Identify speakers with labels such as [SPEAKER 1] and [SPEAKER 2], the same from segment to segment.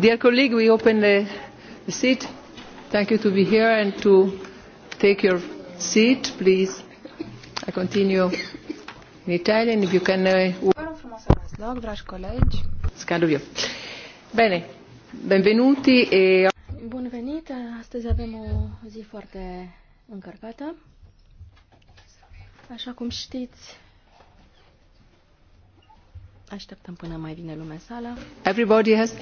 [SPEAKER 1] Dear colleague, we open the, seat. Thank you to be here and to take your seat, please. I continue in Italian, if you can... Uh,
[SPEAKER 2] Vă
[SPEAKER 1] Bine,
[SPEAKER 3] Bun venit, astăzi avem o zi foarte încărcată. Așa cum știți, așteptăm până mai vine lumea în sală. Everybody has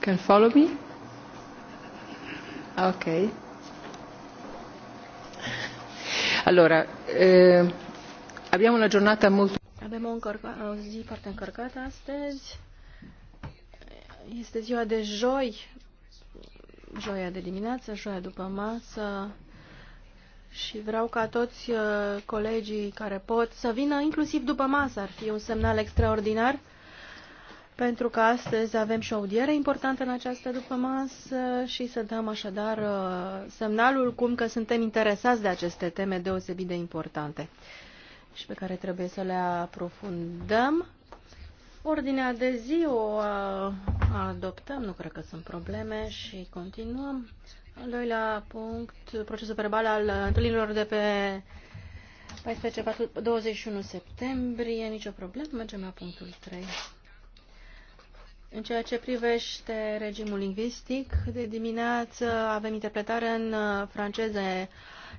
[SPEAKER 1] Can follow me? Ok. Allora, eh, abbiamo una giornata molto...
[SPEAKER 3] Avem o, o zi foarte încărcată astăzi. Este ziua de joi, joia de dimineață, joia după masă și vreau ca toți eh, colegii care pot să vină, inclusiv după masă, ar fi un semnal extraordinar pentru că astăzi avem și o audiere importantă în această masă și să dăm așadar uh, semnalul cum că suntem interesați de aceste teme deosebit de importante și pe care trebuie să le aprofundăm. Ordinea de zi o uh, adoptăm, nu cred că sunt probleme și continuăm. Al doilea punct, procesul verbal al întâlnirilor de pe 14-21 septembrie, nicio problemă, mergem la punctul 3. În ceea ce privește regimul lingvistic, de dimineață avem interpretare în uh, franceză,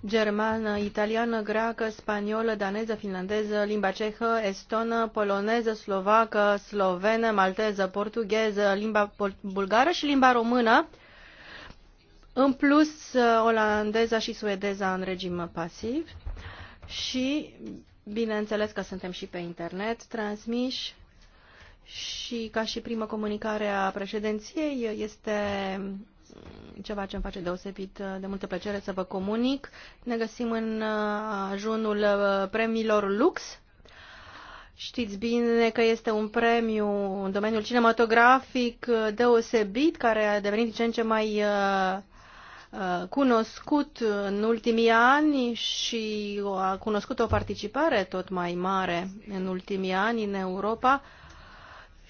[SPEAKER 3] germană, italiană, greacă, spaniolă, daneză, finlandeză, limba cehă, estonă, poloneză, slovacă, slovenă, malteză, portugheză, limba bulgară și limba română, în plus uh, olandeza și suedeza în regim pasiv și, bineînțeles că suntem și pe internet transmiși și ca și primă comunicare a președinției este ceva ce îmi face deosebit de multă plăcere să vă comunic. Ne găsim în uh, ajunul uh, premiilor Lux. Știți bine că este un premiu în domeniul cinematografic uh, deosebit, care a devenit ce în ce mai cunoscut în ultimii ani și a cunoscut o participare tot mai mare în ultimii ani în Europa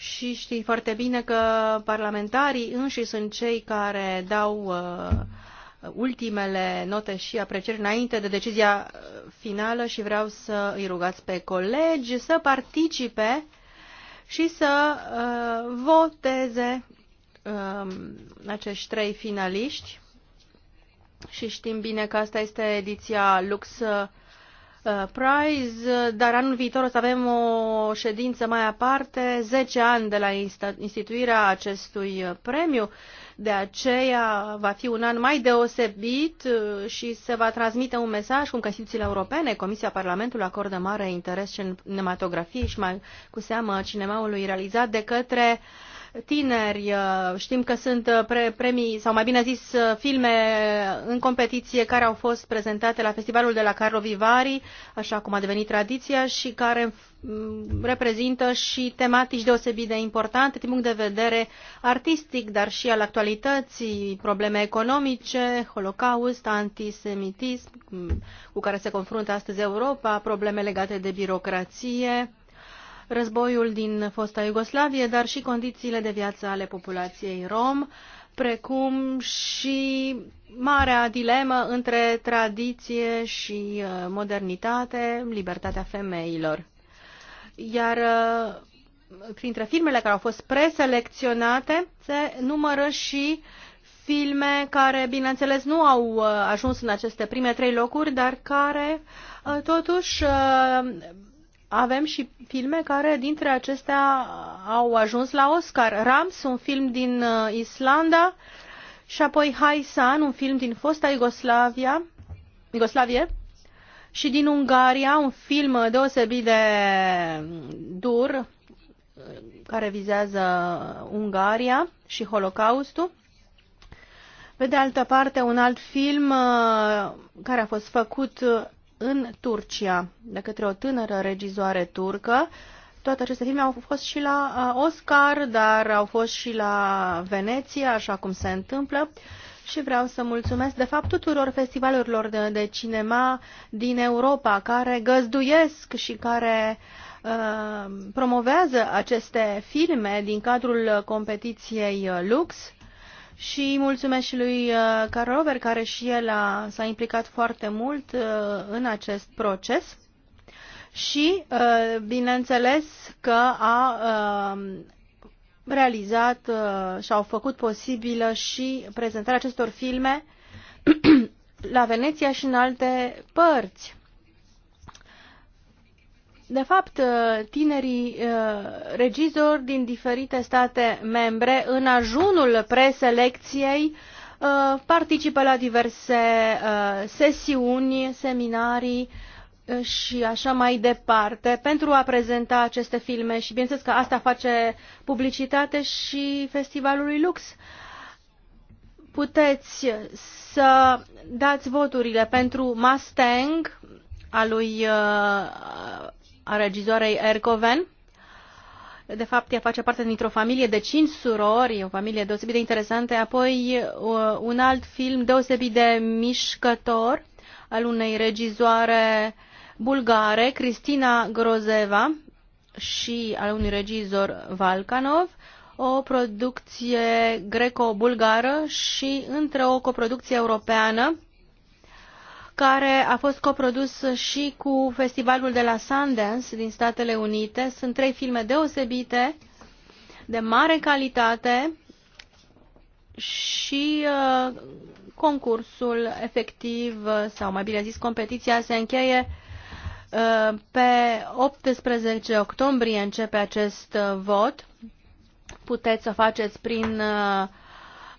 [SPEAKER 3] și știi foarte bine că parlamentarii înși sunt cei care dau uh, ultimele note și aprecieri înainte de decizia uh, finală și vreau să îi rugați pe colegi să participe și să uh, voteze uh, acești trei finaliști. Și știm bine că asta este ediția Lux uh, Uh, Prize, uh, dar anul viitor o să avem o ședință mai aparte, 10 ani de la instituirea acestui uh, premiu. De aceea va fi un an mai deosebit și se va transmite un mesaj cu că instituțiile europene, Comisia Parlamentului acordă mare interes în cinematografie și mai cu seamă cinemaului realizat de către uh, tineri. Uh, știm că sunt uh, pre premii, sau mai bine zis, uh, filme în competiție care au fost prezentate la festivalul de la Carlo Vivari, așa cum a devenit tradiția, și care mm, reprezintă și tematici deosebit de importante din punct de vedere artistic, dar și al actualității, probleme economice, holocaust, antisemitism mm, cu care se confruntă astăzi Europa, probleme legate de birocrație războiul din fosta Iugoslavie, dar și condițiile de viață ale populației rom, precum și marea dilemă între tradiție și uh, modernitate, libertatea femeilor. Iar uh, printre filmele care au fost preselecționate se numără și filme care, bineînțeles, nu au uh, ajuns în aceste prime trei locuri, dar care totuși avem și filme care dintre acestea au ajuns la Oscar. Rams, un film din uh, Islanda, și apoi San, un film din fosta Iugoslavia, Iugoslavie, și din Ungaria, un film deosebit de dur, uh, care vizează Ungaria și Holocaustul. Pe de altă parte, un alt film uh, care a fost făcut în Turcia de către o tânără regizoare turcă. Toate aceste filme au fost și la uh, Oscar, dar au fost și la Veneția, așa cum se întâmplă. Și vreau să mulțumesc, de fapt, tuturor festivalurilor de, de cinema din Europa care găzduiesc și care uh, promovează aceste filme din cadrul competiției Lux și mulțumesc și lui uh, Carover, care și el a, s-a implicat foarte mult uh, în acest proces. Și, uh, bineînțeles, că a realizat și au făcut posibilă și prezentarea acestor filme la Veneția și în alte părți. De fapt, uh, tinerii uh, regizori din diferite state membre, în ajunul preselecției, uh, participă la diverse sesiuni, seminarii și așa mai departe pentru a prezenta aceste filme și bineînțeles că asta face publicitate și festivalului Lux. Puteți să dați voturile pentru Mustang, a lui a regizoarei Ercoven. De fapt, ea face parte dintr-o familie de cinci surori, o familie deosebit de interesante. Apoi, un alt film deosebit de mișcător al unei regizoare bulgare, Cristina Grozeva, și al unui regizor Valkanov, o producție greco-bulgară și între o coproducție europeană care a fost coprodus și cu festivalul de la Sundance din Statele Unite. Sunt trei filme deosebite, de mare calitate și uh, concursul efectiv, uh, sau mai bine zis, competiția se încheie uh, pe 18 octombrie începe acest uh, vot. Puteți să faceți prin uh,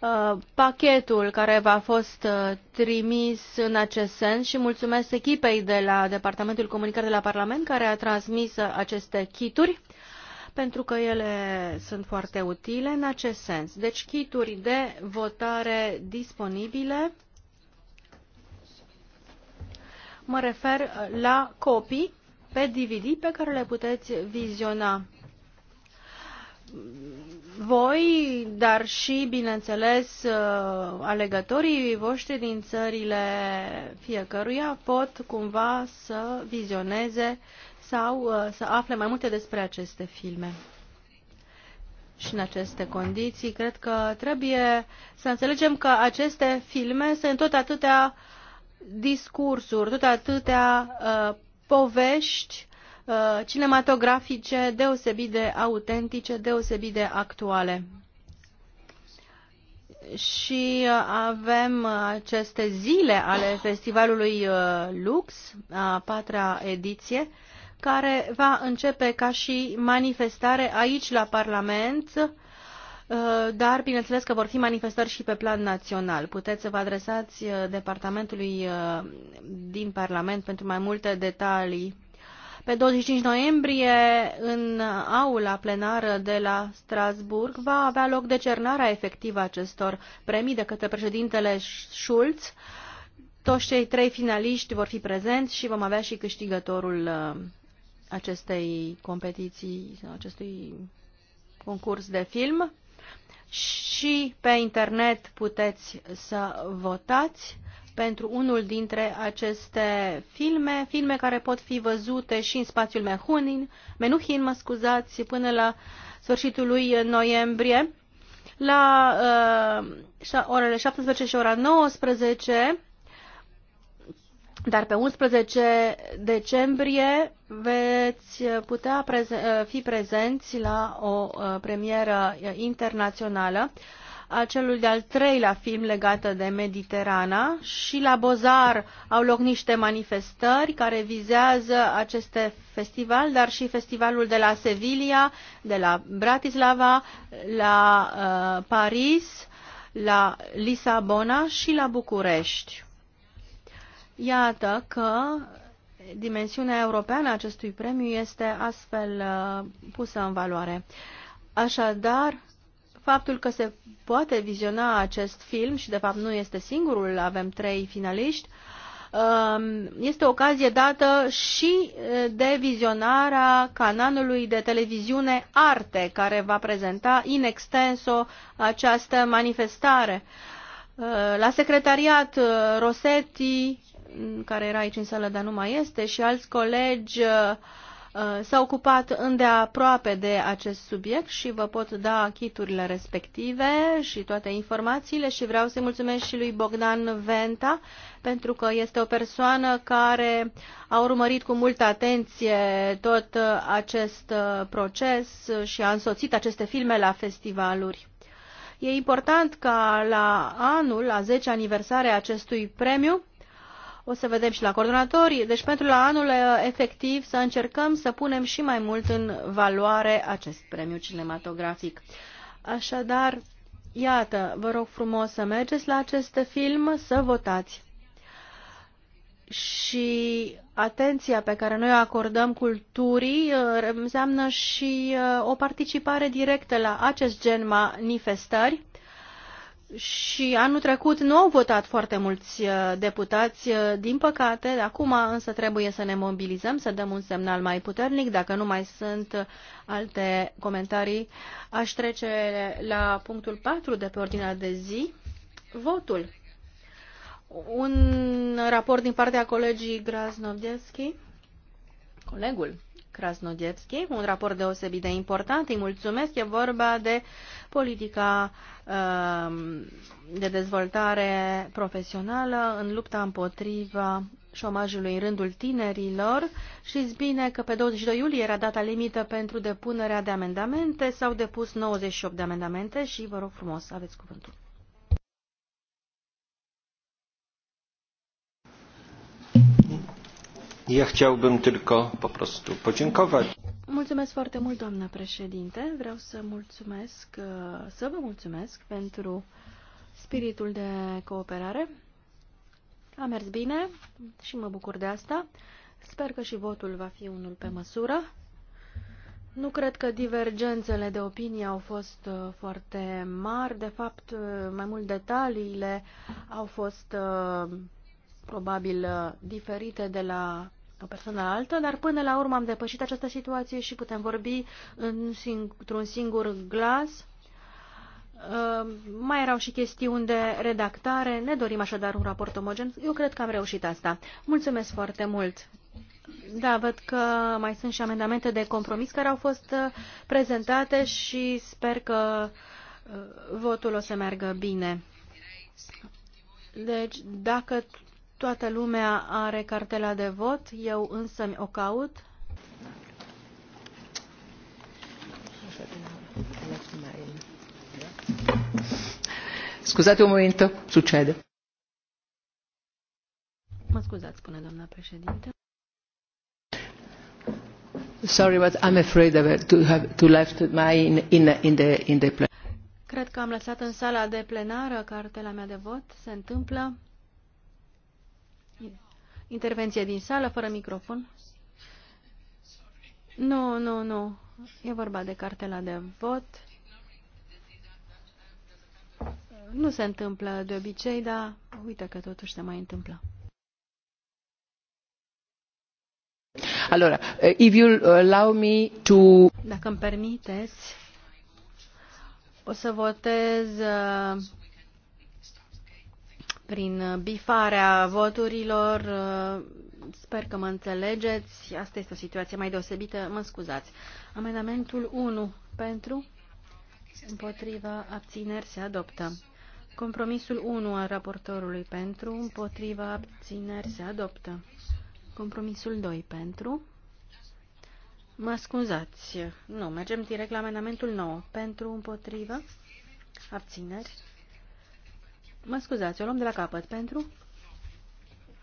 [SPEAKER 3] Uh, pachetul care v-a fost uh, trimis în acest sens și mulțumesc echipei de la Departamentul Comunicării de la Parlament care a transmis uh, aceste kituri pentru că ele sunt foarte utile în acest sens. Deci kituri de votare disponibile. Mă refer la copii pe DVD pe care le puteți viziona voi, dar și, bineînțeles, uh, alegătorii voștri din țările fiecăruia pot cumva să vizioneze sau uh, să afle mai multe despre aceste filme. Și în aceste condiții, cred că trebuie să înțelegem că aceste filme sunt tot atâtea discursuri, tot atâtea uh, povești Uh, cinematografice deosebit de autentice, deosebit de actuale. Și uh, avem uh, aceste zile ale festivalului Lux, a patra ediție, care va începe ca și manifestare aici la Parlament dar bineînțeles că vor fi manifestări și pe plan național. Puteți să vă adresați departamentului din Parlament pentru mai multe detalii. Pe 25 noiembrie, în aula plenară de la Strasburg, va avea loc decernarea efectivă a acestor premii de către președintele Schulz. Toți cei trei finaliști vor fi prezenți și vom avea și câștigătorul uh, acestei competiții, acestui concurs de film. Și pe internet puteți să votați pentru unul dintre aceste filme, filme care pot fi văzute și în spațiul Mehunin, Menuhin, mă scuzați, până la sfârșitul lui noiembrie, la uh, orele 17 și ora 19, dar pe 11 decembrie veți putea preze uh, fi prezenți la o uh, premieră internațională uh, a celui de-al treilea film legată de Mediterana și la Bozar au loc niște manifestări care vizează aceste festival, dar și festivalul de la Sevilla, de la Bratislava, la uh, Paris, la Lisabona și la București. Iată că dimensiunea europeană a acestui premiu este astfel uh, pusă în valoare. Așadar, Faptul că se poate viziona acest film și de fapt nu este singurul, avem trei finaliști, um, este ocazie dată și uh, de vizionarea canalului de televiziune Arte, care va prezenta in extenso această manifestare. Uh, la secretariat uh, Rosetti, care era aici în sală, dar nu mai este, și alți colegi Uh, s-a ocupat îndeaproape de acest subiect și vă pot da chiturile respective și toate informațiile și vreau să-i mulțumesc și lui Bogdan Venta pentru că este o persoană care a urmărit cu multă atenție tot uh, acest uh, proces și a însoțit aceste filme la festivaluri. E important ca la anul, la 10 aniversare acestui premiu, o să vedem și la coordonatori. Deci pentru la anul uh, efectiv să încercăm să punem și mai mult în valoare acest premiu cinematografic. Așadar, iată, vă rog frumos să mergeți la acest film, să votați. Și atenția pe care noi o acordăm culturii uh, înseamnă și uh, o participare directă la acest gen manifestări și anul trecut nu au votat foarte mulți uh, deputați, uh, din păcate, acum însă trebuie să ne mobilizăm, să dăm un semnal mai puternic. Dacă nu mai sunt uh, alte comentarii, aș trece la punctul 4 de pe ordinea de zi, votul. Un raport din partea colegii Grasnodievski, colegul Krasnodievski, un raport deosebit de important, îi mulțumesc, e vorba de politica um, de dezvoltare profesională în lupta împotriva șomajului în rândul tinerilor. Știți bine că pe 22 iulie era data limită pentru depunerea de amendamente. S-au depus 98 de amendamente și vă rog frumos, aveți cuvântul.
[SPEAKER 4] Ja chciałbym tylko po prostu podziękować.
[SPEAKER 3] Mulțumesc foarte mult, doamnă președinte. Vreau să mulțumesc, uh, să vă mulțumesc pentru spiritul de cooperare. A mers bine și mă bucur de asta. Sper că și votul va fi unul pe măsură. Nu cred că divergențele de opinie au fost uh, foarte mari. De fapt, uh, mai mult detaliile au fost probabil diferite de la o persoană la altă, dar până la urmă am depășit această situație și putem vorbi în, într-un singur glas. Uh, mai erau și chestiuni de redactare. Ne dorim așadar un raport omogen. Eu cred că am reușit asta. Mulțumesc foarte mult! Da, văd că mai sunt și amendamente de compromis care au fost uh, prezentate și sper că uh, votul o să meargă bine. Deci, dacă Toată lumea are cartela de vot, eu însă mi o caut.
[SPEAKER 1] Scuzați un moment, succede.
[SPEAKER 3] Mă scuzați, spune doamna președinte.
[SPEAKER 1] Sorry, but I'm afraid of to have to left my in, in, in the in the
[SPEAKER 3] Cred că am lăsat în sala de plenară cartela mea de vot. Se întâmplă. Intervenție din sală, fără microfon. Nu, nu, nu. E vorba de cartela de vot. Nu se întâmplă de obicei, dar uite că totuși se mai întâmplă.
[SPEAKER 1] Allora, eh, if you eh, allow me to... Dacă
[SPEAKER 3] îmi permiteți, o să votez eh, prin uh, bifarea voturilor. Uh, sper că mă înțelegeți. Asta este o situație mai deosebită. Mă scuzați. Amendamentul 1 pentru, împotriva, abțineri se adoptă. Compromisul 1 al raportorului pentru, împotriva, abțineri se adoptă. Compromisul 2 pentru. Mă scuzați. Nu, mergem direct la amendamentul 9. Pentru, împotriva, abțineri Mă scuzați, o luăm de la capăt pentru?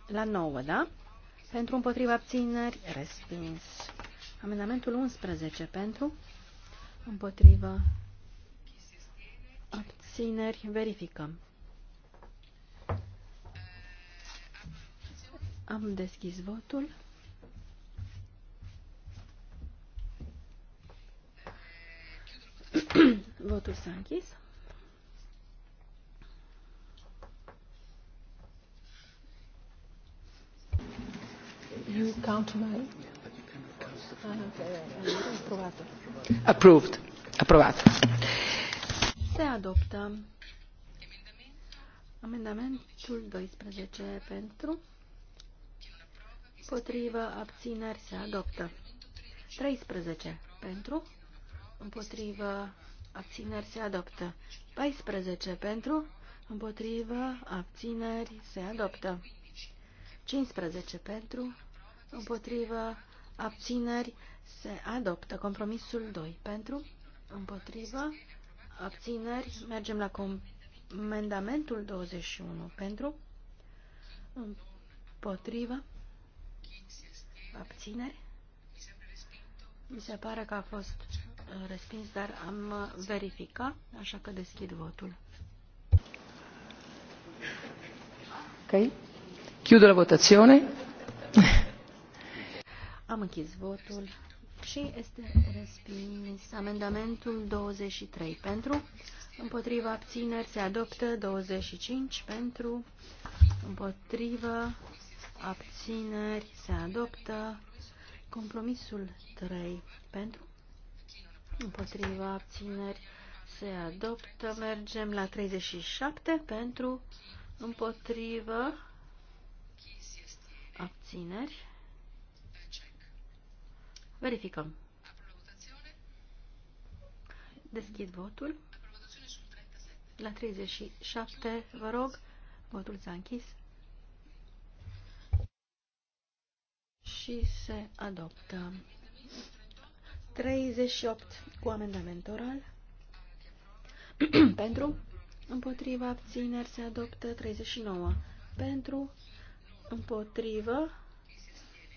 [SPEAKER 3] La 9, da? Pentru împotriva abțineri, respins. Amendamentul 11 pentru împotriva abțineri, verificăm. Am deschis votul.
[SPEAKER 1] votul s-a închis. Countman. Approved. Aprobată.
[SPEAKER 3] Se adoptă amendamentul 12 pentru, potrivă, abțineri, se adoptă. 13 pentru, împotrivă, abțineri, se adoptă. 14 pentru, împotrivă, abțineri, se adoptă. 15 pentru, Împotriva abțineri, se adoptă. Compromisul 2 pentru, împotriva abțineri, mergem la amendamentul 21 pentru, împotriva abțineri. Mi se pare că a fost uh, respins, dar am uh, verificat, așa că deschid votul.
[SPEAKER 1] Ok. Chiudo la votazione.
[SPEAKER 3] Am închis votul și este respins amendamentul 23 pentru, împotriva abțineri se adoptă 25 pentru, împotriva abțineri se adoptă compromisul 3 pentru, împotriva abțineri se adoptă, mergem la 37 pentru, împotriva abțineri Verificăm. Deschid votul. La 37, vă rog, votul s-a închis. Și se adoptă. 38 cu amendament oral. Pentru. Împotriva abțineri se adoptă 39. Pentru. Împotrivă.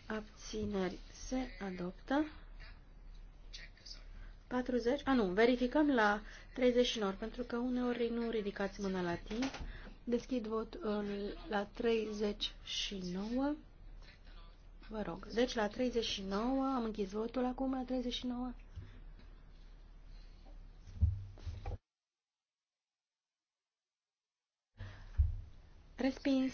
[SPEAKER 3] Abțineri se adoptă. 40, a nu, verificăm la 39, pentru că uneori nu ridicați mâna la timp. Deschid votul la 39. Vă rog. Deci la 39, am închis votul acum la 39. Respins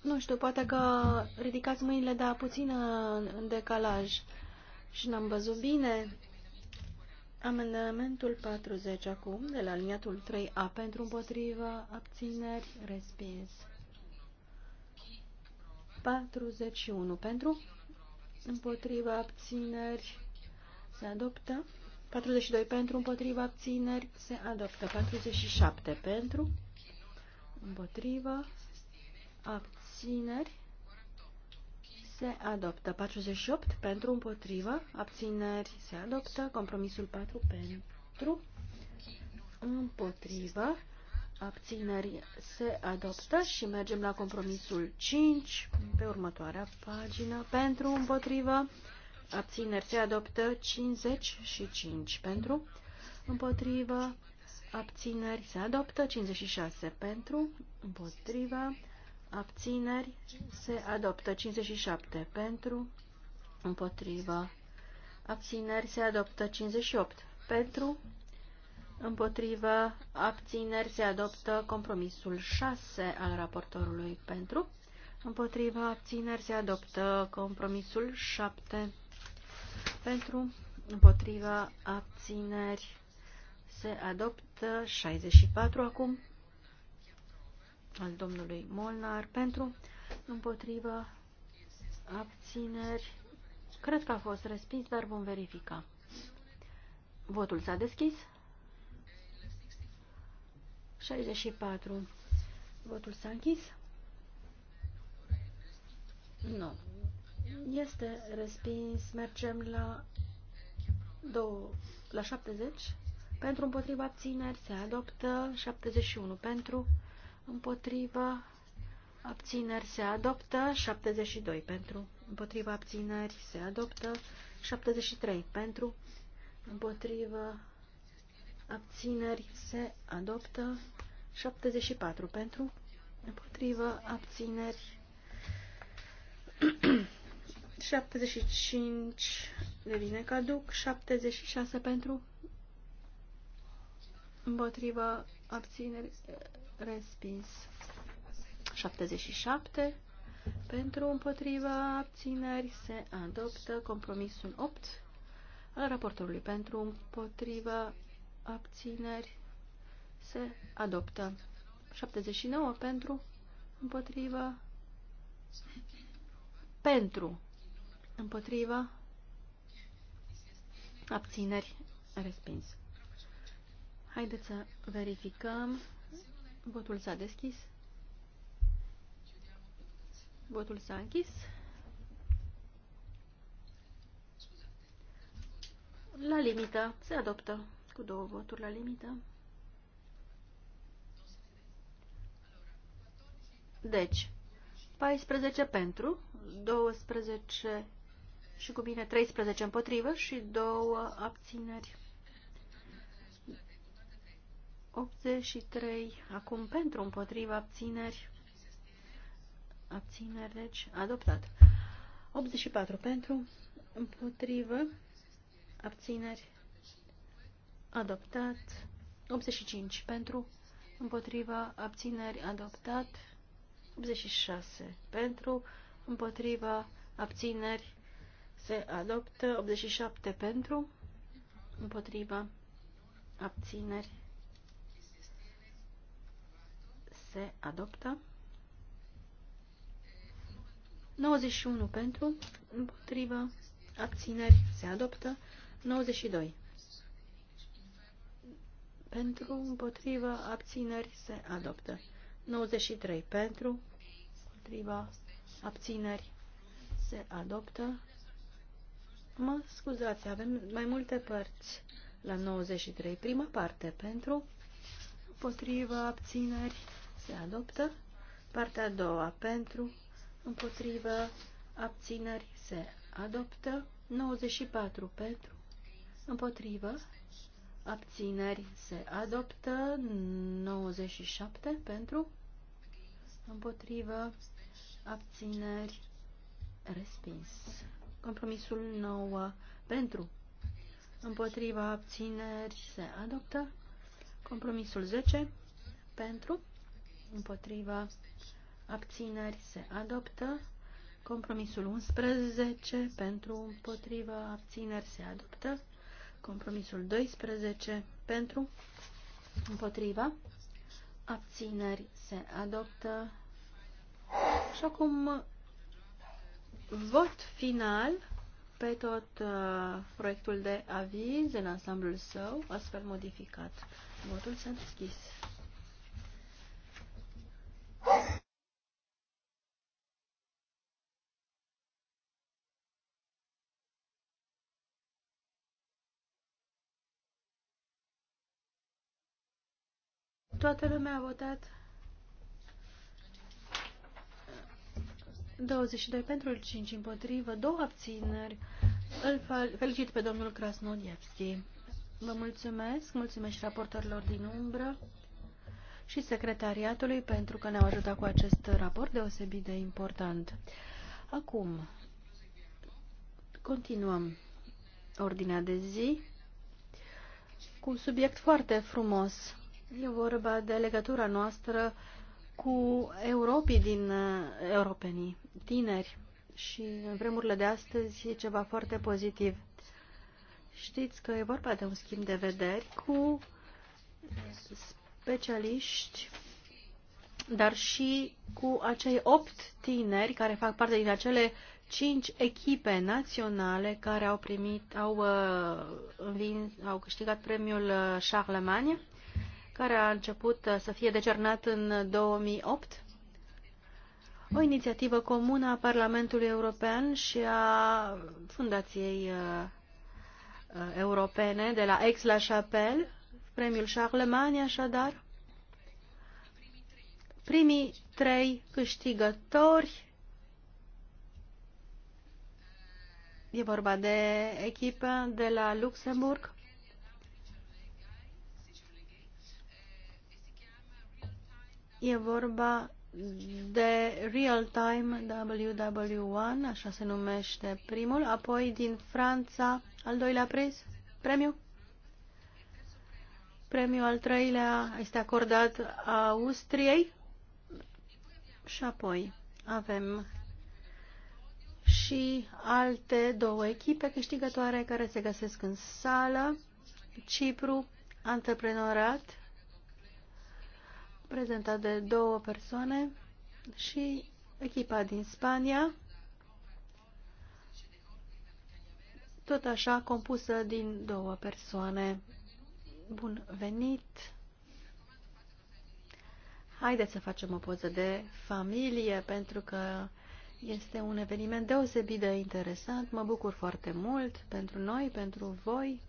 [SPEAKER 3] nu știu, poate că ridicați mâinile, dar puțin în decalaj și n-am văzut bine. Amendamentul 40 acum, de la liniatul 3A, pentru împotriva abțineri, respins. 41 pentru, împotriva abțineri, se adoptă. 42 pentru, împotriva abțineri, se adoptă. 47 pentru, împotriva abțineri abțineri, se adoptă. 48 pentru, împotrivă, abțineri, se adoptă. Compromisul 4 pentru, împotrivă, abțineri, se adoptă. Și mergem la compromisul 5 pe următoarea pagină. Pentru, împotrivă, abțineri, se adoptă 55 pentru, împotrivă, abțineri, se adoptă 56 pentru, împotriva, abțineri, se adoptă. 57 pentru, împotriva, abțineri, se adoptă. 58 pentru, împotriva, abțineri, se adoptă. Compromisul 6 al raportorului pentru, împotriva, abțineri, se adoptă. Compromisul 7 pentru, împotriva, abțineri, se adoptă. 64 acum al domnului Molnar pentru, împotrivă, abțineri. Cred că a fost respins, dar vom verifica. Votul s-a deschis. 64. Votul s-a închis. Nu. Este respins. Mergem la, două, la 70. Pentru împotriva abțineri se adoptă 71. Pentru împotriva abțineri se adoptă, 72 pentru, împotriva abțineri se adoptă, 73 pentru, împotriva abțineri se adoptă, 74 pentru, împotriva abțineri 75 devine caduc, 76 pentru, Împotrivă abțineri respins. 77. Pentru împotriva abțineri se adoptă compromisul 8 al raportorului. Pentru împotriva abțineri se adoptă. 79 pentru împotriva pentru împotriva abțineri respins. Haideți să verificăm. Votul s-a deschis. Votul s-a închis. La limită. Se adoptă cu două voturi la limită. Deci, 14 pentru, 12 și cu bine 13 împotrivă și două abțineri. 83. Acum pentru împotriva abțineri. Abțineri, deci adoptat. 84. Pentru împotrivă abțineri. Adoptat. 85. Pentru împotriva abțineri. Adoptat. 86. Pentru împotriva abțineri. Se adoptă 87 pentru, împotriva, abțineri, se adoptă. 91 pentru, împotrivă, abțineri, se adoptă. 92 pentru, împotrivă, abțineri, se adoptă. 93 pentru, împotriva, abțineri, se adoptă. Mă scuzați, avem mai multe părți la 93. Prima parte pentru, împotriva, abțineri, se adoptă. Partea a doua pentru, împotrivă, abțineri se adoptă. 94 pentru, împotrivă, abțineri se adoptă. 97 pentru, împotrivă, abțineri respins. Compromisul 9 pentru, împotrivă, abțineri se adoptă. Compromisul 10 pentru, împotriva, abțineri se adoptă. Compromisul 11 pentru împotriva abțineri se adoptă. Compromisul 12 pentru împotriva abțineri se adoptă. Și acum vot final pe tot uh, proiectul de aviz în ansamblul său, astfel modificat. Votul s-a deschis. Toată lumea a votat 22 pentru 5 împotrivă, două abțineri. Îl felicit pe domnul Krasnodievski. Vă mulțumesc, mulțumesc și raportorilor din umbră și secretariatului pentru că ne-au ajutat cu acest raport deosebit de important. Acum, continuăm ordinea de zi cu un subiect foarte frumos. E vorba de legătura noastră cu europii din uh, europenii, tineri. Și în vremurile de astăzi e ceva foarte pozitiv. Știți că e vorba de un schimb de vederi cu specialiști, dar și cu acei opt tineri care fac parte din acele cinci echipe naționale care au primit, au, uh, vin, au câștigat premiul uh, Charlemagne care a început uh, să fie decernat în 2008. O inițiativă comună a Parlamentului European și a Fundației uh, uh, Europene de la Aix-la-Chapelle, premiul Charlemagne, așadar. Primii trei câștigători E vorba de echipă de la Luxemburg E vorba de Real Time WW1, așa se numește primul, apoi din Franța al doilea priz premiu. Premiul al treilea este acordat Austriei și apoi avem și alte două echipe câștigătoare care se găsesc în sală, Cipru, antreprenorat prezentat de două persoane și echipa din Spania, tot așa compusă din două persoane. Bun venit! Haideți să facem o poză de familie, pentru că este un eveniment deosebit de interesant. Mă bucur foarte mult pentru noi, pentru voi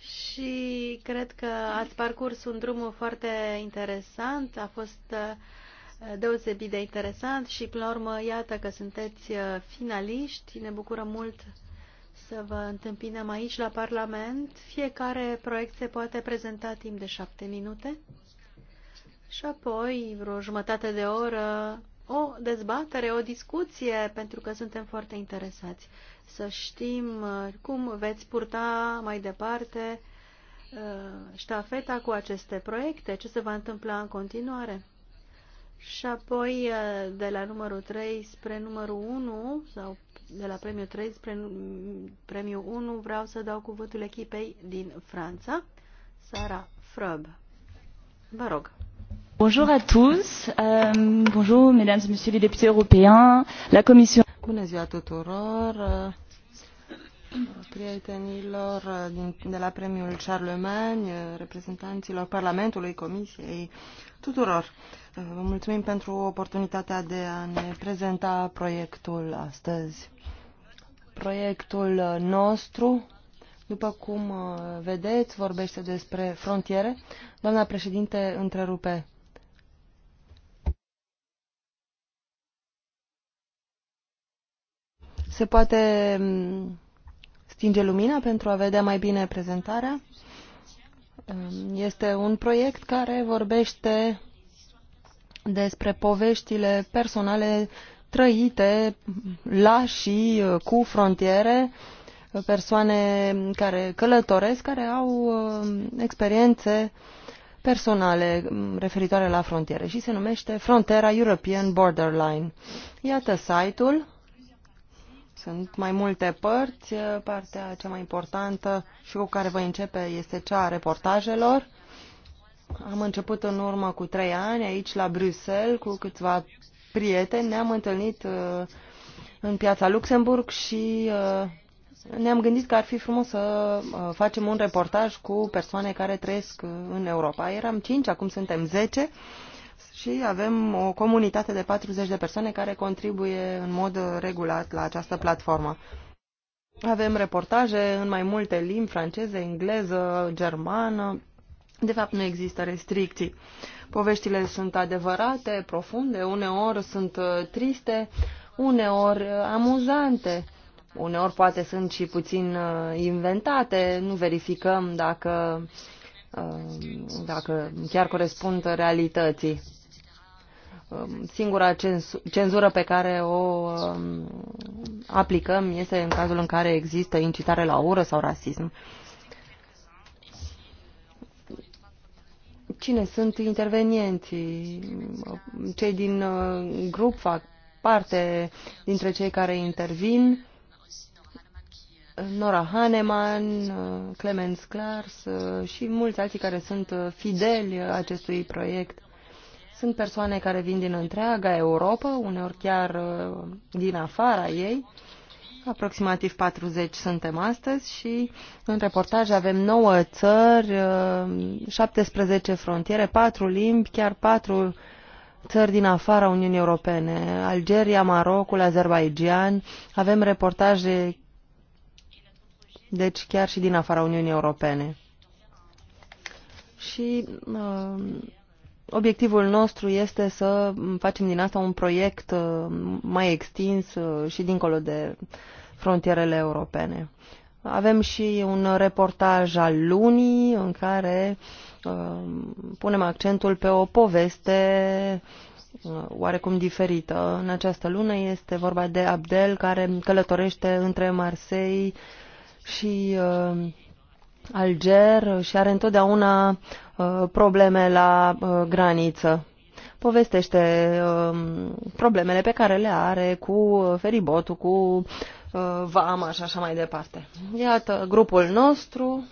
[SPEAKER 3] și cred că ați parcurs un drum foarte interesant, a fost uh, deosebit de interesant și până la urmă iată că sunteți uh, finaliști, ne bucură mult să vă întâmpinăm aici la Parlament. Fiecare proiect se poate prezenta timp de șapte minute și apoi vreo jumătate de oră o dezbatere, o discuție, pentru că suntem foarte interesați să știm uh, cum veți purta mai departe uh, ștafeta cu aceste proiecte, ce se va întâmpla în continuare. Și apoi uh, de la numărul 3 spre numărul 1 sau de la premiul 3 spre premiul 1 vreau să dau cuvântul echipei din Franța, Sara Frob. Vă rog.
[SPEAKER 2] Bonjour à tous. Euh, bonjour, mesdames et messieurs les députés européens, la Commission.
[SPEAKER 5] Bună ziua tuturor, uh, prietenilor uh, din, de la premiul Charlemagne, uh, reprezentanților Parlamentului, Comisiei, tuturor. Vă mulțumim pentru oportunitatea de a ne prezenta proiectul astăzi. Proiectul nostru, după cum vedeți, vorbește despre frontiere. Doamna președinte, întrerupe Se poate mm, stinge lumina pentru a vedea mai bine prezentarea. Mm, este un proiect care vorbește despre poveștile personale trăite la și mm, cu frontiere, persoane care călătoresc, care au experiențe personale referitoare la frontiere și se numește Frontiera European Borderline. Iată site-ul sunt mai multe părți. Partea cea mai importantă și cu care voi începe este cea a reportajelor. Am început în urmă cu trei ani aici la Bruxelles cu câțiva prieteni. Ne-am întâlnit uh, în piața Luxemburg și uh, ne-am gândit că ar fi frumos să uh, facem un reportaj cu persoane care trăiesc în Europa. Eram cinci, acum suntem zece și avem o comunitate de 40 de persoane care contribuie în mod regulat la această platformă. Avem reportaje în mai multe limbi, franceză, engleză, germană. De fapt, nu există restricții. Poveștile sunt adevărate, profunde, uneori sunt uh, triste, uneori uh, amuzante, uneori poate sunt și puțin uh, inventate, nu verificăm dacă Um, dacă chiar corespund realității. Um, singura cenzură pe care o um, aplicăm este în cazul în care există incitare la ură sau rasism. Cine sunt intervenienții? Cei din uh, grup fac parte dintre cei care intervin Nora Hahnemann, uh, Clemens Klars uh, și mulți alții care sunt uh, fideli acestui proiect. Sunt persoane care vin din întreaga Europa, uneori chiar din afara ei. Aproximativ 40 suntem astăzi și în reportaj avem 9 țări, 17 frontiere, 4 limbi, chiar 4 țări din afara Uniunii Europene, Algeria, Marocul, Azerbaijan. Avem reportaje deci chiar și din afara Uniunii Europene. Și uh, obiectivul nostru este să facem din asta un proiect uh, mai extins uh, și dincolo de frontierele europene. Avem și un reportaj al lunii în care uh, punem accentul pe o poveste uh, oarecum diferită. În această lună este vorba de Abdel care călătorește între Marseille și uh, Alger și are întotdeauna uh, probleme la uh, graniță. Povestește uh, problemele pe care le are cu uh, feribotul, cu uh, vama și așa mai departe. Iată grupul nostru.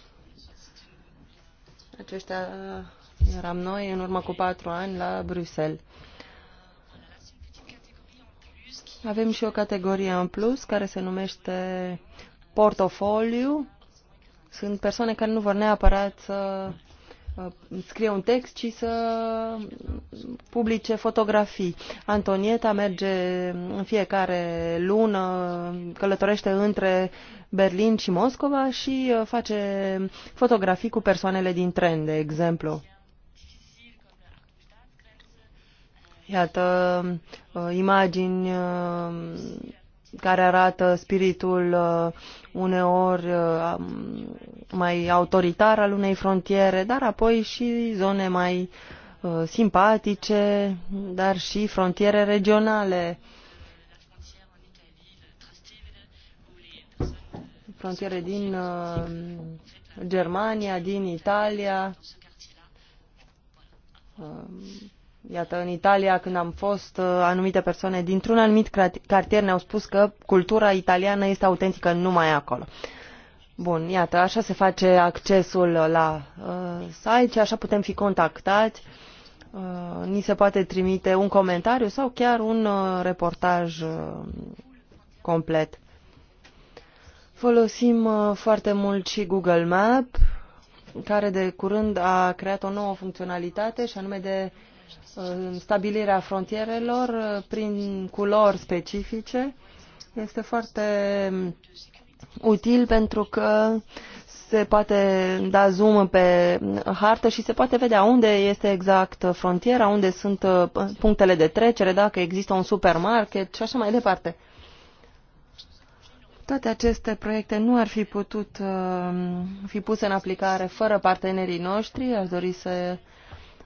[SPEAKER 5] Aceștia uh, eram noi în urmă cu patru ani la Bruxelles. Avem și o categorie în plus care se numește portofoliu. Sunt persoane care nu vor neapărat să uh, scrie un text, ci să publice fotografii. Antonieta merge în fiecare lună, călătorește între Berlin și Moscova și uh, face fotografii cu persoanele din tren, de exemplu. Iată uh, imagini care arată spiritul uh, uneori uh, mai autoritar al unei frontiere, dar apoi și zone mai uh, simpatice, dar și frontiere regionale. Frontiere din Germania, din Italia, um, Iată, în Italia, când am fost, uh, anumite persoane dintr-un anumit cartier ne-au spus că cultura italiană este autentică numai acolo. Bun, iată, așa se face accesul la uh, site și așa putem fi contactați. Uh, ni se poate trimite un comentariu sau chiar un uh, reportaj uh, complet. Folosim uh, foarte mult și Google Map, care de curând a creat o nouă funcționalitate și anume de stabilirea frontierelor uh, prin culori specifice este foarte util pentru că se poate da zoom pe hartă și se poate vedea unde este exact frontiera, unde sunt uh, punctele de trecere, dacă există un supermarket și așa mai departe. Toate aceste proiecte nu ar fi putut uh, fi puse în aplicare fără partenerii noștri. Aș dori să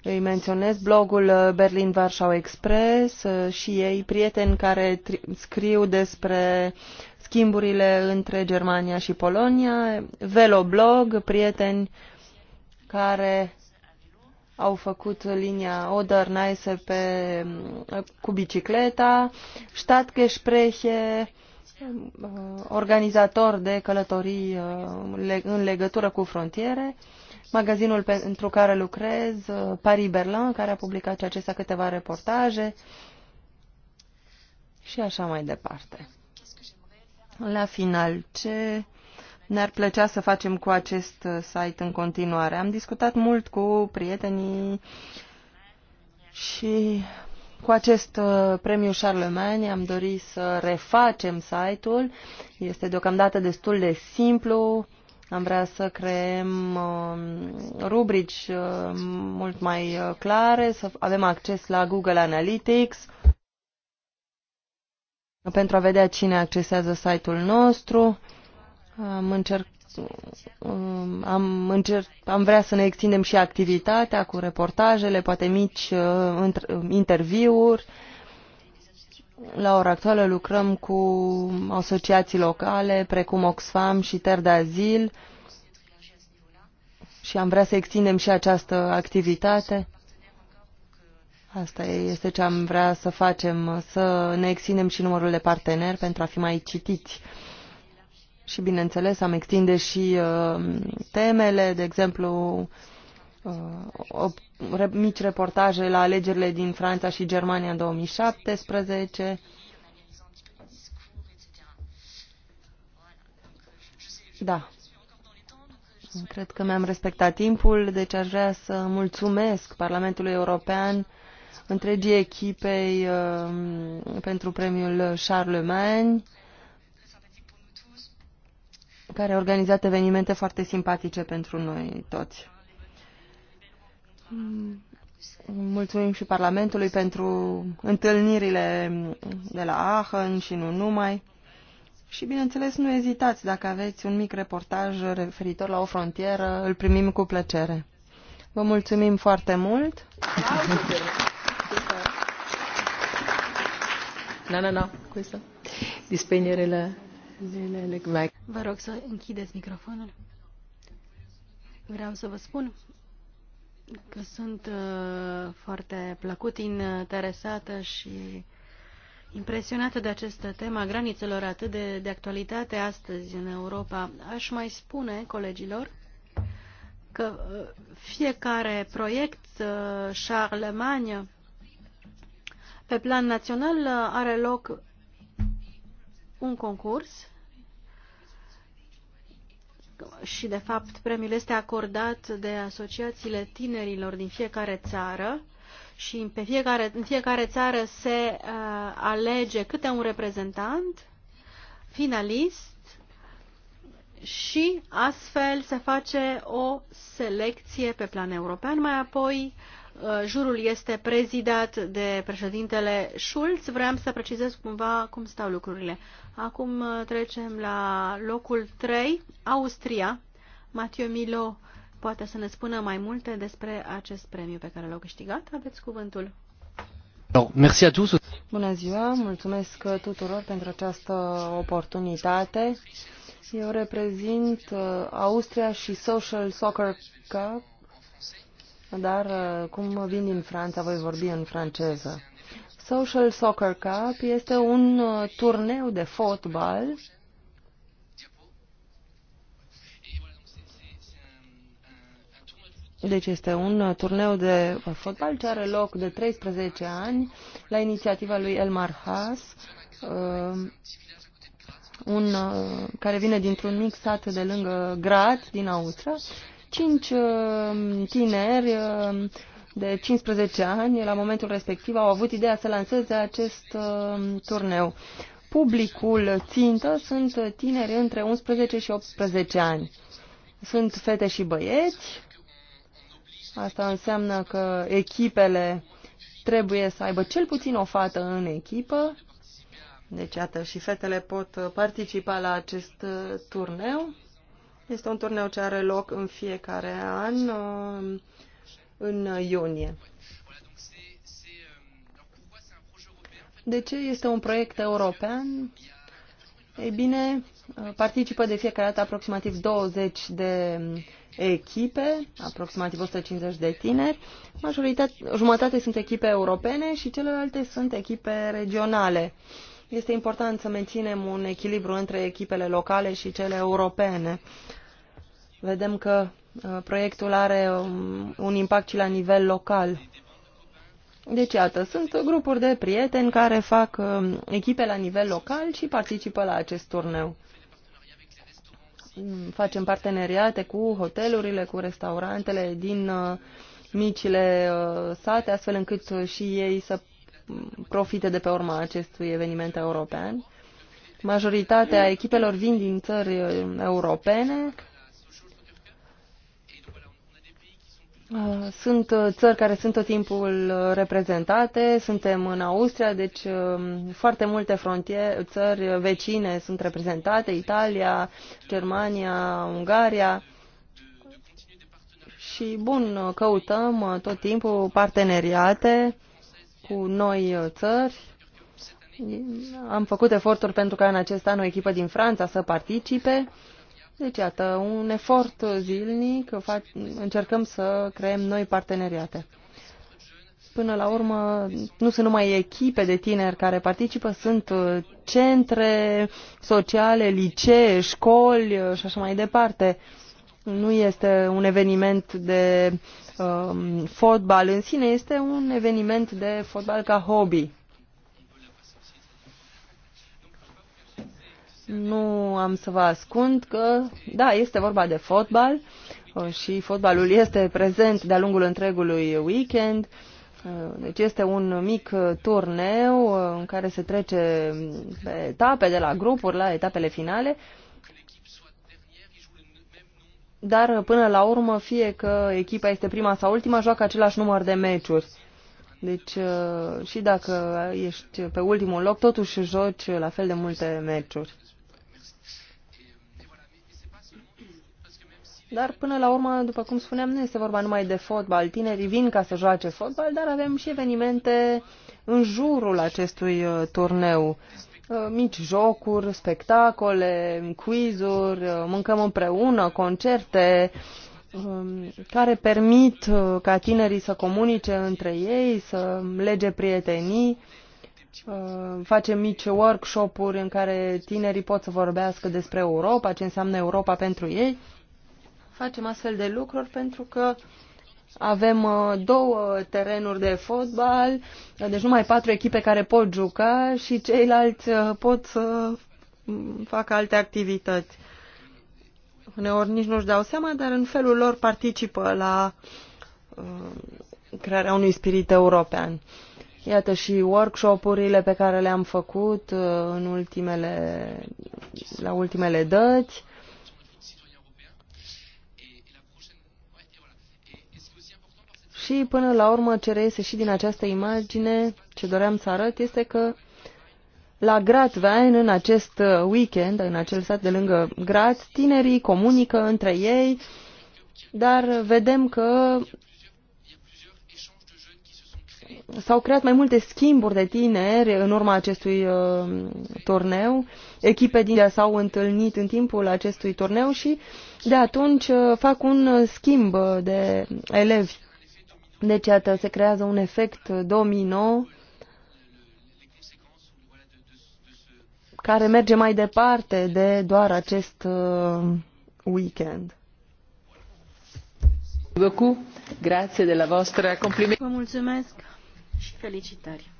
[SPEAKER 5] îi menționez blogul uh, Berlin Warschau Express uh, și ei prieteni care scriu despre schimburile între Germania și Polonia, Veloblog, prieteni care au făcut linia Oder Neisse pe, uh, cu bicicleta, Stadtgespräche, organizator de călătorii în legătură cu frontiere, magazinul pentru care lucrez, uh, Paris Berlin, care a publicat și acestea câteva reportaje și așa mai departe. La final, ce ne-ar plăcea să facem cu acest uh, site în continuare? Am discutat mult cu prietenii și cu acest uh, premiu Charlemagne am dorit să refacem site-ul. Este deocamdată destul de simplu am vrea să creăm um, rubrici uh, mult mai uh, clare, să avem acces la Google Analytics pentru a vedea cine accesează site-ul nostru. Am încercat um, am, încerc, am vrea să ne extindem și activitatea cu reportajele, poate mici uh, interviuri, la ora actuală lucrăm cu asociații locale, precum Oxfam și Ter de Azil, și am vrea să extindem și această activitate. Asta este ce am vrea să facem, să ne extindem și numărul de parteneri pentru a fi mai citiți. Și, bineînțeles, am extinde și uh, temele, de exemplu, uh, mici reportaje la alegerile din Franța și Germania în 2017. Da. Cred că mi-am respectat timpul, deci aș vrea să mulțumesc Parlamentului European, întregii echipei uh, pentru premiul Charlemagne, care a organizat evenimente foarte simpatice pentru noi toți. Mulțumim și Parlamentului pentru întâlnirile de la Aachen și nu numai. Și, bineînțeles, nu ezitați dacă aveți un mic reportaj referitor la o frontieră, îl primim cu plăcere. Vă mulțumim foarte mult.
[SPEAKER 1] Nu, nu, nu. questo. Vă
[SPEAKER 3] rog să închideți microfonul. Vreau să vă spun că sunt uh, foarte plăcut interesată și impresionată de această tema granițelor atât de, de actualitate astăzi în Europa. Aș mai spune colegilor că uh, fiecare proiect uh, Charlemagne pe plan național are loc un concurs și, de fapt, premiul este acordat de asociațiile tinerilor din fiecare țară și pe fiecare, în fiecare țară se uh, alege câte un reprezentant, finalist, și astfel se face o selecție pe plan european, mai apoi uh, Uh, jurul este prezidat de președintele Schulz. Vreau să precizez cumva cum stau lucrurile. Acum uh, trecem la locul 3, Austria. Matteo Milo poate să ne spună mai multe despre acest premiu pe care l-au câștigat. Aveți cuvântul. Bună
[SPEAKER 5] ziua, mulțumesc tuturor pentru această oportunitate. Eu reprezint uh, Austria și Social Soccer Cup dar uh, cum vin din Franța, voi vorbi în franceză. Social Soccer Cup este un uh, turneu de fotbal Deci este un uh, turneu de fotbal ce are loc de 13 ani la inițiativa lui Elmar Haas, un, care vine dintr-un mic sat de lângă Graz, din Austria, Cinci uh, tineri uh, de 15 ani, la momentul respectiv, au avut ideea să lanseze acest uh, turneu. Publicul țintă sunt tineri între 11 și 18 ani. Sunt fete și băieți. Asta înseamnă că echipele trebuie să aibă cel puțin o fată în echipă. Deci, iată, și fetele pot participa la acest turneu. Este un turneu ce are loc în fiecare an uh, în iunie. De ce este un proiect european? Ei bine, uh, participă de fiecare dată aproximativ 20 de echipe, aproximativ 150 de tineri. Majoritate, jumătate sunt echipe europene și celelalte sunt echipe regionale. Este important să menținem un echilibru între echipele locale și cele europene. Uh, Vedem că uh, proiectul are um, un impact și la nivel local. Deci, iată, sunt grupuri de prieteni care fac um, echipe la nivel local și participă la acest turneu. Mm, facem parteneriate cu hotelurile, cu restaurantele din uh, micile uh, sate, astfel încât și ei să profite de pe urma acestui eveniment european. Majoritatea echipelor vin din țări europene Uh, sunt uh, țări care sunt tot timpul uh, reprezentate, suntem în Austria, deci um, foarte multe frontiere, țări vecine sunt reprezentate, Italia, Germania, Ungaria. Și bun, căutăm tot timpul parteneriate cu noi țări. Am făcut eforturi pentru ca în acest an o echipă din Franța să participe deci, iată, un efort zilnic, încercăm să creăm noi parteneriate. Până la urmă, nu sunt numai echipe de tineri care participă, sunt uh, centre sociale, licee, școli uh, și așa mai departe. Nu este un eveniment de um, fotbal în sine, este un eveniment de fotbal ca hobby. Nu am să vă ascund că, da, este vorba de fotbal uh, și fotbalul este prezent de-a lungul întregului weekend. Uh, deci este un mic uh, turneu în care se trece mm, pe etape de la grupuri la etapele finale. Dar până la urmă, fie că echipa este prima sau ultima, joacă același număr de meciuri. Deci și dacă ești pe ultimul loc, totuși joci la fel de multe meciuri. Dar până la urmă, după cum spuneam, nu este vorba numai de fotbal. Tinerii vin ca să joace fotbal, dar avem și evenimente în jurul acestui uh, turneu. Uh, mici jocuri, spectacole, quizuri, uh, mâncăm împreună, concerte, um, care permit ca tinerii să comunice între ei, să lege prietenii. Facem mici workshop-uri în care tinerii pot să vorbească despre Europa, ce înseamnă Europa pentru ei facem astfel de lucruri pentru că avem uh, două terenuri de fotbal, uh, deci numai patru echipe care pot juca și ceilalți uh, pot să mm, facă alte activități. Uneori nici nu-și dau seama, dar în felul lor participă la crearea unui spirit european. Iată și workshopurile pe care le-am făcut în ultimele, la ultimele dăți Și până la urmă ce reiese și din această imagine, ce doream să arăt, este că la Gratvein, în acest uh, weekend, în acel sat de lângă Graz, tinerii comunică între ei, dar vedem că s-au creat mai multe schimburi de tineri în urma acestui uh, turneu. Echipe din s-au întâlnit în timpul acestui turneu și de atunci uh, fac un uh, schimb uh, de elevi. Deci, iată, se creează un efect domino care merge mai departe de doar acest uh, weekend.
[SPEAKER 1] Grazie della vostra complimenti.
[SPEAKER 3] Vă mulțumesc și felicitări.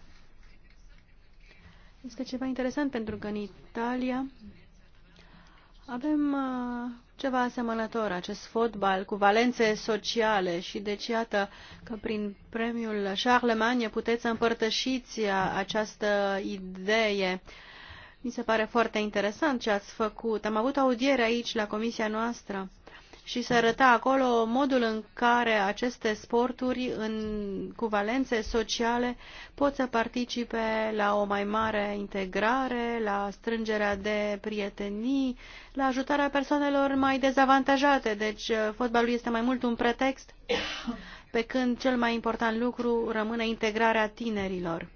[SPEAKER 3] Este ceva interesant pentru că în Italia avem uh, ceva asemănător, acest fotbal cu valențe sociale și deci iată că prin premiul Charlemagne puteți să împărtășiți uh, această idee. Mi se pare foarte interesant ce ați făcut. Am avut audiere aici la comisia noastră și să arăta acolo modul în care aceste sporturi în, cu valențe sociale pot să participe la o mai mare integrare, la strângerea de prietenii, la ajutarea persoanelor mai dezavantajate. Deci uh, fotbalul este mai mult un pretext, pe când cel mai important lucru rămâne integrarea tinerilor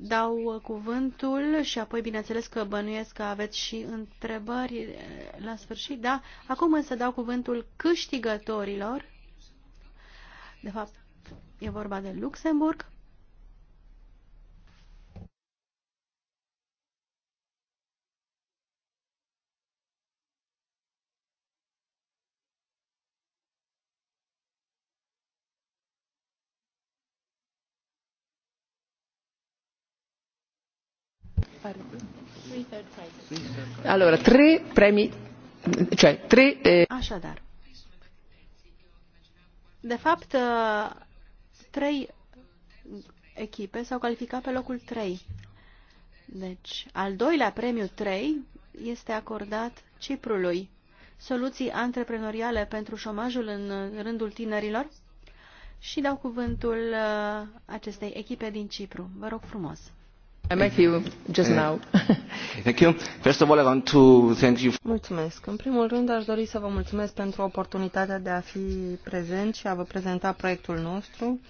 [SPEAKER 3] dau cuvântul și apoi, bineînțeles că bănuiesc că aveți și întrebări la sfârșit, da? Acum însă dau cuvântul câștigătorilor. De fapt, e vorba de Luxemburg. Allora,
[SPEAKER 1] tre premi, cioè tre... Eh...
[SPEAKER 3] Așadar, de fapt, eh, trei echipe s-au calificat pe locul 3. Deci, al doilea premiu 3 este acordat Ciprului. Soluții antreprenoriale pentru șomajul în rândul tinerilor? Și dau cuvântul eh, acestei echipe din Cipru. Vă rog frumos.
[SPEAKER 5] Mulțumesc. În primul rând, aș dori să vă mulțumesc pentru oportunitatea de a fi prezent și a vă prezenta proiectul nostru.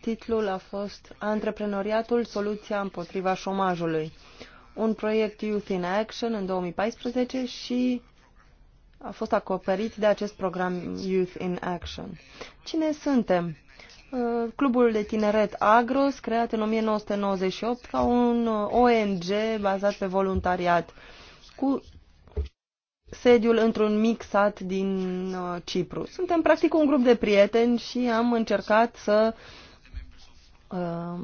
[SPEAKER 5] Titlul a fost Antreprenoriatul, soluția împotriva șomajului. Un proiect Youth in Action în 2014 și a fost acoperit de acest program Youth in Action. Cine suntem? Uh, Clubul de Tineret Agros, creat în 1998 ca un uh, ONG bazat pe voluntariat, cu sediul într-un mic sat din uh, Cipru. Suntem practic un grup de prieteni și am încercat să uh,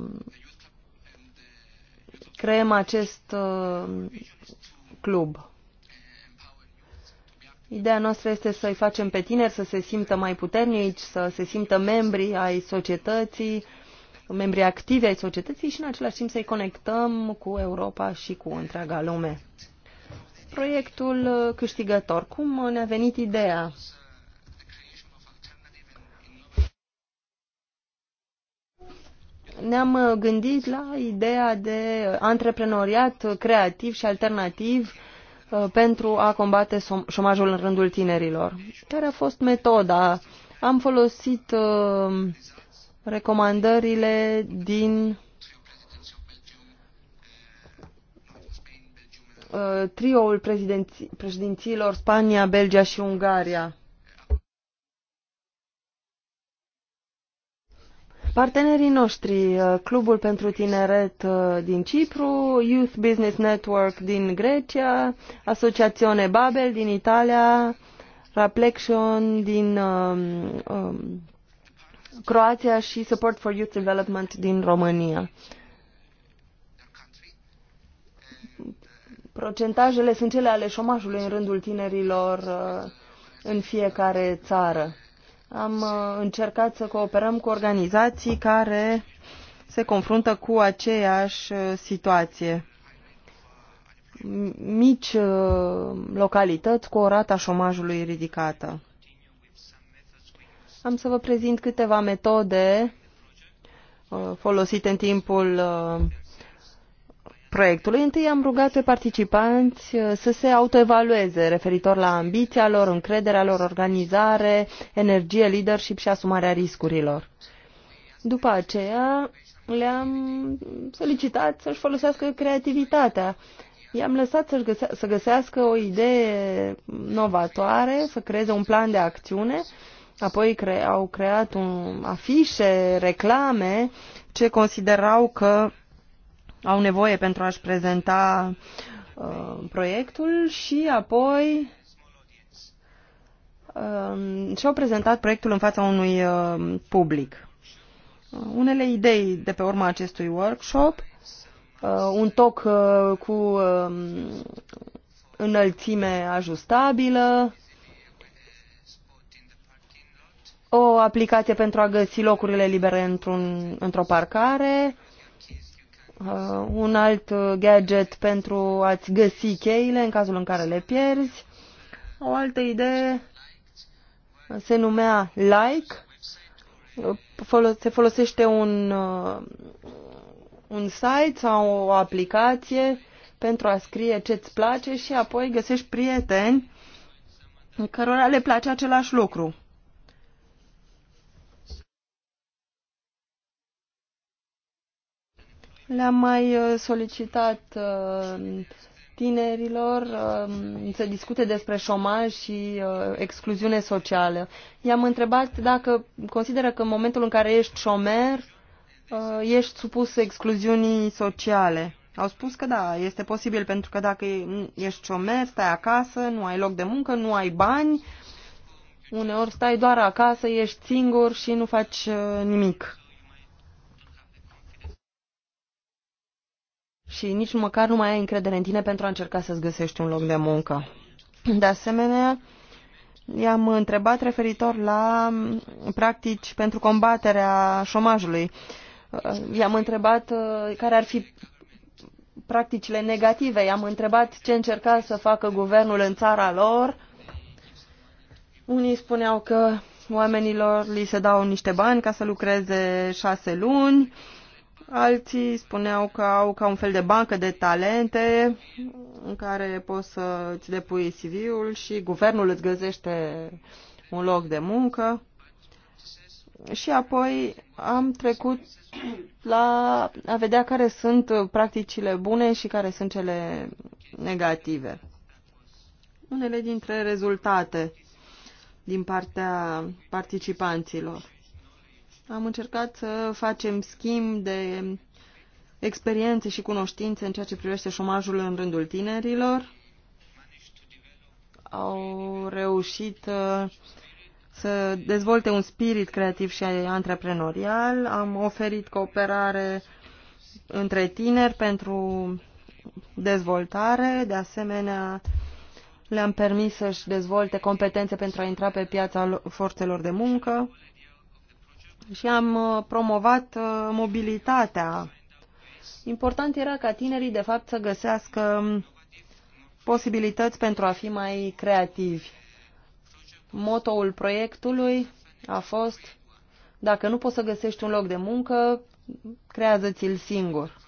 [SPEAKER 5] creăm acest uh, club. Ideea noastră este să-i facem pe tineri să se simtă mai puternici, să se simtă membri ai societății, membri activi ai societății și în același timp să-i conectăm cu Europa și cu întreaga lume.
[SPEAKER 2] Proiectul
[SPEAKER 5] câștigător. Cum ne-a venit ideea? Ne-am gândit la ideea de antreprenoriat creativ și alternativ uh, Uh, pentru a combate șomajul în rândul tinerilor. Care a fost metoda? Am folosit uh, recomandările din uh, trioul președinților Spania, Belgia și Ungaria. Partenerii noștri, uh, Clubul pentru Tineret uh, din Cipru, Youth Business Network din Grecia, Asociațione Babel din Italia, Raplexion din um, um, Croația și Support for Youth Development din România. Procentajele sunt cele ale șomajului în rândul tinerilor uh, în fiecare țară am uh, încercat să cooperăm cu organizații care se confruntă cu aceeași uh, situație. Mici uh, localități cu o rata șomajului ridicată. Am să vă prezint câteva metode folosite în timpul proiectului, întâi am rugat pe participanți uh, să se autoevalueze referitor la ambiția lor, încrederea lor, organizare, energie, leadership și asumarea riscurilor. După aceea le-am solicitat să-și folosească creativitatea. I-am lăsat să găse- să găsească o idee novatoare, să creeze un plan de acțiune, apoi cre- au creat un afișe, reclame, ce considerau că au nevoie pentru a-și prezenta uh, proiectul și apoi uh, și-au prezentat proiectul în fața unui uh, public. Uh, unele idei de pe urma acestui workshop, uh, un toc uh, cu uh, înălțime ajustabilă, o aplicație pentru a găsi locurile libere într-un, într-o parcare, uh, uh, un alt uh, gadget pentru a-ți găsi cheile în cazul în care le pierzi. O altă idee se numea Like. Uh, se folosește un, uh, un site sau o aplicație pentru a scrie ce-ți place și apoi găsești prieteni cărora le place același lucru. Le-am mai uh, solicitat uh, tinerilor uh, să discute despre șomaj și excluziune socială. I-am întrebat dacă consideră că în momentul în care ești șomer, ești supus excluziunii sociale. Au spus că da, este posibil pentru că dacă ești șomer, stai acasă, nu ai loc de muncă, nu ai bani, uneori stai doar acasă, ești singur și nu faci nimic. și nici măcar nu mai ai încredere în tine pentru a încerca să-ți găsești un loc de muncă. De asemenea, i-am întrebat referitor la practici pentru combaterea șomajului. I-am întrebat uh, care ar fi practicile negative. I-am întrebat ce încerca să facă guvernul în țara lor. Unii spuneau că oamenilor li se dau niște bani ca să lucreze șase luni, Alții spuneau că au ca un fel de bancă de talente în care poți să îți depui CV-ul și guvernul îți găsește un loc de muncă. Și apoi am trecut la a vedea care sunt practicile bune și care sunt cele negative. Unele dintre rezultate din partea participanților. Am încercat să facem schimb de experiențe și cunoștințe în ceea ce privește șomajul în rândul tinerilor. Au reușit uh, să dezvolte un spirit creativ și antreprenorial. Am oferit cooperare între tineri pentru dezvoltare. De asemenea, le-am permis să-și dezvolte competențe pentru a intra pe piața forțelor de muncă și am uh, promovat uh, mobilitatea. Important era ca tinerii, de fapt, să găsească um, posibilități pentru a fi mai creativi. Motoul proiectului a fost dacă nu poți să găsești un loc de muncă, creează-ți-l singur.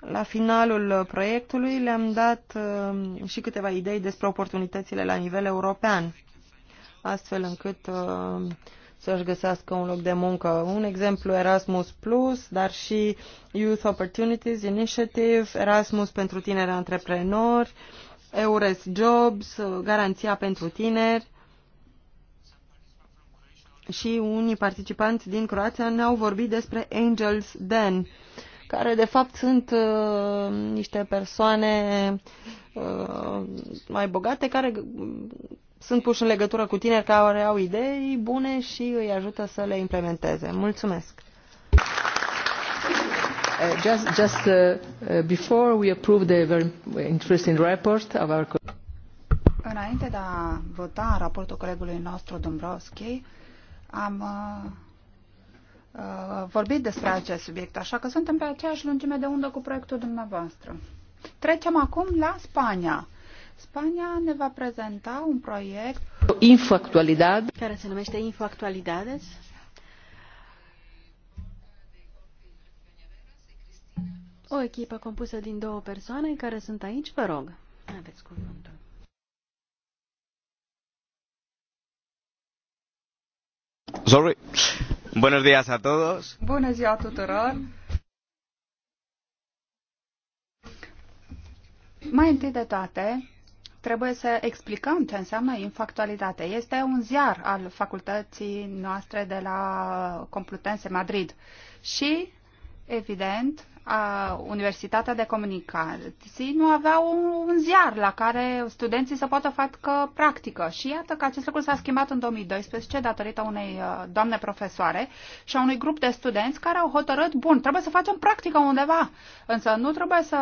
[SPEAKER 5] La finalul uh, proiectului le-am dat um, și câteva idei despre oportunitățile la nivel european, astfel încât um, să-și găsească un loc de muncă. Un exemplu Erasmus Plus, dar și Youth Opportunities Initiative, Erasmus pentru tineri antreprenori, Eures Jobs, Garanția pentru tineri. Și unii participanți din Croația ne-au vorbit despre Angels Den, care de fapt sunt uh, niște persoane uh, mai bogate care sunt puși în legătură cu tineri care au idei bune și îi ajută să le implementeze. Mulțumesc!
[SPEAKER 1] Uh, just, just uh, uh, before we approve the very interesting report of our
[SPEAKER 2] Înainte de a vota raportul colegului nostru Dombrovski, am uh, uh, vorbit despre acest subiect, așa că suntem pe aceeași lungime de undă cu proiectul dumneavoastră. Trecem acum la Spania. Spania ne va prezenta un proiect
[SPEAKER 3] Infoactualidad care se numește Infoactualidades O echipă compusă din două persoane care sunt aici, vă rog,
[SPEAKER 4] aveți cuvântul. Sorry. Buenos días a todos.
[SPEAKER 2] Bună ziua tuturor. Mai întâi de toate, trebuie să explicăm ce înseamnă infactualitate. Este un ziar al facultății noastre de la Complutense Madrid și, evident, a, Universitatea de Comunicații nu avea un ziar la care studenții să poată facă practică. Și iată că acest lucru s-a schimbat în 2012 datorită unei uh, doamne profesoare și a unui grup de studenți care au hotărât, bun, trebuie să facem practică undeva, însă nu trebuie să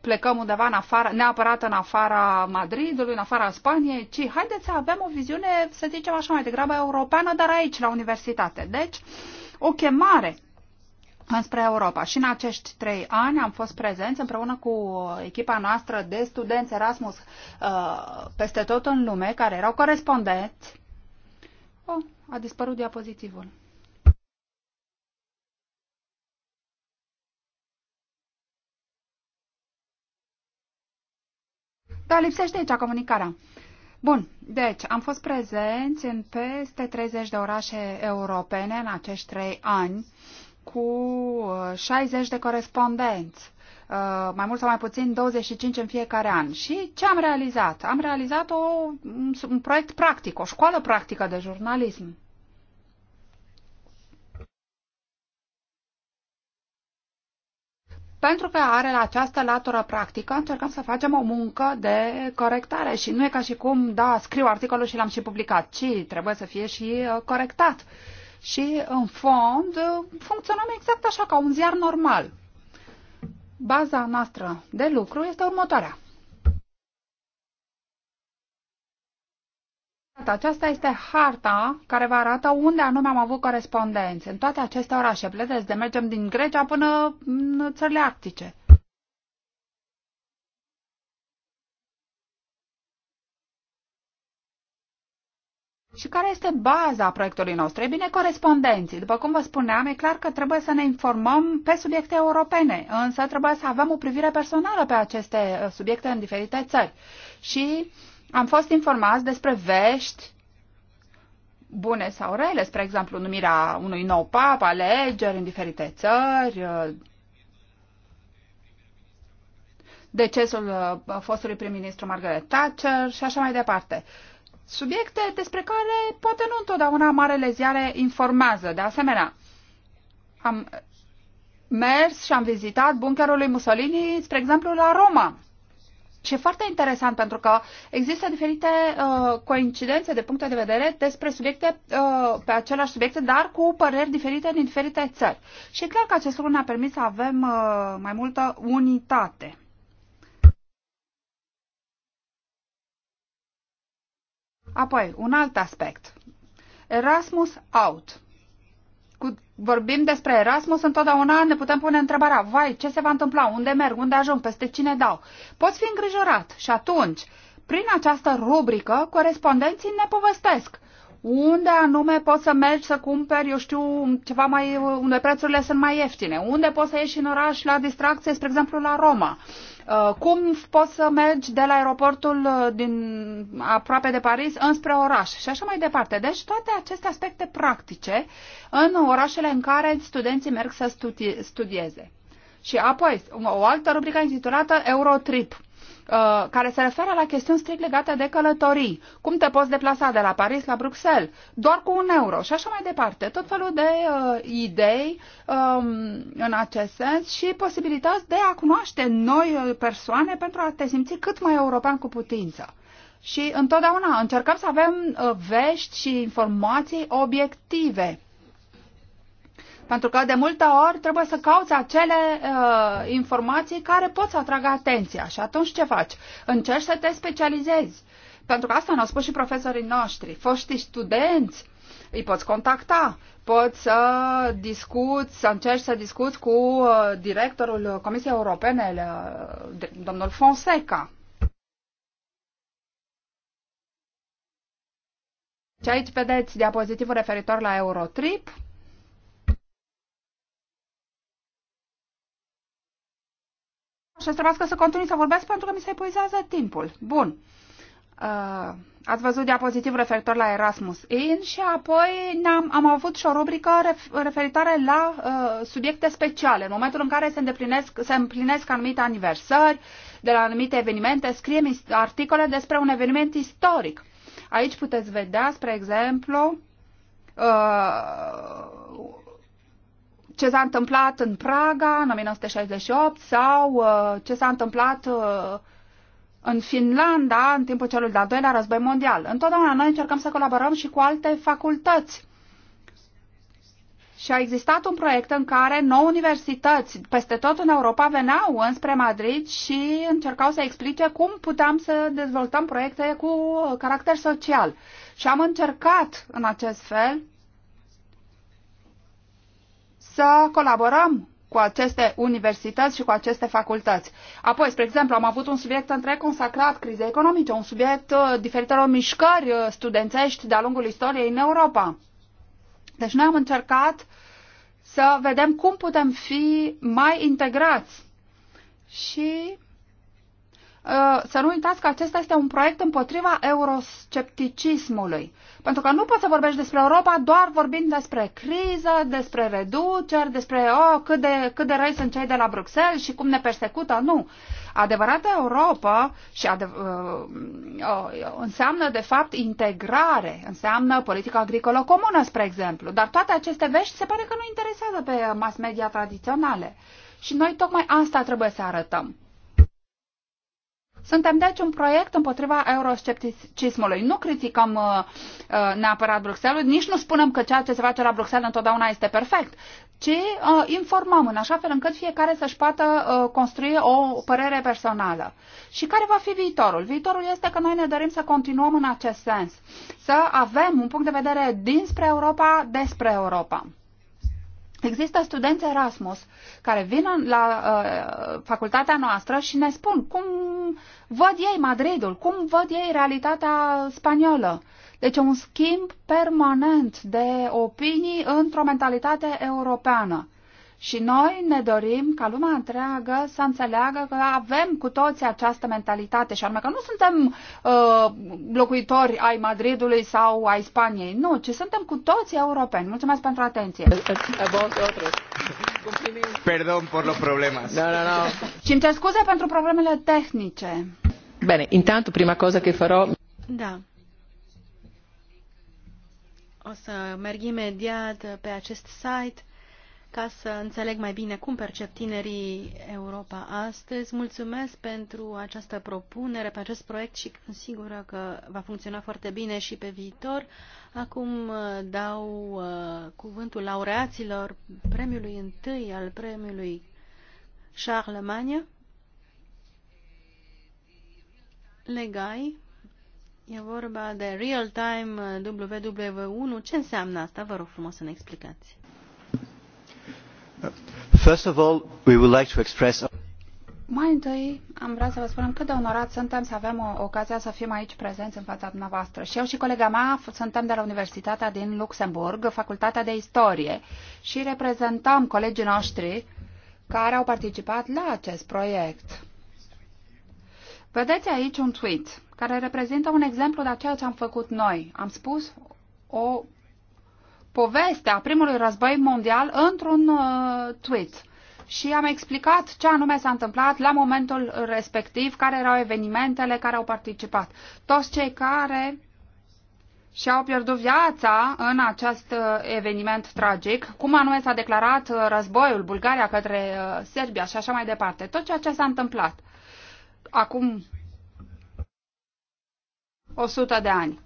[SPEAKER 2] plecăm undeva în afara, neapărat în afara Madridului, în afara Spaniei, ci haideți să avem o viziune, să zicem așa, mai degrabă europeană, dar aici, la universitate. Deci, o chemare înspre Europa. Și în acești trei ani am fost prezenți împreună cu echipa noastră de studenți Erasmus uh, peste tot în lume, care erau corespondenți. Oh, a dispărut diapozitivul. Da, lipsește aici comunicarea. Bun, deci am fost prezenți în peste 30 de orașe europene în acești trei ani cu 60 uh, de corespondenți, uh, mai mult sau mai puțin 25 în fiecare an. Și ce am realizat? Am realizat o, un proiect practic, o școală practică de jurnalism. pentru că are această latură practică, încercăm să facem o muncă de corectare și nu e ca și cum, da, scriu articolul și l-am și publicat, ci trebuie să fie și uh, corectat. Uh, și, în fond, funcționăm exact așa ca un ziar normal. Baza noastră de lucru este următoarea. Aceasta este harta care vă arată unde anume am avut corespondențe în toate aceste orașe. Vedeți, de mergem din Grecia până în țările arctice. Și care este baza proiectului nostru? E bine, corespondenții. După cum vă spuneam, e clar că trebuie să ne informăm pe subiecte europene, însă trebuie să avem o privire personală pe aceste uh, subiecte în diferite țări. Și am fost informați despre vești bune sau rele, spre exemplu, numirea unui nou pap, alegeri în diferite țări, uh, decesul uh, fostului prim-ministru Margaret Thatcher și așa mai departe subiecte despre care poate nu întotdeauna marele ziare informează. De asemenea, am mers și am vizitat bunkerul lui Mussolini, spre exemplu, la Roma. Și e foarte interesant pentru că există diferite uh, coincidențe de puncte de vedere despre subiecte, uh, pe același subiecte, dar cu păreri diferite din diferite țări. Și e clar că acest lucru ne-a permis să avem uh, mai multă unitate. Apoi, un alt aspect. Erasmus out. Cu, vorbim despre Erasmus, întotdeauna ne putem pune întrebarea, vai, ce se va întâmpla, unde merg, unde ajung, peste cine dau. Poți fi îngrijorat și atunci, prin această rubrică, corespondenții ne povestesc unde anume poți să mergi să cumperi, eu știu, ceva mai, unde prețurile sunt mai ieftine, unde poți să ieși în oraș la distracție, spre exemplu la Roma. Uh, cum poți să mergi de la aeroportul uh, din aproape de Paris înspre oraș și așa mai departe. Deci toate aceste aspecte practice în orașele în care studenții merg să studieze. Și apoi, o altă rubrică intitulată Eurotrip Uh, care se referă la chestiuni strict legate de călătorii. Cum te poți deplasa de la Paris la Bruxelles? Doar cu un euro și așa mai departe. Tot felul de uh, idei um, în acest sens și posibilități de a cunoaște noi uh, persoane pentru a te simți cât mai european cu putință. Și întotdeauna încercăm să avem uh, vești și informații obiective pentru că de multe ori trebuie să cauți acele uh, informații care pot să atragă atenția. Și atunci ce faci? Încerci să te specializezi. Pentru că asta ne-au spus și profesorii noștri, foștii studenți, îi poți contacta, poți să discuți, să încerci să discuți cu uh, directorul Comisiei Europene, uh, domnul Fonseca. Și aici vedeți diapozitivul referitor la Eurotrip. și să trebuiască să continui să vorbesc pentru că mi se epuizează timpul. Bun. Uh, ați văzut diapozitiv referitor la Erasmus In și apoi am am avut și o rubrică ref, referitoare la uh, subiecte speciale. În momentul în care se îndeplinesc, se împlinesc anumite aniversări de la anumite evenimente, scriem articole despre un eveniment istoric. Aici puteți vedea, spre exemplu, uh, ce s-a întâmplat în Praga în 1968 sau uh, ce s-a întâmplat uh, în Finlanda în timpul celui de-al doilea război mondial. Întotdeauna noi încercăm să colaborăm și cu alte facultăți. Și a existat un proiect în care nouă universități peste tot în Europa veneau înspre Madrid și încercau să explice cum puteam să dezvoltăm proiecte cu caracter social. Și am încercat în acest fel să colaborăm cu aceste universități și cu aceste facultăți. Apoi, spre exemplu, am avut un subiect întreg consacrat crizei economice, un subiect uh, diferitelor mișcări uh, studențești de-a lungul istoriei în Europa. Deci noi am încercat să vedem cum putem fi mai integrați și Uh, să nu uitați că acesta este un proiect împotriva euroscepticismului. Pentru că nu poți să vorbești despre Europa doar vorbind despre criză, despre reduceri, despre oh, cât, de, cât de răi sunt cei de la Bruxelles și cum ne persecută. Nu. adevărată Europa și adev- uh, uh înseamnă, de fapt, integrare, înseamnă politică agricolă comună, spre exemplu. Dar toate aceste vești se pare că nu interesează pe mass media tradiționale. Și noi tocmai asta trebuie să arătăm. Suntem deci un proiect împotriva euroscepticismului. Nu criticăm uh, uh neapărat Bruxelles, nici nu spunem că ceea ce se face la Bruxelles întotdeauna este perfect, ci uh, informăm în așa fel încât fiecare să-și poată uh, construi o părere personală. Și care va fi viitorul? Viitorul este că noi ne dorim să continuăm în acest sens, să avem un punct de vedere dinspre Europa, despre Europa. Există studenți Erasmus care vin la uh, facultatea noastră și ne spun cum văd ei Madridul, cum văd ei realitatea spaniolă. Deci un schimb permanent de opinii într-o mentalitate europeană. Și noi ne dorim ca lumea întreagă să înțeleagă că avem cu toții această mentalitate și anume că nu suntem uh, locuitori ai Madridului sau ai Spaniei, nu, ci suntem cu toții europeni. Mulțumesc pentru atenție.
[SPEAKER 4] Perdon por los problemas. No, no, no.
[SPEAKER 2] Și îmi scuze pentru problemele tehnice.
[SPEAKER 1] Bine, intanto prima cosa che
[SPEAKER 4] farò...
[SPEAKER 2] Da. O să
[SPEAKER 3] merg imediat pe acest site ca să înțeleg mai bine cum percep tinerii Europa astăzi. Mulțumesc pentru această propunere, pe acest proiect și sunt sigură că va funcționa foarte bine și pe viitor. Acum uh, dau uh, cuvântul laureaților premiului întâi al premiului Charlemagne. Legai, e vorba de real-time uh, WW1. Ce înseamnă
[SPEAKER 2] asta? Vă rog frumos să ne explicați.
[SPEAKER 4] First of all, we would like to express
[SPEAKER 2] mai întâi am vrea să vă spunem cât de onorat suntem să avem o, ocazia să fim aici prezenți în fața dumneavoastră. Și eu și colega mea suntem de la Universitatea din Luxemburg, Facultatea de Istorie, și reprezentăm colegii noștri care au participat la acest proiect. Vedeți aici un tweet care reprezintă un exemplu de ceea ce am făcut noi. Am spus o povestea primului război mondial într-un uh, tweet. Și am explicat ce anume s-a întâmplat la momentul respectiv, care erau evenimentele care au participat. Toți cei care și-au pierdut viața în acest uh, eveniment tragic, cum anume s-a declarat uh, războiul Bulgaria către uh, Serbia și așa mai departe. Tot ceea ce s-a întâmplat acum 100 de ani.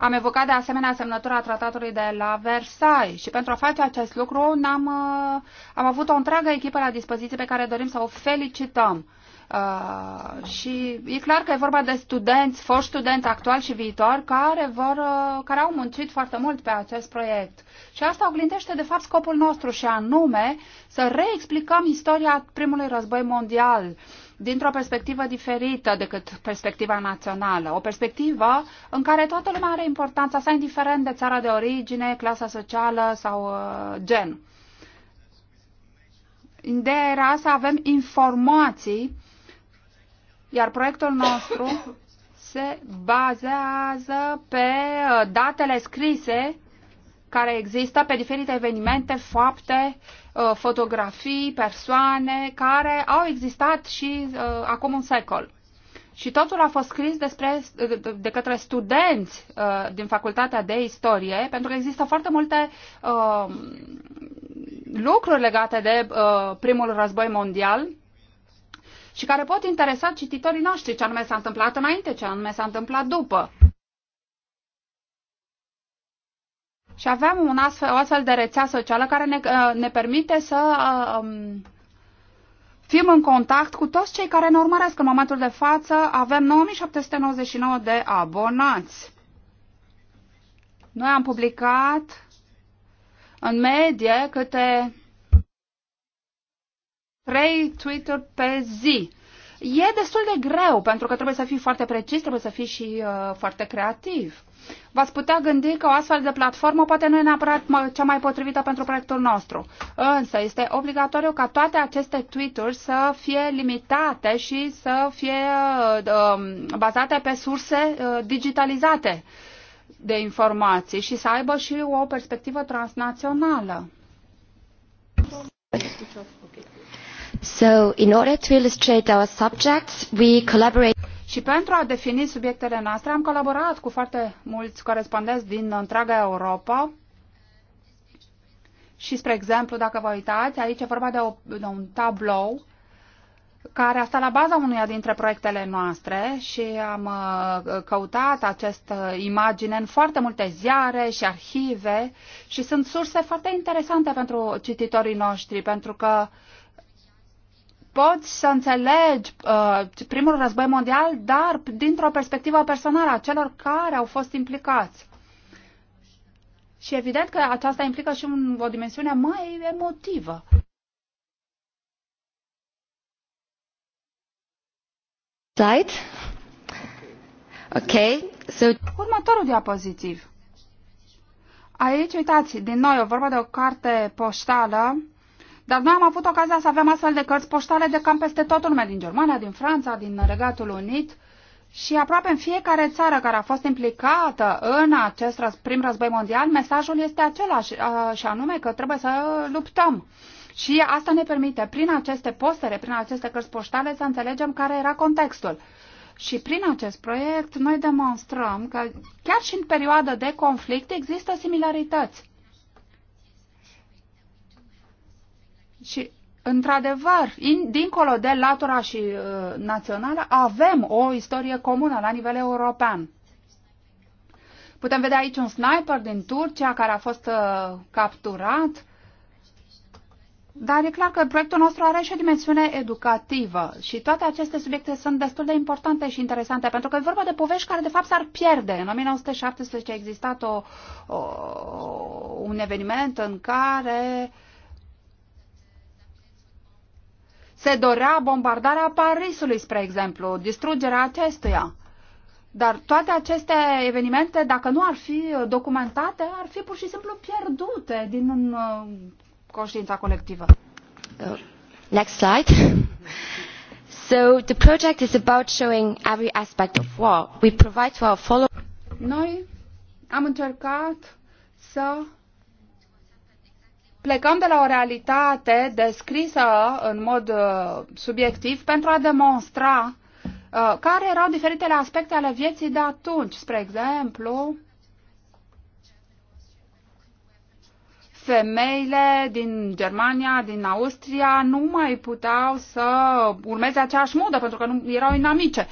[SPEAKER 2] Am evocat de asemenea semnătura tratatului de la Versailles și pentru a face acest lucru am uh, am avut o întreagă echipă la dispoziție pe care dorim să o felicităm. Uh, și e clar că e vorba de studenți, foști studenți actuali și viitori, care, vor, uh, care au muncit foarte mult pe acest proiect. Și asta oglindește, de fapt, scopul nostru și anume să reexplicăm istoria primului război mondial, dintr-o perspectivă diferită decât perspectiva națională, o perspectivă în care toată lumea are importanța sa, indiferent de țara de origine, clasa socială sau uh, gen. Ideea era să avem informații, iar proiectul nostru se bazează pe uh, datele scrise care există pe diferite evenimente, fapte Uh, fotografii, persoane care au existat și uh, acum un secol. Și totul a fost scris despre, de către studenți uh, din Facultatea de Istorie, pentru că există foarte multe uh, lucruri legate de uh, primul război mondial și care pot interesa cititorii noștri ce anume s-a întâmplat înainte, ce anume s-a întâmplat după. Și avem un astfel, o astfel de rețea socială care ne, uh, ne permite să uh, um, fim în contact cu toți cei care ne urmăresc. În momentul de față avem 9799 de abonați. Noi am publicat în medie câte 3 Twitter pe zi. E destul de greu, pentru că trebuie să fii foarte precis, trebuie să fii și uh, foarte creativ v-ați putea gândi că o astfel de platformă poate nu e neapărat cea mai potrivită pentru proiectul nostru. Însă este obligatoriu ca toate aceste tweet-uri să fie limitate și să fie uh, um, bazate pe surse uh, digitalizate de informații și să aibă și o perspectivă transnațională. So, in order to illustrate our subjects, we collaborate și pentru a defini subiectele noastre am colaborat cu foarte mulți corespondenți din întreaga Europa, și, spre exemplu, dacă vă uitați, aici e vorba de, o, de un tablou care a stat la baza unuia dintre proiectele noastre și am uh, căutat această imagine în foarte multe ziare și arhive și sunt surse foarte interesante pentru cititorii noștri, pentru că uh, poți să înțelegi uh, primul război mondial, dar dintr-o perspectivă personală a celor care au fost implicați. Și evident că aceasta implică și un, o dimensiune mai emotivă. Slide. Ok. So... Următorul diapozitiv. Aici, uitați, din nou, e vorba de o carte poștală dar noi am avut ocazia să avem astfel de cărți poștale de cam peste toată lumea, din Germania, din Franța, din Regatul Unit și aproape în fiecare țară care a fost implicată în acest prim război mondial, mesajul este același, și anume că trebuie să luptăm. Și asta ne permite, prin aceste postere, prin aceste cărți poștale, să înțelegem care era contextul. Și prin acest proiect noi demonstrăm că chiar și în perioada de conflict există similarități. Și, într-adevăr, in, dincolo de latura și uh, națională, avem o istorie comună la nivel european. Putem vedea aici un sniper din Turcia care a fost uh, capturat. Dar e clar că proiectul nostru are și o dimensiune educativă și toate aceste subiecte sunt destul de importante și interesante, pentru că e vorba de povești care de fapt s-ar pierde. În 1917 a existat o, o, un eveniment în care uh, Se dorea bombardarea Parisului, spre exemplu, distrugerea acestuia. Dar toate aceste evenimente, dacă nu ar fi documentate, ar fi pur și simplu pierdute din uh, conștiința colectivă. Uh, next slide. So the project is about showing every aspect of war. We provide to our followers. Noi am încercat să plecăm de la o realitate descrisă în mod uh, subiectiv pentru a demonstra uh, care erau diferitele aspecte ale vieții de atunci. Spre exemplu, femeile din Germania, din Austria, nu mai puteau să urmeze aceeași modă pentru că nu erau inamice.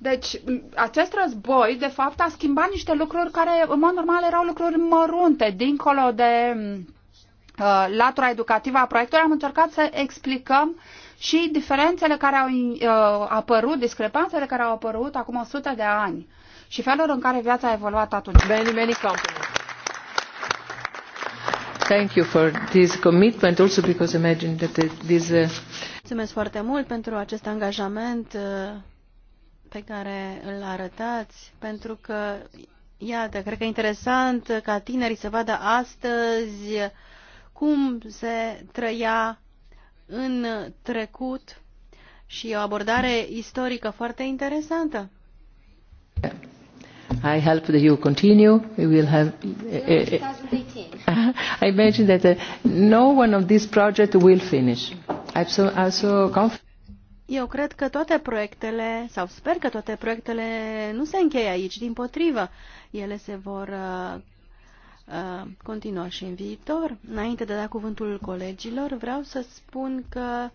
[SPEAKER 2] Deci, acest război, de fapt, a schimbat niște lucruri care, în mod normal, erau lucruri mărunte, dincolo de uh, latura educativă a proiectului. Am încercat să explicăm și diferențele care au uh, apărut, discrepanțele care au apărut acum 100 de ani și felul în care viața a evoluat atunci. Many, many
[SPEAKER 1] Thank you for this commitment, also because imagine that this. Uh...
[SPEAKER 3] Mulțumesc foarte mult pentru acest angajament. Uh pe care îl arătați, pentru că, iată, cred că e interesant ca tinerii să vadă astăzi cum se trăia în trecut și o abordare istorică foarte interesantă.
[SPEAKER 1] I help that you continue. We will have. Uh, uh, I imagine that uh, no one of this project will finish. I'm so, I'm so confident.
[SPEAKER 3] Eu cred că toate proiectele, sau sper că toate proiectele nu se încheie aici, din potrivă. Ele se vor uh, uh, continua și în viitor. Înainte de a da cuvântul colegilor, vreau să spun că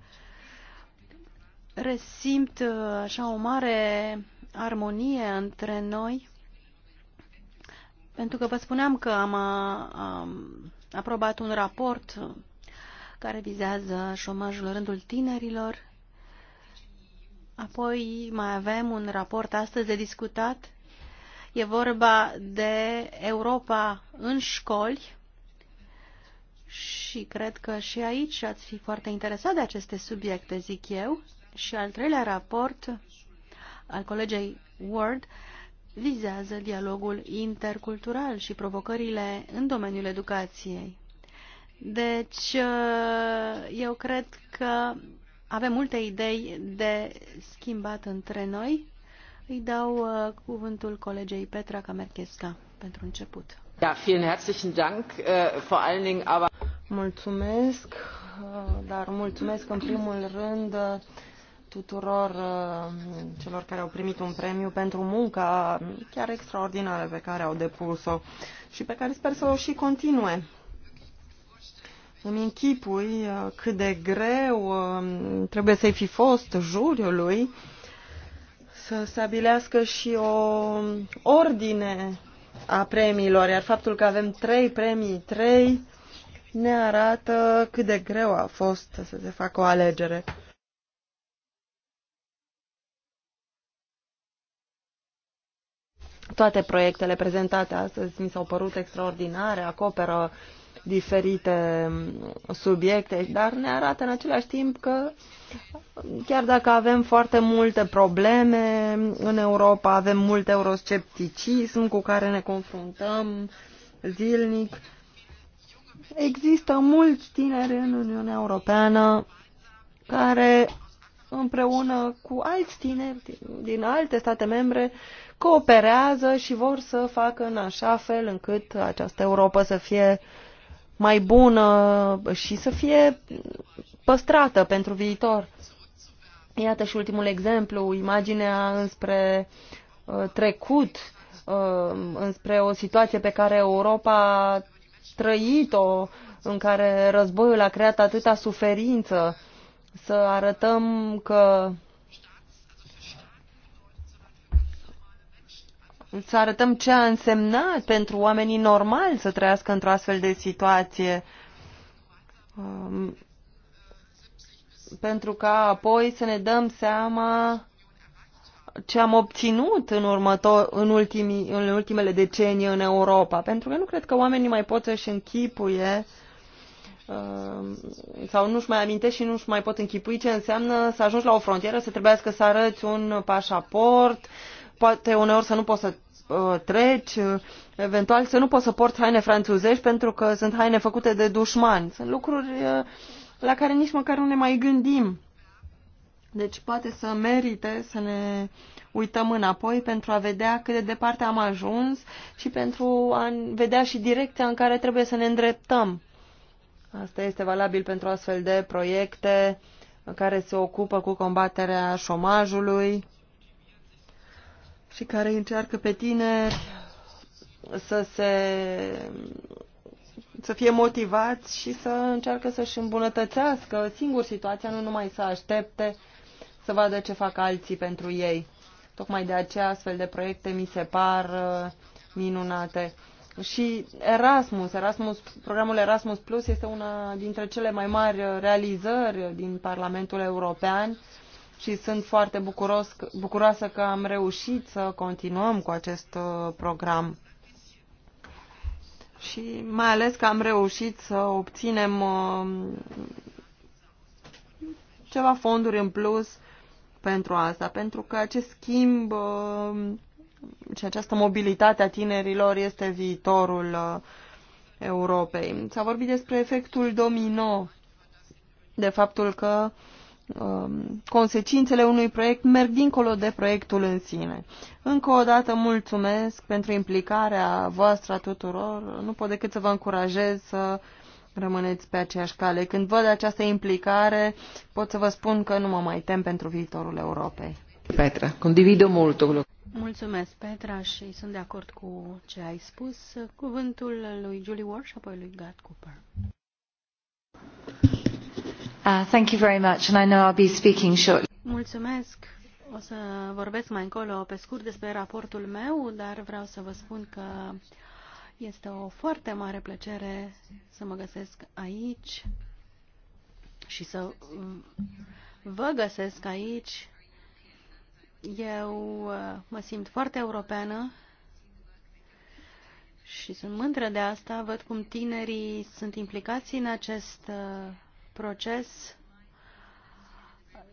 [SPEAKER 3] resimt uh, așa o mare armonie între noi, pentru că vă spuneam că am, a, am aprobat un raport care vizează șomajul în rândul tinerilor Apoi mai avem un raport astăzi de discutat. E vorba de Europa în școli și cred că și aici ați fi foarte interesat de aceste subiecte, zic eu. Și al treilea raport al colegei Ward vizează dialogul intercultural și provocările în domeniul educației. Deci, eu cred că avem multe idei de schimbat între noi. Îi dau uh, cuvântul colegei Petra Kamerchesca pentru început.
[SPEAKER 1] Da, vielen herzlichen Dank, uh, vor allen Dingen aber...
[SPEAKER 5] Mulțumesc, uh, dar mulțumesc în primul rând uh, tuturor uh, celor care au primit un premiu pentru munca chiar extraordinară pe care au depus-o și pe care sper să o și continue. Îmi închipui uh, cât de greu uh, trebuie să-i fi fost juriului să stabilească și o ordine a premiilor, iar faptul că avem trei premii, trei, ne arată cât de greu a fost să se facă o alegere. Toate proiectele prezentate astăzi mi s-au părut extraordinare, acoperă diferite mm, subiecte, dar ne arată în același timp că chiar dacă avem foarte multe probleme în Europa, avem mult euroscepticism cu care ne confruntăm zilnic, există mulți tineri în Uniunea Europeană care împreună cu alți tineri din alte state membre cooperează și vor să facă în așa fel încât această Europa să fie mai bună și să fie păstrată pentru viitor. Iată și ultimul exemplu, imaginea înspre uh, trecut, uh, înspre o situație pe care Europa a trăit-o, în care războiul a creat atâta suferință, să arătăm că să arătăm ce a însemnat pentru oamenii normali să trăiască într-o astfel de situație. Um, pentru ca apoi să ne dăm seama ce am obținut în, următor, în, ultimii, în ultimele decenii în Europa. Pentru că nu cred că oamenii mai pot să-și închipuie um, sau nu-și mai amintești și nu-și mai pot închipui ce înseamnă să ajungi la o frontieră, să trebuiască să arăți un pașaport, poate uneori să nu poți să Uh, treci, uh, eventual să nu poți să porți haine franțuzești pentru că sunt haine făcute de dușmani. Sunt lucruri uh, la care nici măcar nu ne mai gândim. Deci poate să merite să ne uităm înapoi pentru a vedea cât de departe am ajuns și pentru a vedea și direcția în care trebuie să ne îndreptăm. Asta este valabil pentru astfel de proiecte care se ocupă cu combaterea șomajului și care încearcă pe tine să se să fie motivați și să încearcă să-și îmbunătățească singur situația, nu numai să aștepte să vadă ce fac alții pentru ei. Tocmai de aceea astfel de proiecte mi se par uh, minunate. Și Erasmus, Erasmus, programul Erasmus Plus este una dintre cele mai mari uh, realizări din Parlamentul European și sunt foarte bucuros, bucuroasă că am reușit să continuăm cu acest uh, program. Și mai ales că am reușit să obținem uh, ceva fonduri în plus pentru asta, pentru că acest schimb uh, și această mobilitate a tinerilor este viitorul Europei. S-a vorbit despre efectul domino, de faptul că uh, Um, consecințele unui proiect merg dincolo de proiectul în sine. Încă o dată mulțumesc pentru implicarea voastră a tuturor. Nu pot decât să vă încurajez să rămâneți pe aceeași cale. Când văd această implicare, pot să vă spun că nu mă mai tem pentru viitorul
[SPEAKER 1] Europei. Petra, condivido mult.
[SPEAKER 3] Mulțumesc, Petra, și sunt de acord cu ce ai spus. Cuvântul lui Julie Ward și apoi lui Gad Cooper.
[SPEAKER 4] Uh, thank you very much, and I know I'll be speaking shortly.
[SPEAKER 3] Mulțumesc. O să vorbesc mai încolo pe scurt despre raportul meu, dar vreau să vă spun că este o foarte mare plăcere să mă găsesc aici și să vă găsesc aici. Eu uh, mă simt foarte europeană și sunt mândră de asta. Văd cum tinerii sunt implicați în acest uh, proces.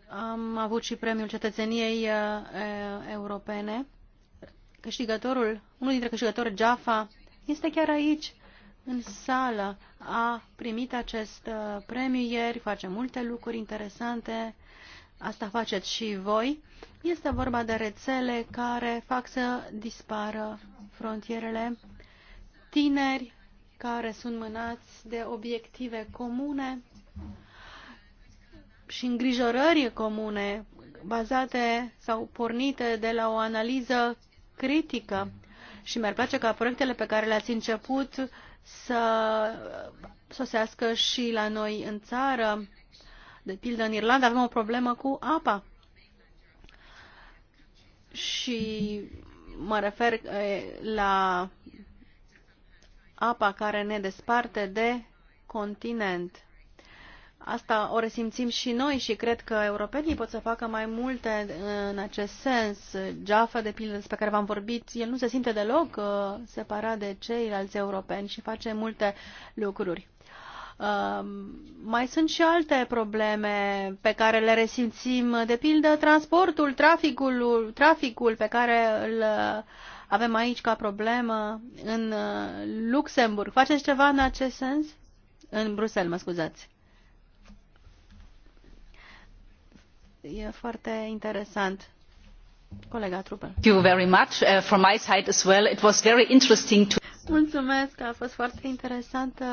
[SPEAKER 3] Am avut și premiul cetățeniei uh, europene. Câștigătorul, unul dintre câștigători, Jaffa, este chiar aici, în sală. A primit acest uh, premiu ieri, face multe lucruri interesante. Asta faceți și voi. Este vorba de rețele care fac să dispară frontierele. Tineri care sunt mânați de obiective comune și îngrijorări comune bazate sau pornite de la o analiză critică și mi-ar place ca proiectele pe care le-ați început să sosească și la noi în țară. De pildă, în Irlanda avem o problemă cu apa. Și mă refer la apa care ne desparte de continent. Asta o resimțim și noi și cred că europenii pot să facă mai multe în acest sens. Jaffa, de pildă, despre care v-am vorbit, el nu se simte deloc uh, separat de ceilalți europeni și face multe lucruri. Uh, mai sunt și alte probleme pe care le resimțim, de pildă transportul, traficul, traficul pe care îl avem aici ca problemă în uh, Luxemburg. Faceți ceva în acest sens? În Bruxelles, mă scuzați. e foarte interesant. Colega Trupel. Thank you very much uh, from my side as well. It was very interesting to Mulțumesc, a fost foarte interesantă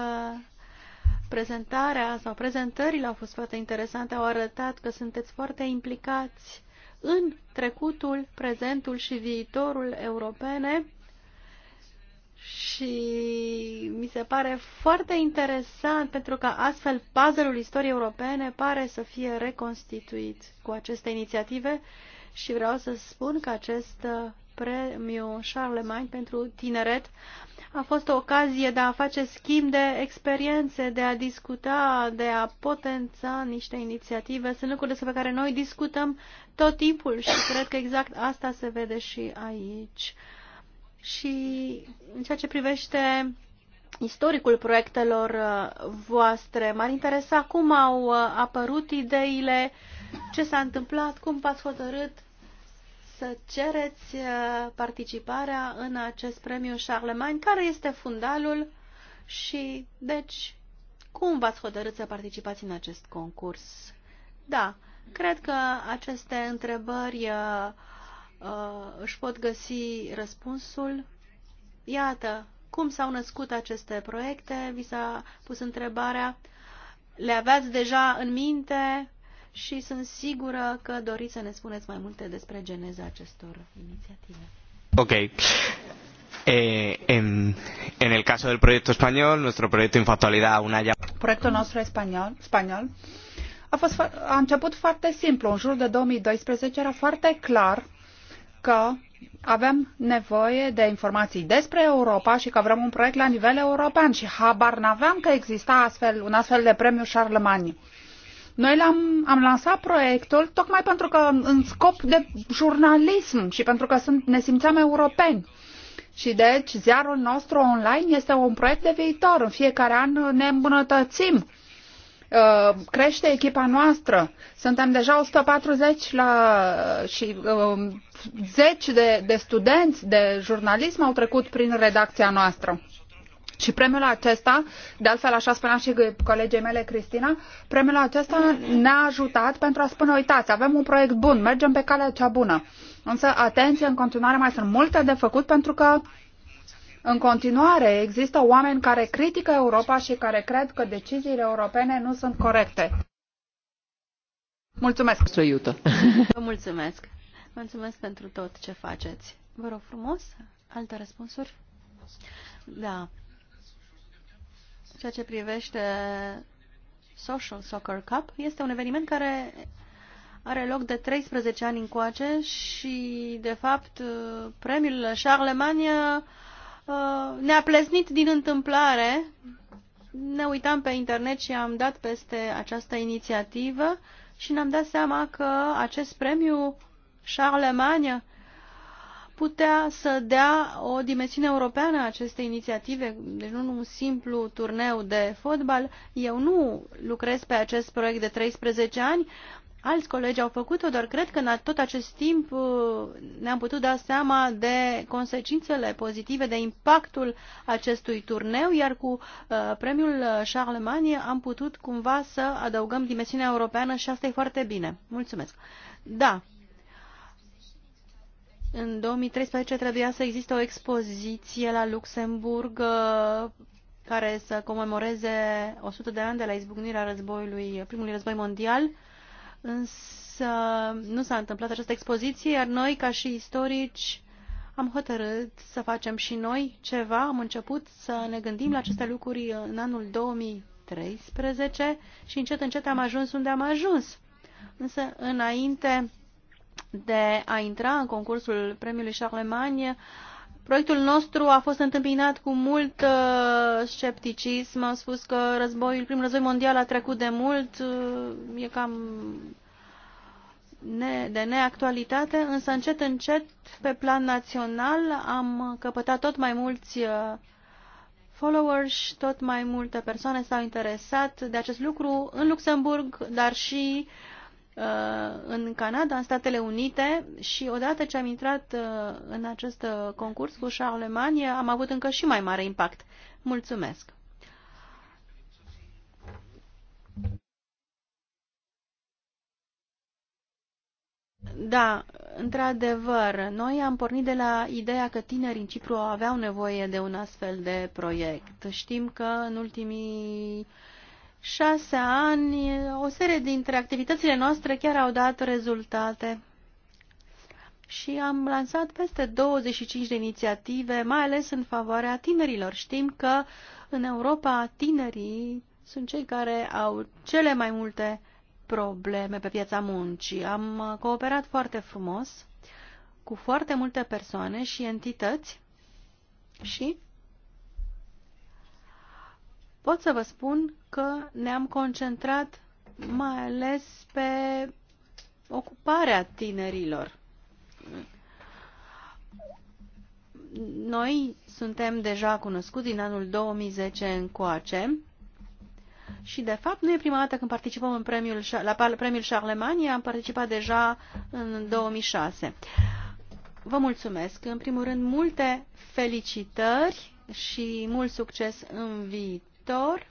[SPEAKER 3] prezentarea sau prezentările au fost foarte interesante, au arătat că sunteți foarte implicați în trecutul, prezentul și viitorul europene și mi se pare foarte interesant pentru că astfel puzzle-ul istoriei europene pare să fie reconstituit cu aceste inițiative și vreau să spun că acest premiu Charlemagne pentru tineret a fost o ocazie de a face schimb de experiențe, de a discuta, de a potența niște inițiative. Sunt lucruri despre care noi discutăm tot timpul și cred că exact asta se vede și aici și în ceea ce privește istoricul proiectelor uh, voastre. M-ar interesa cum au uh, apărut ideile, ce s-a întâmplat, cum v-ați hotărât să cereți uh, participarea în acest premiu Charlemagne, care este fundalul și, deci, cum v-ați hotărât să participați în acest concurs? Da, cred că aceste întrebări uh, își pot găsi răspunsul. Iată, cum s-au născut aceste proiecte? Vi s-a pus întrebarea. Le aveați deja în minte și sunt sigură că doriți să ne spuneți mai multe despre geneza acestor inițiative.
[SPEAKER 4] Ok. Eh, en, en el caso del proyecto español, nuestro proyecto Infactualidad una ya...
[SPEAKER 2] Proiectul nostru español, spaniol a, fost, a început foarte simplu. În jur de 2012 era foarte clar că avem nevoie de informații despre Europa și că vrem un proiect la nivel european și habar n-aveam că exista astfel, un astfel de premiu Charlemagne. Noi l-am, am lansat proiectul tocmai pentru că în scop de jurnalism și pentru că sunt, ne simțeam europeni. Și deci ziarul nostru online este un proiect de viitor. În fiecare an ne îmbunătățim Uh, crește echipa noastră. Suntem deja 140 la, uh, și uh, um, 10 de, de studenți de jurnalism au trecut prin redacția noastră. Și premiul acesta, de altfel așa spunea și colegii mele Cristina, premiul acesta ne-a ajutat pentru a spune, uitați, avem un proiect bun, mergem pe calea cea bună. Însă, atenție, în continuare mai sunt multe de făcut pentru că în continuare, există oameni care critică Europa și care cred că deciziile europene nu sunt corecte. Mulțumesc! Vă
[SPEAKER 3] mulțumesc! Mulțumesc pentru tot ce faceți. Vă rog frumos, alte răspunsuri? Da. Ceea ce privește Social Soccer Cup este un eveniment care are loc de 13 ani încoace și, de fapt, premiul Charlemagne Uh, ne-a pleznit din întâmplare. Ne uitam pe internet și am dat peste această inițiativă și ne-am dat seama că acest premiu Charlemagne putea să dea o dimensiune europeană acestei inițiative, deci nu un simplu turneu de fotbal. Eu nu lucrez pe acest proiect de 13 ani, Alți colegi au făcut-o, dar cred că în tot acest timp uh, ne-am putut da seama de consecințele pozitive, de impactul acestui turneu, iar cu uh, premiul Charlemagne am putut cumva să adăugăm dimensiunea europeană și asta e foarte bine. Mulțumesc. Da, în 2013 trebuia să existe o expoziție la Luxemburg uh, care să comemoreze 100 de ani de la izbucnirea războiului, primului război mondial însă nu s-a întâmplat această expoziție, iar noi, ca și istorici, am hotărât să facem și noi ceva. Am început să ne gândim la aceste lucruri în anul 2013 și încet, încet am ajuns unde am ajuns. Însă, înainte de a intra în concursul premiului Charlemagne, Proiectul nostru a fost întâmpinat cu mult uh, scepticism. Am spus că războiul, primul război mondial a trecut de mult, uh, e cam ne, de neactualitate, însă încet, încet, pe plan național, am căpătat tot mai mulți uh, followers, tot mai multe persoane s-au interesat de acest lucru în Luxemburg, dar și uh, Uh, în Canada, în Statele Unite și odată ce am intrat uh, în acest uh, concurs cu Charlemagne, am avut încă și mai mare impact. Mulțumesc! Da, într-adevăr, noi am pornit de la ideea că tinerii în Cipru aveau nevoie de un astfel de proiect. Știm că în ultimii șase ani, o serie dintre activitățile noastre chiar au dat rezultate. Și am lansat peste 25 de inițiative, mai ales în favoarea tinerilor. Știm că în Europa tinerii sunt cei care au cele mai multe probleme pe piața muncii. Am cooperat foarte frumos cu foarte multe persoane și entități și pot să vă spun că ne-am concentrat mai ales pe ocuparea tinerilor. Noi suntem deja cunoscuți din anul 2010 încoace și, de fapt, nu e prima dată când participăm în premiul, la premiul Charlemagne, am participat deja în 2006. Vă mulțumesc. În primul rând, multe felicitări și mult succes în viitor viitor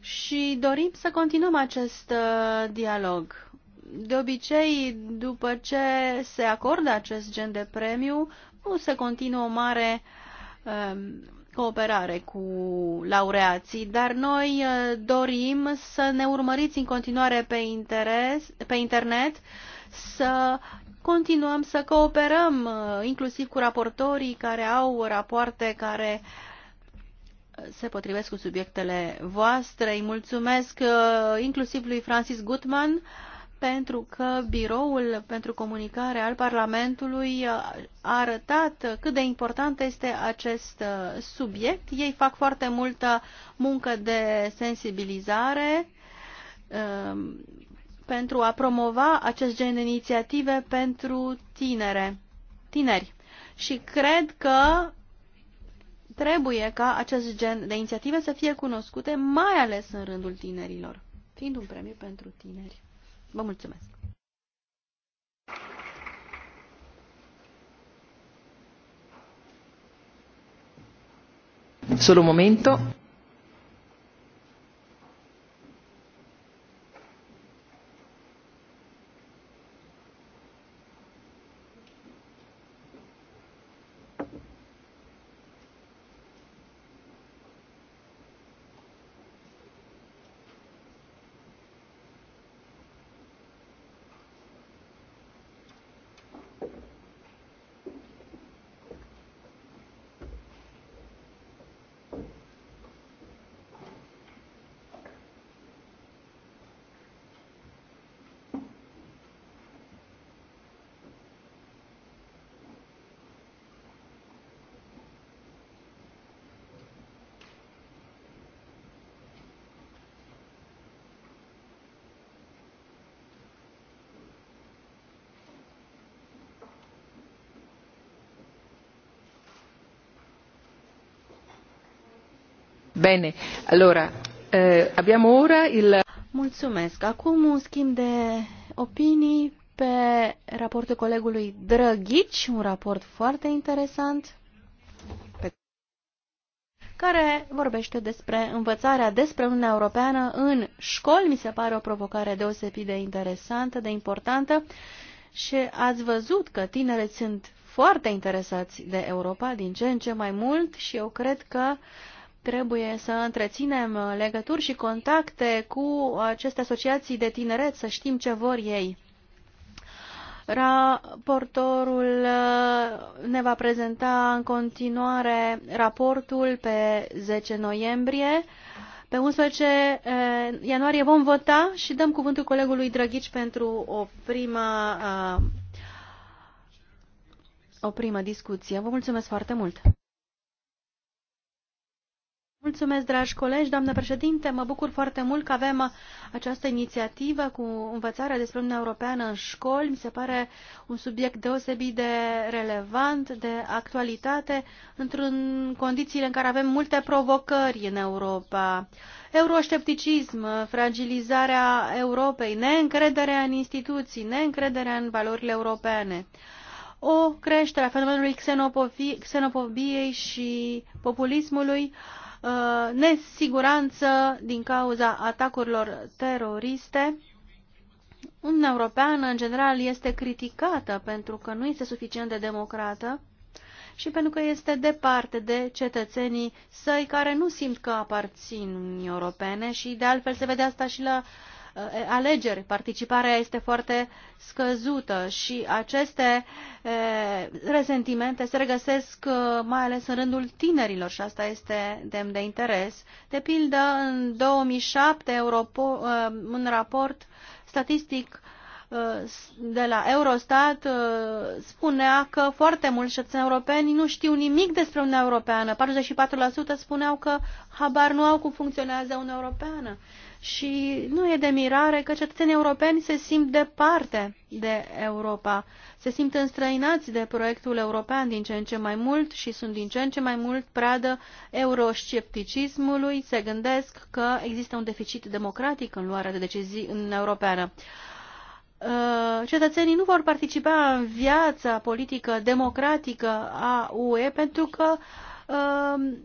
[SPEAKER 3] și dorim să continuăm acest uh, dialog. De obicei, după ce se acordă acest gen de premiu, nu se continuă o mare um, cooperare cu laureații, dar noi uh, dorim să ne urmăriți în continuare pe, interes, pe internet, să continuăm să cooperăm uh, inclusiv cu raportorii care au rapoarte care uh, se potrivesc cu subiectele voastre. Îi mulțumesc uh, inclusiv lui Francis Gutman pentru că biroul pentru comunicare al Parlamentului uh, a arătat cât de important este acest uh, subiect. Ei fac foarte multă muncă de sensibilizare um, pentru a promova acest gen de inițiative pentru tinere, tineri. Și cred că Trebuie ca acest gen de inițiative să fie cunoscute, mai ales în rândul tinerilor, fiind un premiu pentru tineri. Vă mulțumesc!
[SPEAKER 1] Solo un momento. Eh, ora Mulțumesc. Acum un schimb de
[SPEAKER 3] opinii pe raportul colegului Drăghici, un raport foarte interesant pe care vorbește despre învățarea despre Uniunea Europeană în școli. Mi se pare o provocare deosebit de interesantă, de importantă și ați văzut că tinerii sunt foarte interesați de Europa din ce în ce mai mult și eu cred că uh, trebuie să întreținem uh, legături și contacte cu aceste asociații de tineret, să știm ce vor ei. Raportorul uh, ne va prezenta în continuare raportul pe 10 noiembrie. Pe 11 uh, ianuarie vom vota și dăm cuvântul colegului Drăghici pentru o prima, o prima discuție. Vă mulțumesc foarte mult! Mulțumesc, dragi colegi, doamnă președinte, mă bucur foarte mult că avem această inițiativă cu învățarea despre Uniunea Europeană în școli. Mi se pare un subiect deosebit de relevant, de actualitate, într-un condițiile în care avem multe provocări în Europa. Euroștepticism, fragilizarea Europei, neîncrederea în instituții, neîncrederea în valorile europene o creștere a fenomenului xenofobiei și populismului uh, Uh, nesiguranță din cauza atacurilor teroriste. Uniunea Europeană, în general, este criticată pentru că nu este suficient de democrată și pentru că este departe de cetățenii săi care nu simt că aparțin Uniunii Europene și, de altfel, se vede asta și la uh, Uh, alegeri. Participarea este foarte scăzută și aceste uh, resentimente se regăsesc uh, mai ales în rândul tinerilor și asta este demn de interes. De pildă, în 2007, Europo, un raport statistic de la Eurostat spunea că foarte mulți cetățeni europeni nu știu nimic despre Uniunea Europeană. 44% spuneau că habar nu au cum funcționează Uniunea Europeană și nu e de mirare că cetățenii europeni se simt departe de Europa, se simt înstrăinați de proiectul european din ce în ce mai mult și sunt din ce în ce mai mult pradă euroscepticismului, se gândesc că există un deficit democratic în luarea de decizii în Europeană uh, cetățenii nu vor participa în viața politică democratică a UE pentru că uh,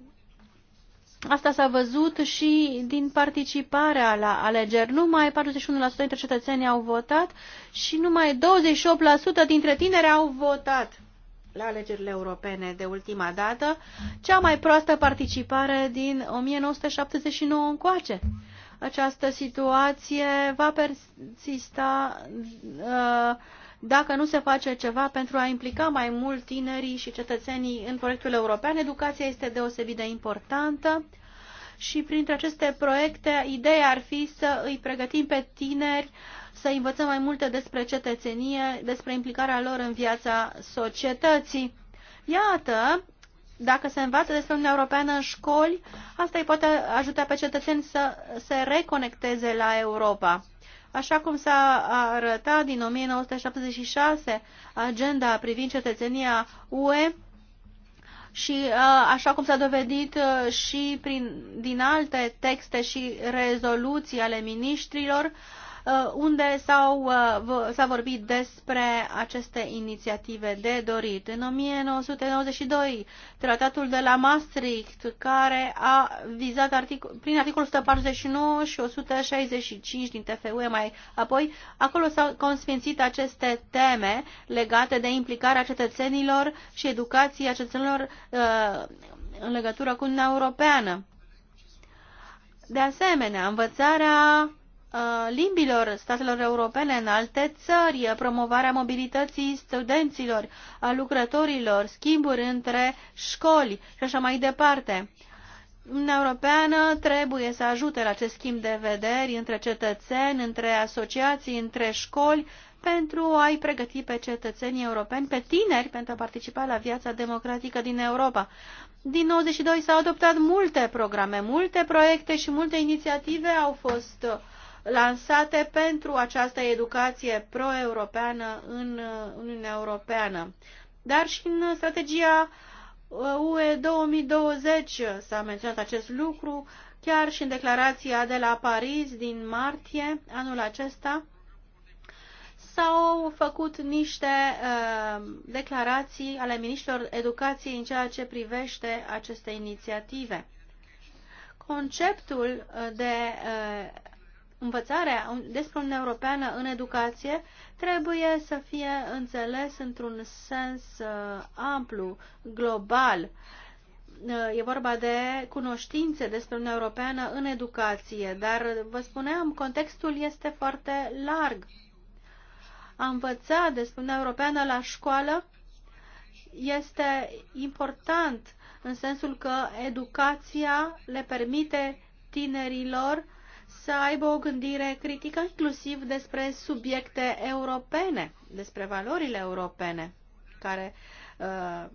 [SPEAKER 3] Asta s-a văzut și din participarea la alegeri. Numai 41% dintre cetățenii au votat și numai 28% dintre tineri au votat la alegerile europene de ultima dată, cea mai proastă participare din 1979 încoace. Această situație va persista uh, dacă nu se face ceva pentru a implica mai mult tinerii și cetățenii în proiectul european. Educația este deosebit de importantă și printre aceste proiecte, ideea ar fi să îi pregătim pe tineri să învățăm mai multe despre cetățenie, despre implicarea lor în viața societății. Iată, dacă se învață despre Uniunea Europeană în școli, asta îi poate ajuta pe cetățeni să se reconecteze la Europa. Așa cum s-a arătat din 1976 agenda privind cetățenia UE și așa cum s-a dovedit și prin, din alte texte și rezoluții ale miniștrilor, Uh, unde uh, s-a vorbit despre aceste inițiative de dorit. În 1992, tratatul de la Maastricht, care a vizat articol, prin articolul 149 și 165 din TFUE mai apoi, acolo s-au consfințit aceste teme legate de implicarea cetățenilor și educația cetățenilor uh, în legătură cu Uniunea Europeană. De asemenea, învățarea Uh, limbilor statelor europene în alte țări, uh, promovarea mobilității studenților, a lucrătorilor, schimburi între școli și așa mai departe. Uniunea Europeană trebuie să ajute la acest schimb de vederi între cetățeni, între asociații, între școli, pentru a-i pregăti pe cetățenii europeni, pe tineri, pentru a participa la viața democratică din Europa. Din 92 s-au adoptat multe programe, multe proiecte și multe inițiative au fost uh, lansate pentru această educație pro-europeană uh, în Uniunea Europeană. Dar și în strategia uh, UE 2020 s-a menționat acest lucru, chiar și în declarația de la Paris din martie anul acesta s-au făcut niște uh, declarații ale ministrilor educației în ceea ce privește aceste inițiative. Conceptul uh, de uh, Învățarea despre Uniunea Europeană în educație trebuie să fie înțeles într-un sens uh, amplu, global. Uh, e vorba de cunoștințe despre Uniunea Europeană în educație, dar vă spuneam, contextul este foarte larg. A învăța despre Uniunea Europeană la școală este important în sensul că educația le permite tinerilor uh, să aibă o gândire critică inclusiv despre subiecte europene, despre valorile europene care uh,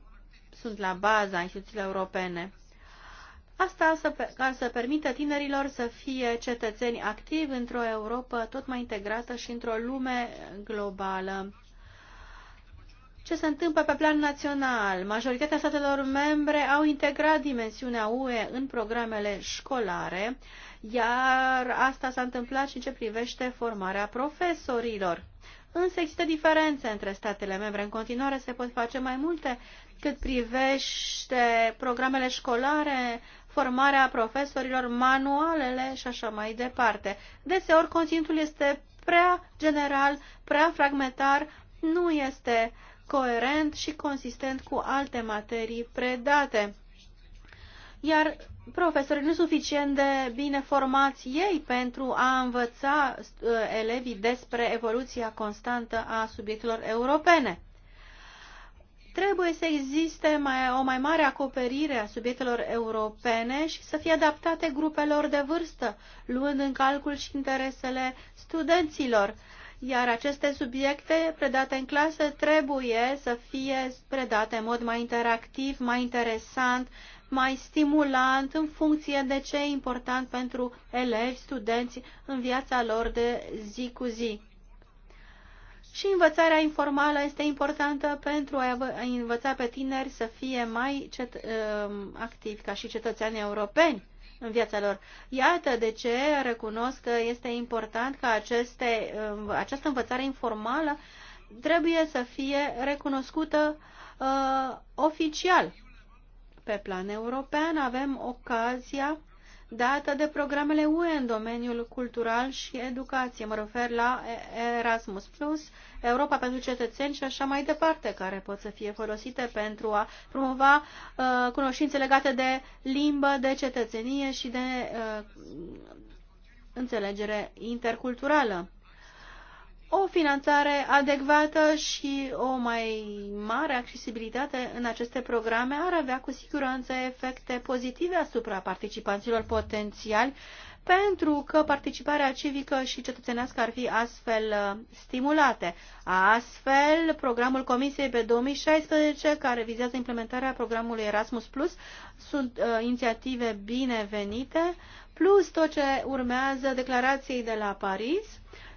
[SPEAKER 3] sunt la baza instituțiilor europene. Asta să, ca să permită tinerilor să fie cetățeni activi într-o Europa tot mai integrată și într-o lume globală. Ce se întâmplă pe plan național? Majoritatea statelor membre au integrat dimensiunea UE în programele școlare iar asta s-a întâmplat și în ce privește formarea profesorilor. Însă există diferențe între statele membre. În continuare se pot face mai multe cât privește programele școlare, formarea profesorilor, manualele și așa mai departe. Deseori conținutul este prea general, prea fragmentar, nu este coerent și consistent cu alte materii predate. Iar profesori nu suficient de bine formați ei pentru a învăța uh, elevii despre evoluția constantă a subiectelor europene. Trebuie să existe mai, o mai mare acoperire a subiectelor europene și să fie adaptate grupelor de vârstă, luând în calcul și interesele studenților iar aceste subiecte predate în clasă trebuie să fie predate în mod mai interactiv, mai interesant, mai stimulant în funcție de ce e important pentru elevi, studenți în viața lor de zi cu zi. Și învățarea informală este importantă pentru a învăța pe tineri să fie mai cet- um, activi ca și cetățeni europeni în viața lor. Iată de ce recunosc că este important ca aceste, um, această învățare informală trebuie să fie recunoscută uh, oficial pe plan european avem ocazia dată de programele UE în domeniul cultural și educație. Mă refer la Erasmus+, Plus, Europa pentru cetățeni și așa mai departe, care pot să fie folosite pentru a promova uh, cunoștințe legate de limbă, de cetățenie și de uh, înțelegere interculturală o finanțare adecvată și o mai mare accesibilitate în aceste programe ar avea cu siguranță efecte pozitive asupra participanților potențiali, pentru că participarea civică și cetățenească ar fi astfel uh, stimulate. Astfel, programul Comisiei pe 2016, care vizează implementarea programului Erasmus+, sunt uh, inițiative binevenite, plus tot ce urmează declarației de la Paris,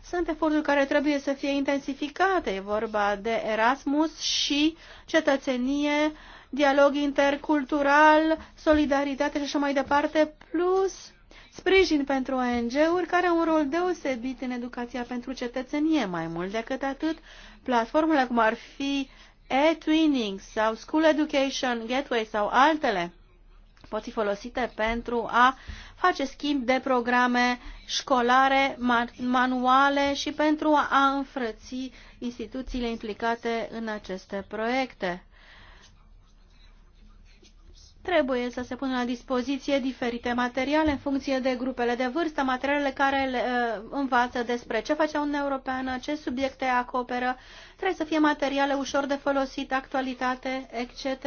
[SPEAKER 3] sunt eforturi care trebuie să fie intensificate. E vorba de Erasmus și cetățenie, dialog intercultural, solidaritate și așa mai departe, plus sprijin pentru ONG-uri care au un rol deosebit în educația pentru cetățenie. Mai mult decât atât, platformele cum ar fi e-twinning sau school education gateway sau altele pot fi folosite pentru a uh, face schimb de programe școlare, manuale și pentru a înfrăți instituțiile implicate în aceste proiecte. Trebuie să se pună la dispoziție diferite materiale în funcție de grupele de vârstă, materialele care le, uh, învață despre ce face Uniunea Europeană, ce subiecte acoperă, trebuie să fie materiale ușor de folosit, actualitate, etc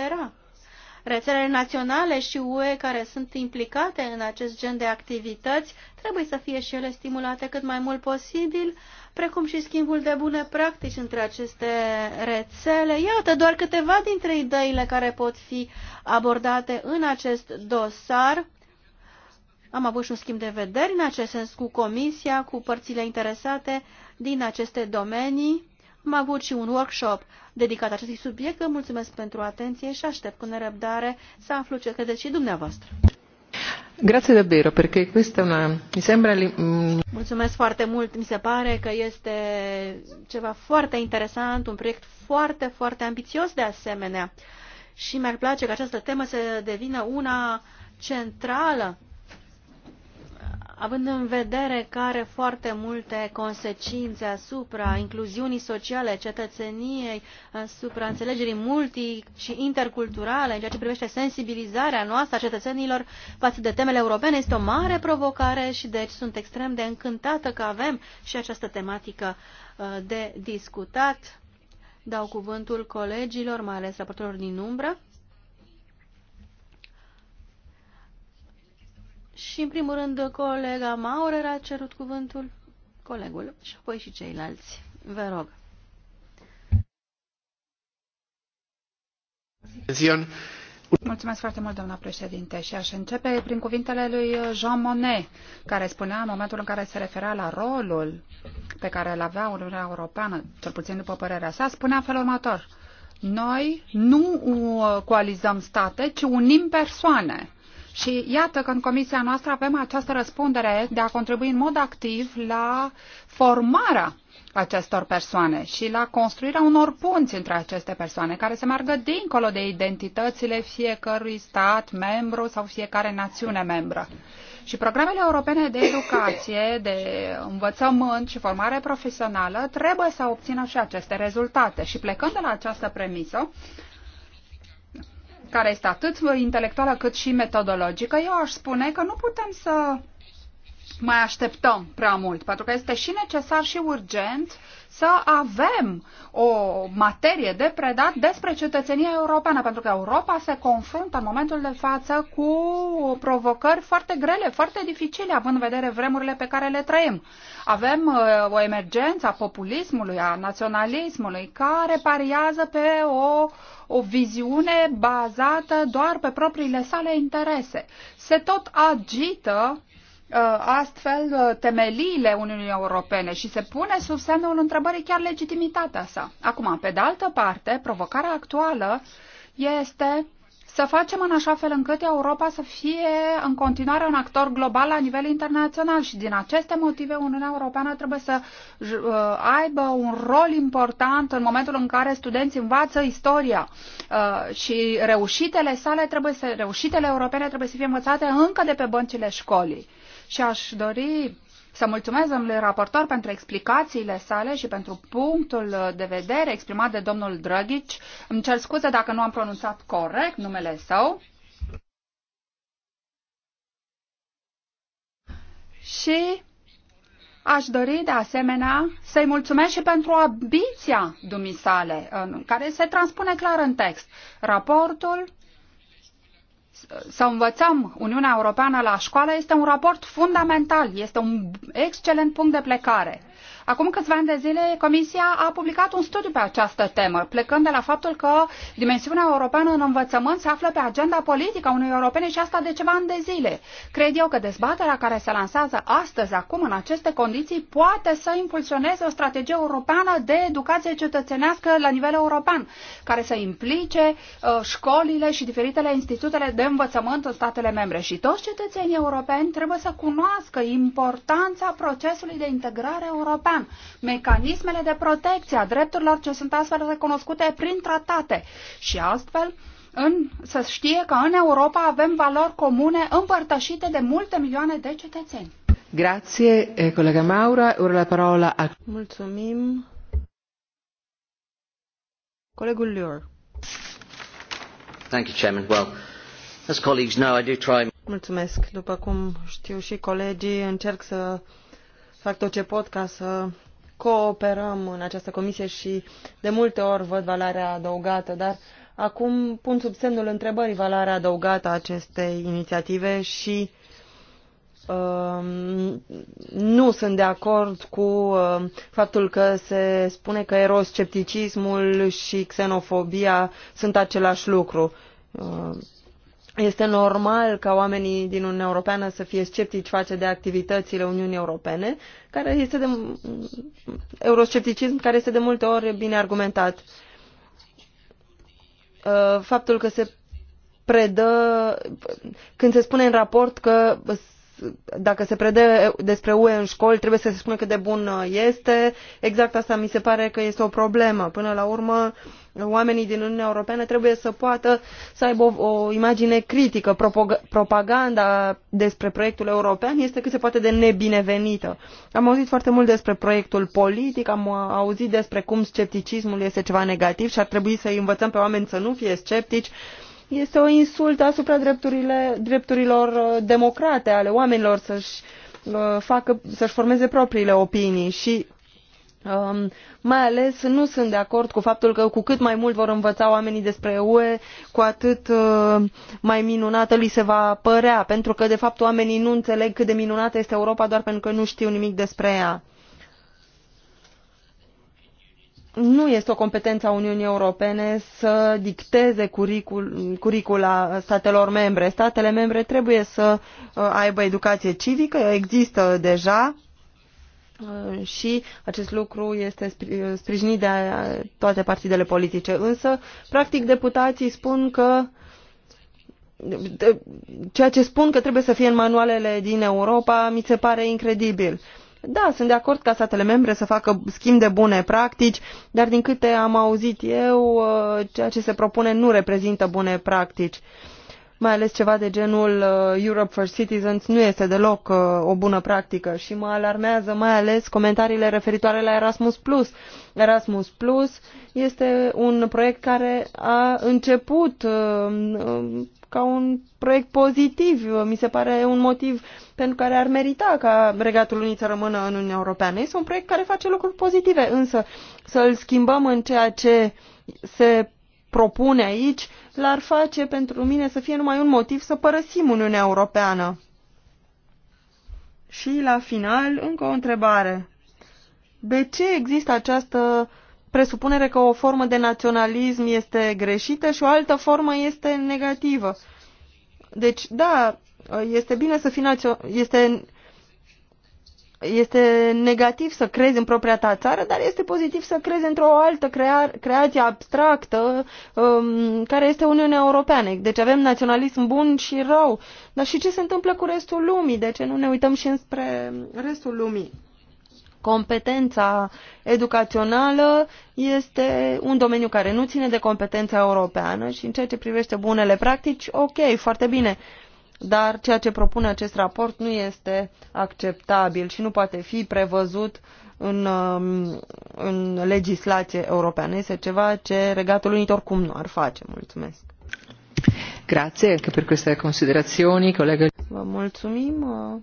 [SPEAKER 3] rețelele naționale și UE care sunt implicate în acest gen de activități trebuie să fie și ele stimulate cât mai mult posibil, precum și schimbul de bune practici între aceste rețele. Iată doar câteva dintre ideile care pot fi abordate în acest dosar. Am avut și un schimb de vederi în acest sens cu Comisia, cu părțile interesate din aceste domenii am avut și un workshop dedicat acestui subiect. Vă mulțumesc pentru atenție și aștept cu nerăbdare să aflu ce credeți și dumneavoastră.
[SPEAKER 1] Grazie davvero, perché questa è una... mi sembra... Mm,
[SPEAKER 3] mulțumesc foarte mult, mi se pare că este ceva foarte interesant, un proiect foarte, foarte ambițios de asemenea. Și mi-ar place că această temă să devină una centrală având în vedere că are foarte multe consecințe asupra incluziunii sociale, cetățeniei, asupra înțelegerii multi și interculturale, în ceea ce privește sensibilizarea noastră a cetățenilor față de temele europene, este o mare provocare și deci sunt extrem de încântată că avem și această tematică uh, de discutat. Dau cuvântul colegilor, mai ales raportorilor din umbră. Și, în primul rând, colega Maurer a cerut cuvântul, colegul, și apoi și ceilalți. Vă rog.
[SPEAKER 2] Mulțumesc foarte mult, doamna președinte, și aș începe prin cuvintele lui Jean Monnet, care spunea în momentul în care se referea la rolul pe care îl avea Uniunea Europeană, cel puțin după părerea sa, spunea felul următor. Noi nu uh, coalizăm state, ci unim persoane. Și iată că în comisia noastră avem această răspundere de a contribui în mod activ la formarea acestor persoane și la construirea unor punți între aceste persoane care se margă dincolo de identitățile fiecărui stat membru sau fiecare națiune membră. Și programele europene de educație, de învățământ și formare profesională trebuie să obțină și aceste rezultate. Și plecând de la această premisă, care este atât intelectuală cât și metodologică, eu aș spune că nu putem să mai așteptăm prea mult, pentru că este și necesar și urgent uh, să avem o materie de predat despre cetățenia europeană, pentru că Europa se confruntă în momentul de față cu provocări foarte grele, foarte dificile, având în vedere vremurile pe care le trăim. Avem uh, o emergență a populismului, a naționalismului, care pariază pe o, o viziune bazată doar pe propriile sale interese. Se tot agită Uh, astfel uh, temeliile Uniunii Europene și se pune sub semnul întrebării chiar legitimitatea sa. Acum, pe de altă parte, provocarea actuală este să facem în așa fel încât Europa să fie în continuare un actor global la nivel internațional și din aceste motive Uniunea Europeană trebuie să uh, aibă un rol important în momentul în care studenții învață istoria și reușitele sale trebuie să, reușitele europene trebuie să fie învățate încă de pe băncile școlii și aș dori să mulțumesc domnului raportor pentru explicațiile sale și pentru punctul de vedere exprimat de domnul Drăghic. Îmi cer scuze dacă nu am pronunțat corect numele său. Și Aș dori de asemenea să-i mulțumesc și pentru ambiția dumisale, care se transpune clar în text. Raportul să învățăm Uniunea Europeană la școală este un raport fundamental, este un excelent punct de plecare. Acum câțiva ani de zile, Comisia a publicat un studiu pe această temă, plecând de la faptul că dimensiunea europeană în învățământ se află pe agenda politică a Uniunii Europene și asta de ceva ani de zile. Cred eu că dezbaterea care se lansează astăzi, acum, în aceste condiții, poate să impulsioneze o strategie europeană de educație cetățenească la nivel european, care să implice uh, școlile și diferitele institutele de învățământ în statele membre. Și toți cetățenii europeni trebuie să cunoască importanța procesului de integrare europeană European, mecanismele de protecție a drepturilor ce sunt astfel recunoscute prin tratate și astfel în, să știe că în Europa avem valori comune împărtășite de multe milioane de cetățeni.
[SPEAKER 1] Grazie, eh, colega Maura. Ora la parola a...
[SPEAKER 2] Mulțumim.
[SPEAKER 5] Colegul Lior.
[SPEAKER 4] Thank you, Chairman. Well, as colleagues know, I do try...
[SPEAKER 5] Mulțumesc. După cum știu și colegii, încerc să fac tot ce pot ca să cooperăm în această comisie și de multe ori văd valoarea adăugată, dar acum pun sub semnul întrebării valoarea adăugată a acestei inițiative și uh, nu sunt de acord cu uh, faptul că se spune că eroscepticismul și xenofobia sunt același lucru. Uh, este normal ca oamenii din Uniunea Europeană să fie sceptici față de activitățile Uniunii Europene, care este de euroscepticism care este de multe ori bine argumentat. Uh, faptul că se predă, când se spune în raport că dacă se predă despre UE în școli, trebuie să se spună cât de bun este, exact asta mi se pare că este o problemă. Până la urmă, uh, oamenii din Uniunea Europeană trebuie să poată să aibă o, o imagine critică. Propaganda despre proiectul european este cât se poate de nebinevenită. Am auzit foarte mult despre proiectul politic, am auzit despre cum scepticismul este ceva negativ și ar trebui să învățăm pe oameni să nu fie sceptici. Este o insultă asupra drepturilor uh, democrate ale oamenilor să-și uh, facă, să-și formeze propriile opinii și Um, mai ales nu sunt de acord cu faptul că cu cât mai mult vor învăța oamenii despre UE, cu atât uh, mai minunată li se va părea, pentru că de fapt oamenii nu înțeleg cât de minunată este Europa doar pentru că nu știu nimic despre ea. Nu este o competență a Uniunii Europene să dicteze curicul, curicula statelor membre. Statele membre trebuie să uh, aibă educație civică, există deja, Uh, și acest lucru este uh, sprijinit de uh, toate partidele politice. Însă, practic, deputații spun că ceea ce spun că trebuie să fie în manualele din Europa mi se pare incredibil. Da, sunt de acord ca statele membre să facă schimb de bune practici, dar din câte am auzit eu, ceea ce se propune nu reprezintă bune practici. Uh, mai ales ceva de genul uh, Europe for Citizens nu este deloc uh, o bună practică și mă alarmează mai ales comentariile referitoare la Erasmus+. Plus. Erasmus Plus este un proiect care a început uh, um, ca un proiect pozitiv. Mi se pare un motiv pentru care ar merita ca Regatul Unit să rămână în Uniunea Europeană. Este un proiect care face lucruri pozitive, însă să-l schimbăm în ceea ce se propune aici l-ar face pentru mine să fie numai un motiv să părăsim Uniunea Europeană. Și la final, încă o întrebare. De ce există această presupunere că o formă de naționalism este greșită și o altă formă este negativă? Deci, da, este bine să fii este este negativ să crezi în propria ta țară, dar este pozitiv să crezi într-o altă crea- creație abstractă um, care este Uniunea Europeană. Deci avem naționalism bun și rău. Dar și ce se întâmplă cu restul lumii? De ce nu ne uităm și înspre restul lumii? Competența educațională este un domeniu care nu ține de competența europeană și în ceea ce privește bunele practici, ok, foarte bine dar ceea ce propune acest raport nu este acceptabil și nu poate fi prevăzut în, um, în legislație europeană. Este ceva ce Regatul Unit oricum nu ar face. Mulțumesc.
[SPEAKER 1] Grazie anche per queste considerazioni, collega. Vă mulțumim. Uh,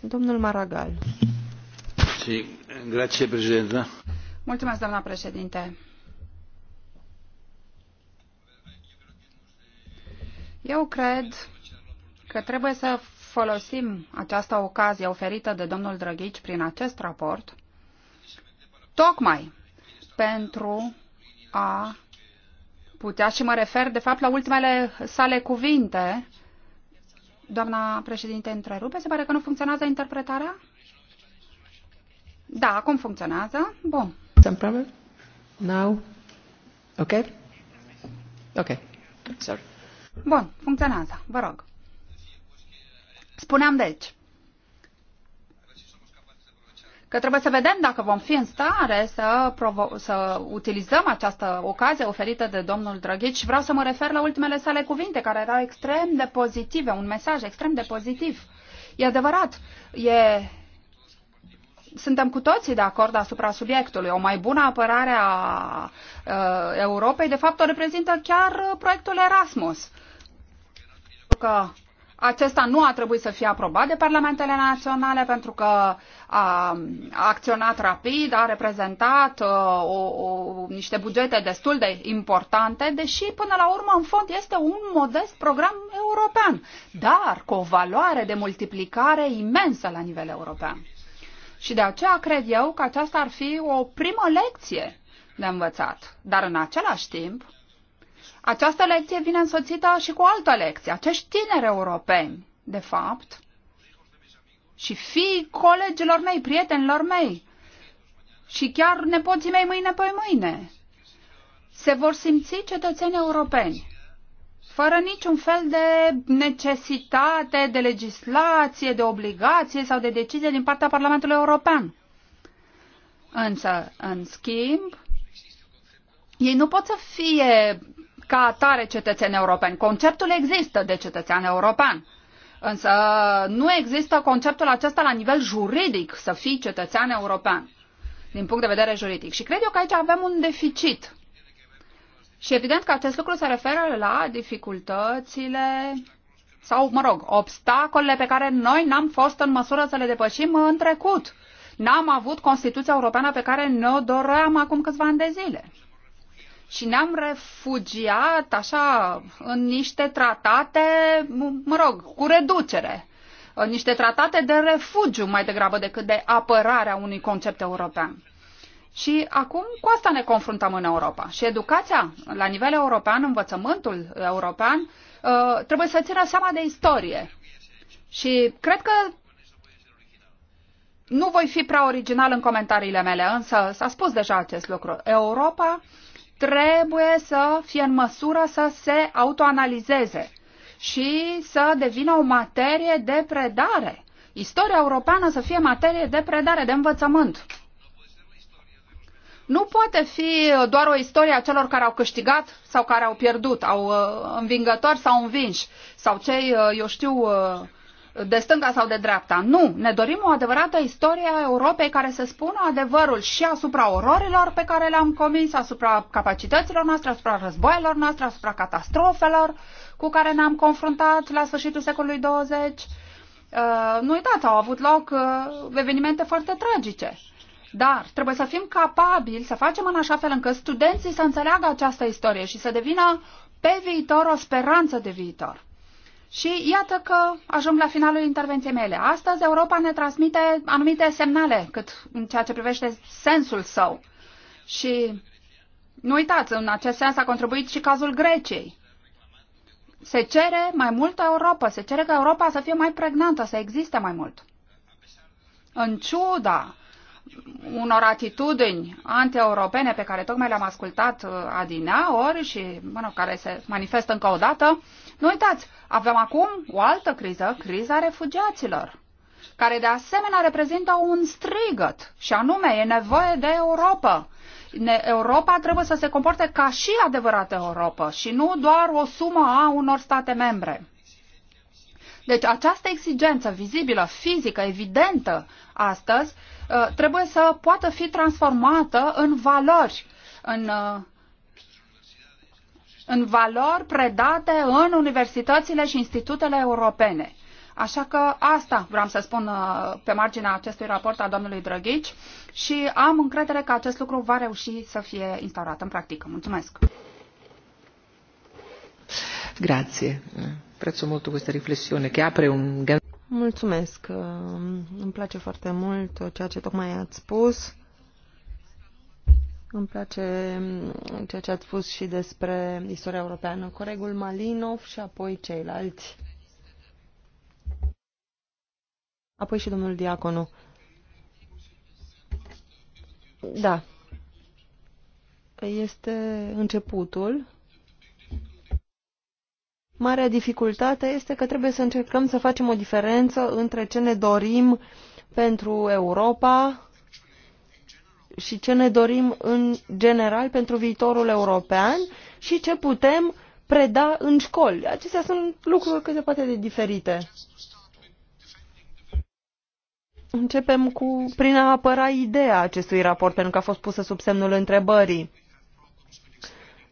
[SPEAKER 2] domnul Maragal.
[SPEAKER 4] Sí, grazie,
[SPEAKER 2] Mulțumesc, doamna președinte Eu cred că trebuie să folosim această ocazie oferită de domnul Drăghici prin acest raport tocmai pentru a putea și mă refer de fapt la ultimele sale cuvinte. Doamna președinte întrerupe, se pare că nu funcționează interpretarea? Da, acum funcționează. Bun.
[SPEAKER 1] Some problem? Now? Okay? Okay. Sorry.
[SPEAKER 2] Bun, funcționează. Vă rog. Spuneam deci că trebuie să vedem dacă vom fi în stare să, să utilizăm această ocazie oferită de domnul Drăghici și vreau să mă refer la ultimele sale cuvinte, care erau extrem de pozitive, un mesaj extrem de pozitiv. E adevărat, e... suntem cu toții de acord asupra subiectului. O mai bună apărare a uh, Europei, de fapt, o reprezintă chiar proiectul Erasmus. Uh, că acesta nu a trebuit să fie aprobat de parlamentele naționale pentru că a, acționat rapid, a reprezentat uh, o, o, niște bugete destul de importante, deși până la urmă în fond este un modest program european, dar cu o valoare de multiplicare imensă la nivel european. Și de aceea cred eu că aceasta ar fi o primă lecție de învățat. Dar în același timp, această lecție vine însoțită și cu o altă lecție. Acești tineri europeni, de fapt, și fii colegilor mei, prietenilor mei, și chiar nepoții mei mâine pe mâine, se vor simți cetățeni europeni, fără niciun fel de necesitate, de legislație, de obligație sau de decizie din partea Parlamentului European. Însă, în schimb, ei nu pot să fie ca atare cetățeni europeni. Conceptul există de cetățean european. Însă nu există conceptul acesta la nivel juridic să fii cetățean european, din punct de vedere juridic. Și cred eu că aici avem un deficit. Și evident că acest lucru se referă la dificultățile sau, mă rog, obstacolele pe care noi n-am fost în măsură să le depășim în trecut. N-am avut Constituția Europeană pe care ne-o doream acum câțiva ani de zile și ne-am refugiat așa în niște tratate, mă rog, cu reducere, în niște tratate de refugiu mai degrabă decât de apărarea unui concept european. Și acum cu asta ne confruntăm în Europa. Și educația la nivel european, învățământul european, ă, trebuie să țină seama de istorie. Și cred că nu voi fi prea original în comentariile mele, însă s-a spus deja acest lucru. Europa uh, trebuie să fie în măsură să se autoanalizeze și să devină o materie de predare. Istoria europeană să fie materie de predare, de învățământ. Nu poate fi doar o istorie a celor care au câștigat sau care au pierdut, au uh, învingători sau învinși, sau cei, uh, eu știu, uh, de stânga sau de dreapta. Nu, ne dorim o adevărată istorie a Europei care să spună adevărul și asupra ororilor pe care le-am comis, asupra capacităților noastre, asupra războaielor noastre, asupra catastrofelor cu care ne-am confruntat la sfârșitul secolului 20. Uh, nu uitați, au avut loc uh, evenimente foarte tragice. Dar trebuie să fim capabili să facem în așa fel încât studenții să înțeleagă această istorie și să devină pe viitor o speranță de viitor. Și iată că ajung la finalul intervenției mele. Astăzi Europa ne transmite anumite semnale cât în ceea ce privește sensul său. Și nu uitați, în acest sens a contribuit și cazul Greciei. Se cere mai multă Europa, se cere ca Europa să fie mai pregnantă, să existe mai mult. În ciuda unor atitudini anti-europene pe care tocmai le-am ascultat uh, adinea ori și, mă rog, care se manifestă încă o dată, nu uitați, avem acum o altă criză, criza refugiaților, care de asemenea reprezintă un strigăt, și anume e nevoie de Europa. Europa trebuie să se comporte ca și adevărată Europa și nu doar o sumă a unor state membre. Deci această exigență vizibilă, fizică, evidentă astăzi, uh, trebuie să poată fi transformată în valori, în uh, în valori predate în universitățile și institutele europene. Așa că asta vreau să spun uh, pe marginea acestui raport a domnului Drăghici și am încredere că acest lucru va reuși să fie instaurat în practică. Mulțumesc!
[SPEAKER 1] Grazie. Prețu mult această reflexiune, că apre un Mulțumesc.
[SPEAKER 5] Îmi place foarte mult ceea ce tocmai ați spus. Îmi place mm, ceea ce ați spus și despre istoria europeană. Coregul Malinov și apoi ceilalți. Apoi și domnul Diaconu. Da. Este începutul. Marea dificultate este că trebuie să încercăm să facem o diferență între ce ne dorim pentru Europa, și ce ne dorim în general pentru viitorul european și ce putem preda în școli. Acestea sunt lucruri cât se poate de diferite. Începem cu, prin a apăra ideea acestui raport, pentru că a fost pusă sub semnul întrebării.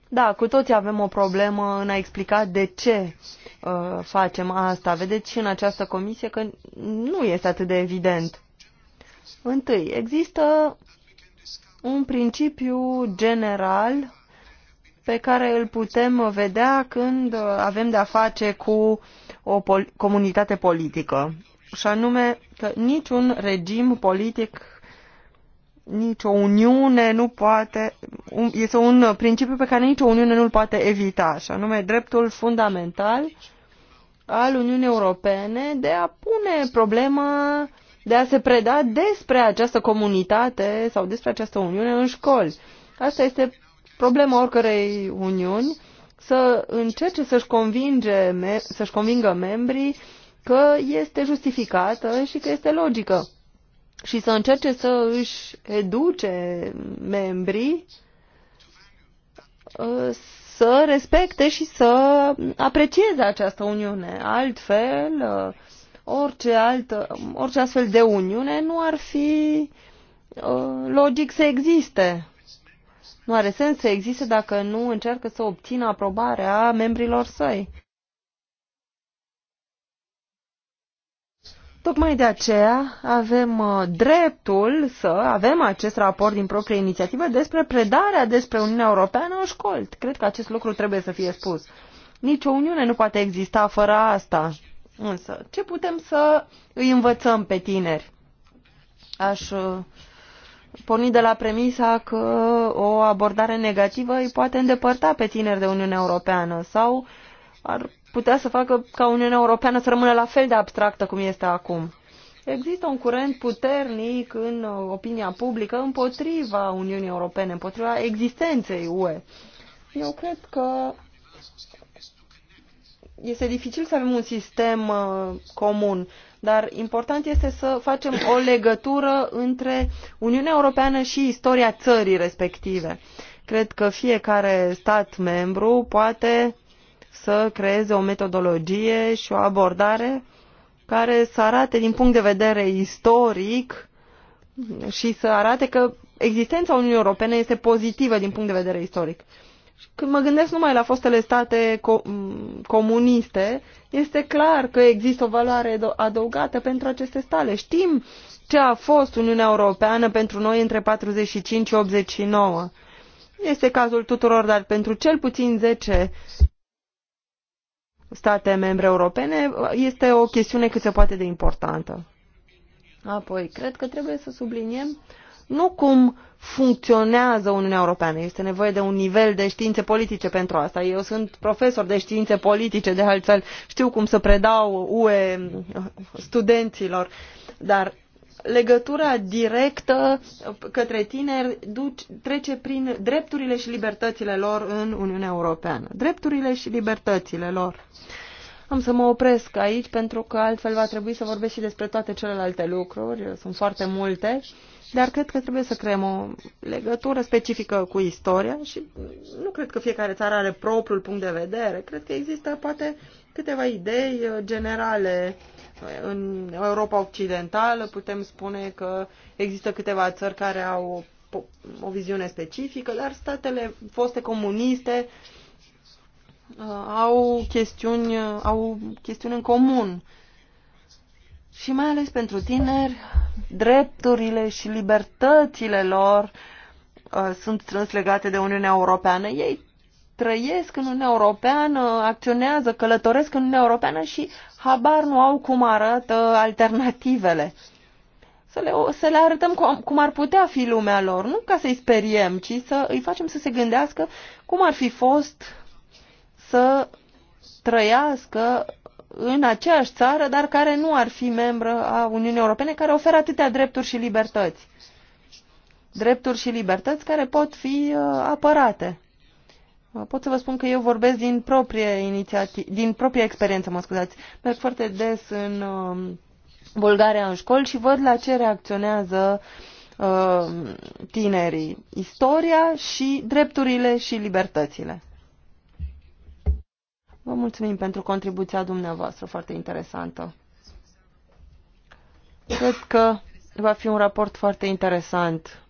[SPEAKER 5] Da, cu toții avem o problemă în a explica de ce uh, facem asta. Vedeți și în această comisie că nu este atât de evident. Întâi, există un principiu general pe care îl putem vedea când avem de-a face cu o pol comunitate politică, și anume că niciun regim politic, nicio uniune nu poate, este un principiu pe care nicio uniune nu-l poate evita, și anume dreptul fundamental al Uniunii Europene de a pune problema de a se preda despre această comunitate sau despre această uniune în școli. Asta este problema oricărei uniuni, să încerce să-și, convinge, să-și convingă membrii că este justificată și că este logică și să încerce să își educe membrii ă, să respecte și să aprecieze această uniune. Altfel, ă, Orice, altă, orice astfel de uniune nu ar fi uh, logic să existe. Nu are sens să existe dacă nu încearcă să obțină aprobarea membrilor săi. Tocmai de aceea avem uh, dreptul să avem acest raport din proprie inițiativă despre predarea despre Uniunea Europeană în școli. Cred că acest lucru trebuie să fie spus. Nici o Uniune nu poate exista fără asta. Însă, ce putem să îi învățăm pe tineri? Aș uh, porni de la premisa că o abordare negativă îi poate îndepărta pe tineri de Uniunea Europeană sau ar putea să facă ca Uniunea Europeană să rămână la fel de abstractă cum este acum. Există un curent puternic în uh, opinia publică împotriva Uniunii Europene, împotriva existenței UE. Eu cred că este dificil să avem un sistem uh, comun, dar important este să facem o legătură între Uniunea Europeană și istoria țării respective. Cred că fiecare stat membru poate să creeze o metodologie și o abordare care să arate din punct de vedere istoric și să arate că existența Uniunii Europene este pozitivă din punct de vedere istoric. Când mă gândesc numai la fostele state comuniste, este clar că există o valoare adăugată pentru aceste state. Știm ce a fost Uniunea Europeană pentru noi între 45 și 89. Este cazul tuturor, dar pentru cel puțin 10 state membre europene este o chestiune cât se poate de importantă. Apoi, cred că trebuie să subliniem nu cum funcționează Uniunea Europeană. Este nevoie de un nivel de științe politice pentru asta. Eu sunt profesor de științe politice, de altfel știu cum să predau UE studenților, dar legătura directă către tineri trece prin drepturile și libertățile lor în Uniunea Europeană. Drepturile și libertățile lor. Am să mă opresc aici pentru că altfel va trebui să vorbesc și despre toate celelalte lucruri. Sunt foarte multe dar cred că trebuie să creăm o legătură specifică cu istoria și nu cred că fiecare țară are propriul punct de vedere. Cred că există poate câteva idei uh, generale. Uh, în Europa Occidentală putem spune că există câteva țări care au o, o viziune specifică, dar statele foste comuniste uh, au chestiuni, au chestiuni în comun și mai ales pentru tineri, drepturile și libertățile lor uh, sunt strâns legate de Uniunea Europeană. Ei trăiesc în Uniunea Europeană, acționează, călătoresc în Uniunea Europeană și habar nu au cum arată alternativele. Să le, să le arătăm cum, cum ar putea fi lumea lor, nu ca să-i speriem, ci să îi facem să se gândească cum ar fi fost să trăiască în aceeași țară, dar care nu ar fi membră a Uniunii Europene, care oferă atâtea drepturi și libertăți. Drepturi și libertăți care pot fi uh, apărate. Pot să vă spun că eu vorbesc din proprie inițiativă, din propria experiență, mă scuzați. Merg foarte des în uh, Bulgaria în școli și văd la ce reacționează uh, tinerii. Istoria și drepturile și libertățile. Vă mulțumim pentru contribuția dumneavoastră foarte interesantă. Cred că va fi un raport foarte interesant.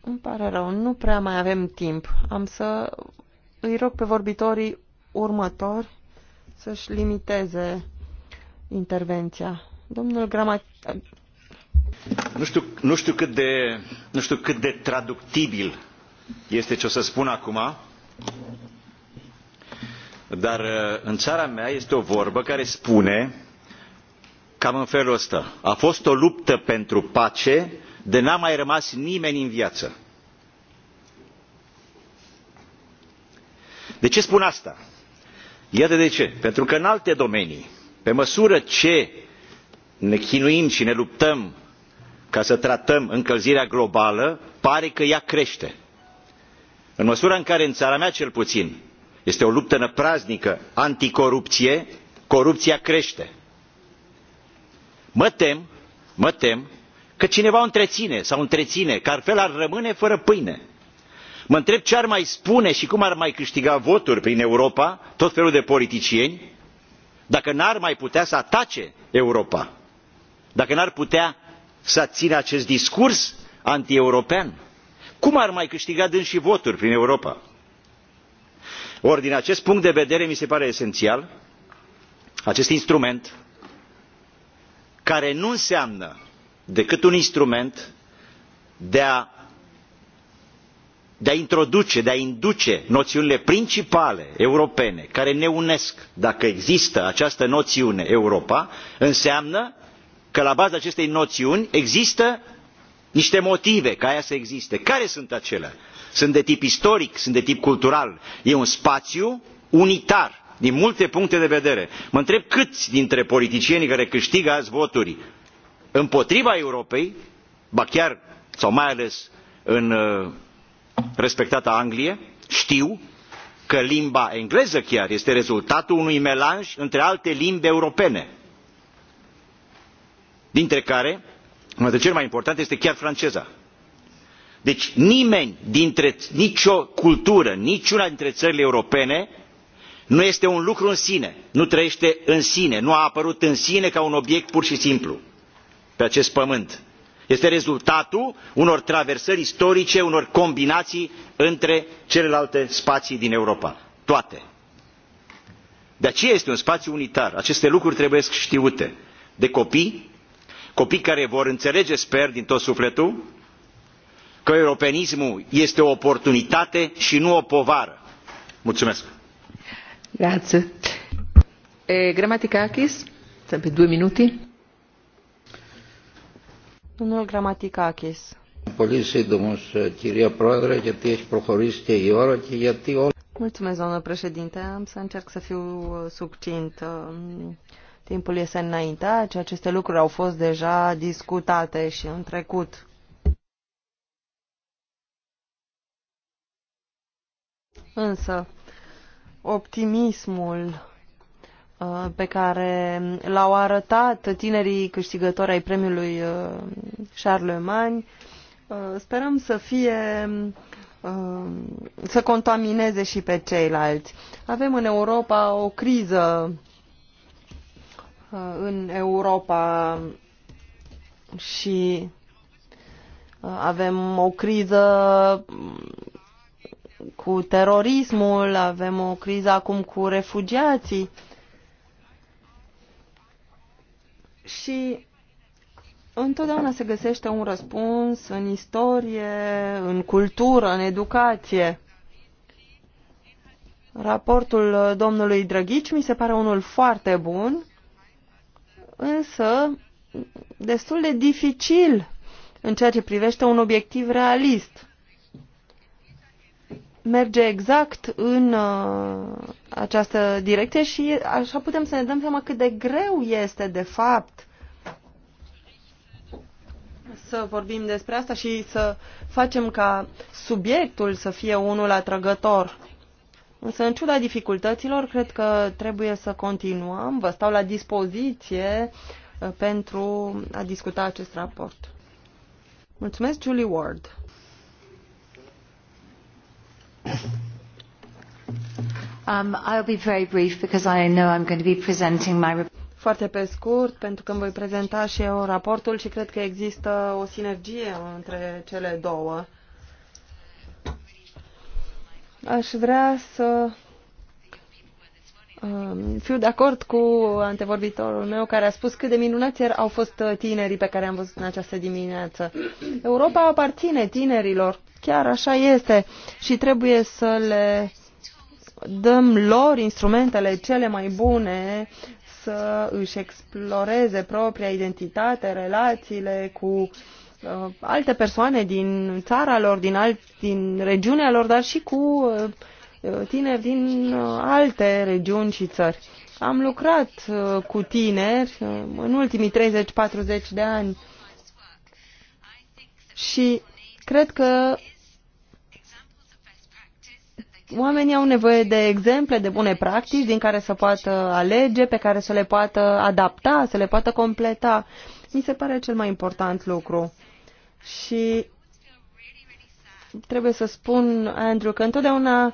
[SPEAKER 5] Îmi pare rău, nu prea mai avem timp. Am să îi rog pe vorbitorii următori să-și limiteze intervenția. Domnul Grama...
[SPEAKER 4] Nu știu, nu, știu cât de, nu știu cât de traductibil este ce o să spun acum, dar uh, în țara mea este o vorbă care spune cam în felul ăsta. A fost o luptă pentru pace de n-a mai rămas nimeni în viață. De ce spun asta? Iată de ce. Pentru că în alte domenii, pe măsură ce ne chinuim și ne luptăm ca să tratăm încălzirea globală, pare că ea crește în măsura în care în țara mea cel puțin este o luptă năpraznică anticorupție corupția crește. mă tem mă tem că cineva o întreține sau întreține că altfel ar rămâne fără pâine. mă întreb ce ar mai spune și cum ar mai câștiga voturi prin europa tot felul de politicieni dacă n-ar mai putea să atace europa dacă n-ar putea să țină acest discurs antieuropean cum ar mai câștiga dânsii voturi prin europa? ori din acest punct de vedere mi se pare esențial acest instrument care nu înseamnă decât un instrument de a, de a introduce, de a induce noțiunile principale europene care ne unesc. Dacă există această noțiune Europa, înseamnă că la baza acestei noțiuni există niște motive ca ea să existe. Care sunt acelea? Sunt de tip istoric, sunt de tip cultural. E un spațiu unitar din multe puncte de vedere. Mă întreb câți dintre politicienii care câștigă azi voturi împotriva Europei, ba chiar sau mai ales în uh, respectata Anglie, știu că limba engleză chiar este rezultatul unui melanj între alte limbi europene, dintre care una dintre cele mai importante este chiar franceza. Deci nimeni dintre nicio cultură, niciuna dintre țările europene nu este un lucru în sine, nu trăiește în sine, nu a apărut în sine ca un obiect pur și simplu pe acest pământ. Este rezultatul unor traversări istorice, unor combinații între celelalte spații din Europa. Toate. De aceea este un spațiu unitar. Aceste lucruri trebuie știute de copii, copii care vor înțelege, sper, din tot sufletul, că europenismul este o oportunitate și nu o povară. Mulțumesc!
[SPEAKER 1] Grazie. E, Gramaticakis, sempre due minuti.
[SPEAKER 5] Domnul Gramaticakis.
[SPEAKER 4] Πολύ σύντομος, κυρία Πρόεδρε, γιατί έχει προχωρήσει και η ώρα και
[SPEAKER 5] Mulțumesc, doamnă președinte. Am să încerc să fiu succint. Timpul este înainte, și aceste lucruri au fost deja discutate și în trecut. Însă, optimismul uh, pe care l-au arătat tinerii câștigători ai premiului uh, Charlemagne, uh, sperăm să fie să contamineze și pe ceilalți. Avem în Europa o criză Uh, în Europa și uh, avem o criză mm, cu terorismul, avem o criză acum cu refugiații. Și întotdeauna se găsește un răspuns în istorie, în cultură, în educație. Raportul uh, domnului Drăghici mi se pare unul foarte bun însă destul de dificil în ceea ce privește un obiectiv realist. Merge exact în uh, această direcție și așa putem să ne dăm seama cât de greu este, de fapt, să vorbim despre asta și să facem ca subiectul să fie unul atrăgător. Însă, în ciuda dificultăților, cred că trebuie să continuăm. Vă stau la dispoziție uh, pentru a discuta acest raport. Mulțumesc, Julie Ward. Um, I'll be very brief because I know I'm going to be presenting my foarte pe scurt, pentru că îmi voi prezenta și eu raportul și cred că există o sinergie între cele două. Aș vrea să um, fiu de acord cu antevorbitorul meu care a spus cât de minunați au fost uh, tinerii pe care am văzut în această dimineață. Europa aparține tinerilor, chiar așa este și trebuie să le dăm lor instrumentele cele mai bune să își exploreze propria identitate, relațiile cu uh, Uh, alte persoane din țara lor, din, alt, din regiunea lor, dar și cu uh, uh, tineri din alte regiuni și țări. Am lucrat cu tineri în ultimii 30-40 de ani și cred că oamenii au nevoie de exemple, de bune practici din care să poată alege, pe care să le poată adapta, să le poată completa. Mi se pare cel mai important lucru. Și trebuie să spun, Andrew, că întotdeauna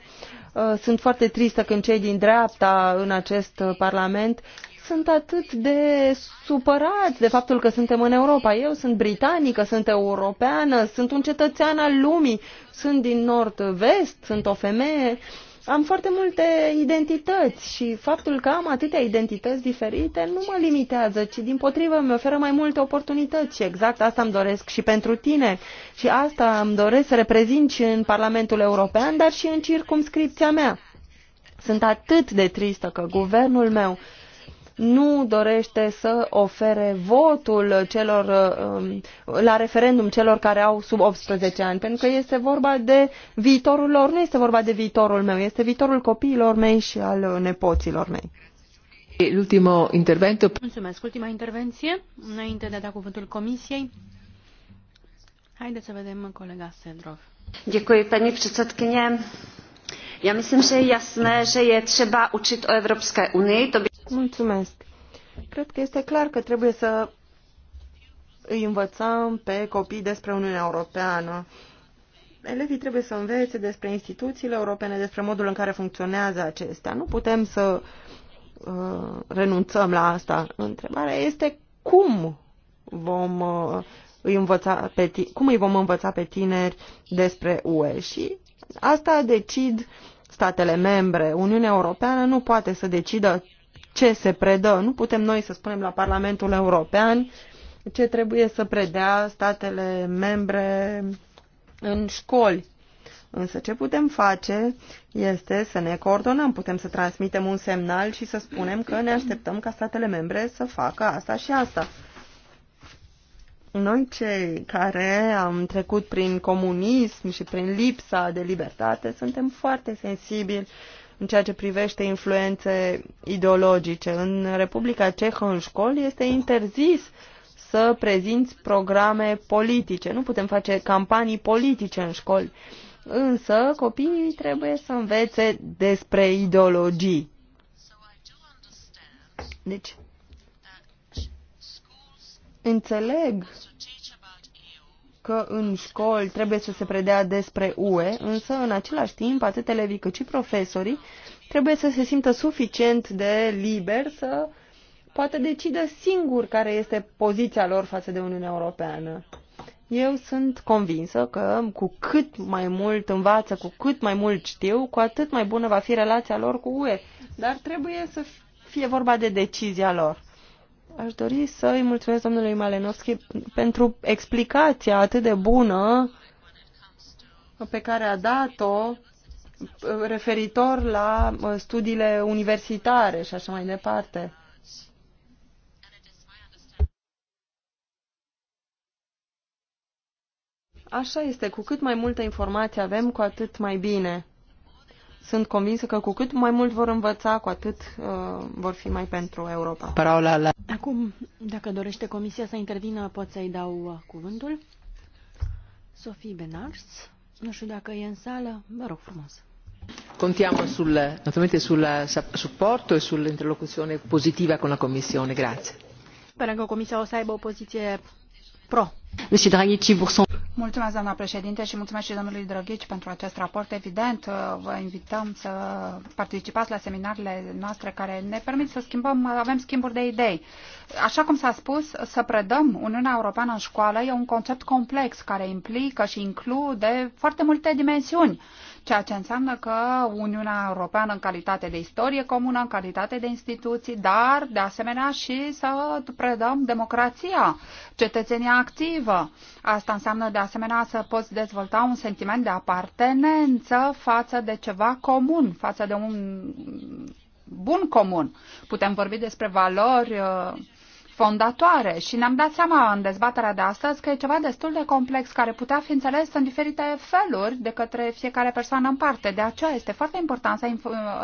[SPEAKER 5] uh, sunt foarte tristă când cei din dreapta în acest Parlament sunt atât de supărați de faptul că suntem în Europa. Eu sunt britanică, sunt europeană, sunt un cetățean al lumii, sunt din nord-vest, sunt o femeie. Uh, am foarte multe identități și faptul că am atâtea identități diferite nu mă limitează, ci din potrivă îmi oferă mai multe oportunități și exact asta îmi doresc și pentru tine și asta îmi doresc să reprezint și în Parlamentul European, dar și în circumscripția mea. Sunt atât de tristă că guvernul meu nu dorește să ofere votul celor, um, la referendum celor care au sub 18 ani, pentru că este vorba de viitorul lor, nu este vorba de viitorul meu, este viitorul copiilor mei și al nepoților mei.
[SPEAKER 1] Ultimo intervento.
[SPEAKER 3] Mulțumesc. Ultima intervenție, înainte de a da cuvântul Comisiei. Haideți să vedem colega Sedrov.
[SPEAKER 5] Děkuji, paní předsedkyně. Já myslím, že je jasné, že je třeba učit o Evropské unii. To by... Mulțumesc. Cred că este clar că trebuie să îi învățăm pe copii despre Uniunea Europeană. Elevii trebuie să învețe despre instituțiile europene, despre modul în care funcționează acestea. Nu putem să uh, renunțăm la asta. Întrebarea este cum vom uh, îi învăța pe, cum îi vom învăța pe tineri despre UE și Asta decid statele membre. Uniunea Europeană nu poate să decidă ce se predă. Nu putem noi să spunem la Parlamentul European ce trebuie să predea statele membre în școli. Însă ce putem face este să ne coordonăm, putem să transmitem un semnal și să spunem că ne așteptăm ca statele membre să facă asta și asta noi cei care am trecut prin comunism și prin lipsa de libertate suntem foarte sensibili în ceea ce privește influențe ideologice. În Republica Cehă, în școli, este interzis să prezinți programe politice. Nu putem face campanii politice în școli. Însă copiii trebuie să învețe despre ideologii. Deci, Înțeleg că în școli trebuie să se predea despre UE, însă în același timp atât elevii cât și profesorii trebuie să se simtă suficient de liber să poată decide singur care este poziția lor față de Uniunea Europeană. Eu sunt convinsă că cu cât mai mult învață, cu cât mai mult știu, cu atât mai bună va fi relația lor cu UE. Dar trebuie să fie vorba de decizia lor. Aș dori să îi mulțumesc domnului Malenovski pentru explicația atât de bună pe care a dat-o uh, referitor la uh, studiile universitare și așa mai departe. Așa este, cu cât mai multă informație avem, cu atât mai bine. Sunt convinsă că cu cât mai mult vor învăța, cu atât uh, vor fi mai pentru Europa.
[SPEAKER 1] Parola la...
[SPEAKER 3] Acum, dacă dorește Comisia să intervină, pot să-i dau uh, cuvântul. Sofie Benars, nu știu dacă e în sală,
[SPEAKER 1] vă rog frumos. Contiamo sul, naturalmente sul supporto e sull'interlocuzione positiva con la Commissione. Grazie.
[SPEAKER 2] Sperăm că Comisia o să aibă o poziție
[SPEAKER 1] pro. Monsieur Draghi,
[SPEAKER 2] Mulțumesc, doamna președinte, și mulțumesc și domnului Drăghici pentru acest raport. Evident, uh, vă invităm să participați la seminarele noastre care ne permit să schimbăm, uh, avem schimburi de idei. Așa cum s-a spus, să predăm Uniunea Europeană în școală e un concept complex care implică și include foarte multe dimensiuni ceea ce înseamnă că Uniunea Europeană în calitate de istorie comună, în calitate de instituții, dar de asemenea și să predăm democrația, cetățenia activă. Asta înseamnă de asemenea să poți dezvolta un sentiment de apartenență față de ceva comun, față de un bun comun. Putem vorbi despre valori uh, fondatoare și ne-am dat seama în dezbaterea de astăzi că e ceva destul de complex care putea fi înțeles în diferite feluri de către fiecare persoană în parte. De aceea este foarte important să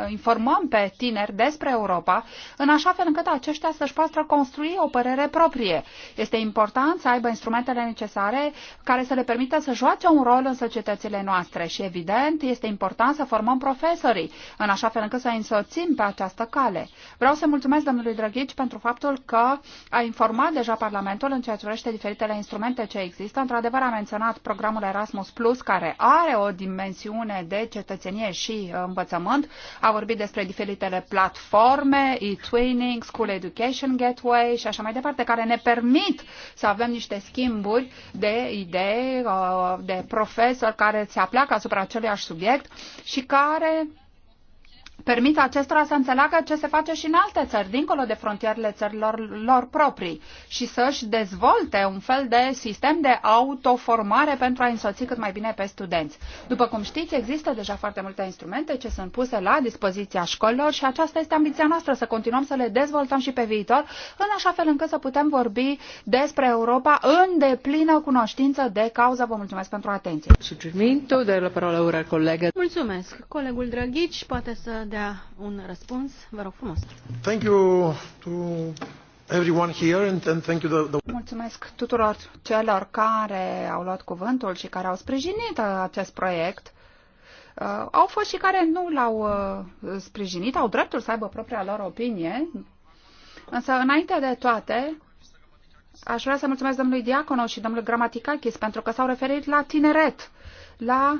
[SPEAKER 2] informăm pe tineri despre Europa în așa fel încât aceștia să-și poată construi o părere proprie. Este important să aibă instrumentele necesare care să le permită să joace un rol în societățile noastre și evident este important să formăm profesorii în așa fel încât să însoțim pe această cale. Vreau să mulțumesc domnului Drăghici pentru faptul că a informat deja Parlamentul în ceea ce privește diferitele instrumente ce există. Într-adevăr, a menționat programul Erasmus Plus, care are o dimensiune de cetățenie și învățământ. A vorbit despre diferitele platforme, e-twinning, School Education Gateway și așa mai departe, care ne permit să avem niște schimburi de idei, uh, de profesori care se apleacă asupra aceluiași subiect și care permit acestora să înțeleagă ce se face și în alte țări, dincolo de frontierele țărilor lor proprii și să-și dezvolte un fel de sistem de autoformare pentru a însoți cât mai bine pe studenți. După cum știți, există deja foarte multe instrumente ce sunt puse la dispoziția școlilor și aceasta este ambiția noastră, să continuăm să le dezvoltăm și pe viitor, în așa fel încât să putem vorbi despre Europa în deplină cunoștință de cauză. Vă mulțumesc pentru atenție. Sugermento, de la parola ora colegă. Mulțumesc.
[SPEAKER 3] Colegul Drăghici
[SPEAKER 2] poate să de dea un răspuns. Vă rog frumos. Thank you to everyone here and, and thank you the, the... Mulțumesc tuturor celor care au luat cuvântul și care au sprijinit uh, acest proiect. Uh, au fost și care nu l-au uh, sprijinit, au dreptul să aibă propria lor opinie, însă înainte de toate aș vrea să mulțumesc domnului Diaconu și domnului Gramaticakis pentru că s-au referit la tineret, la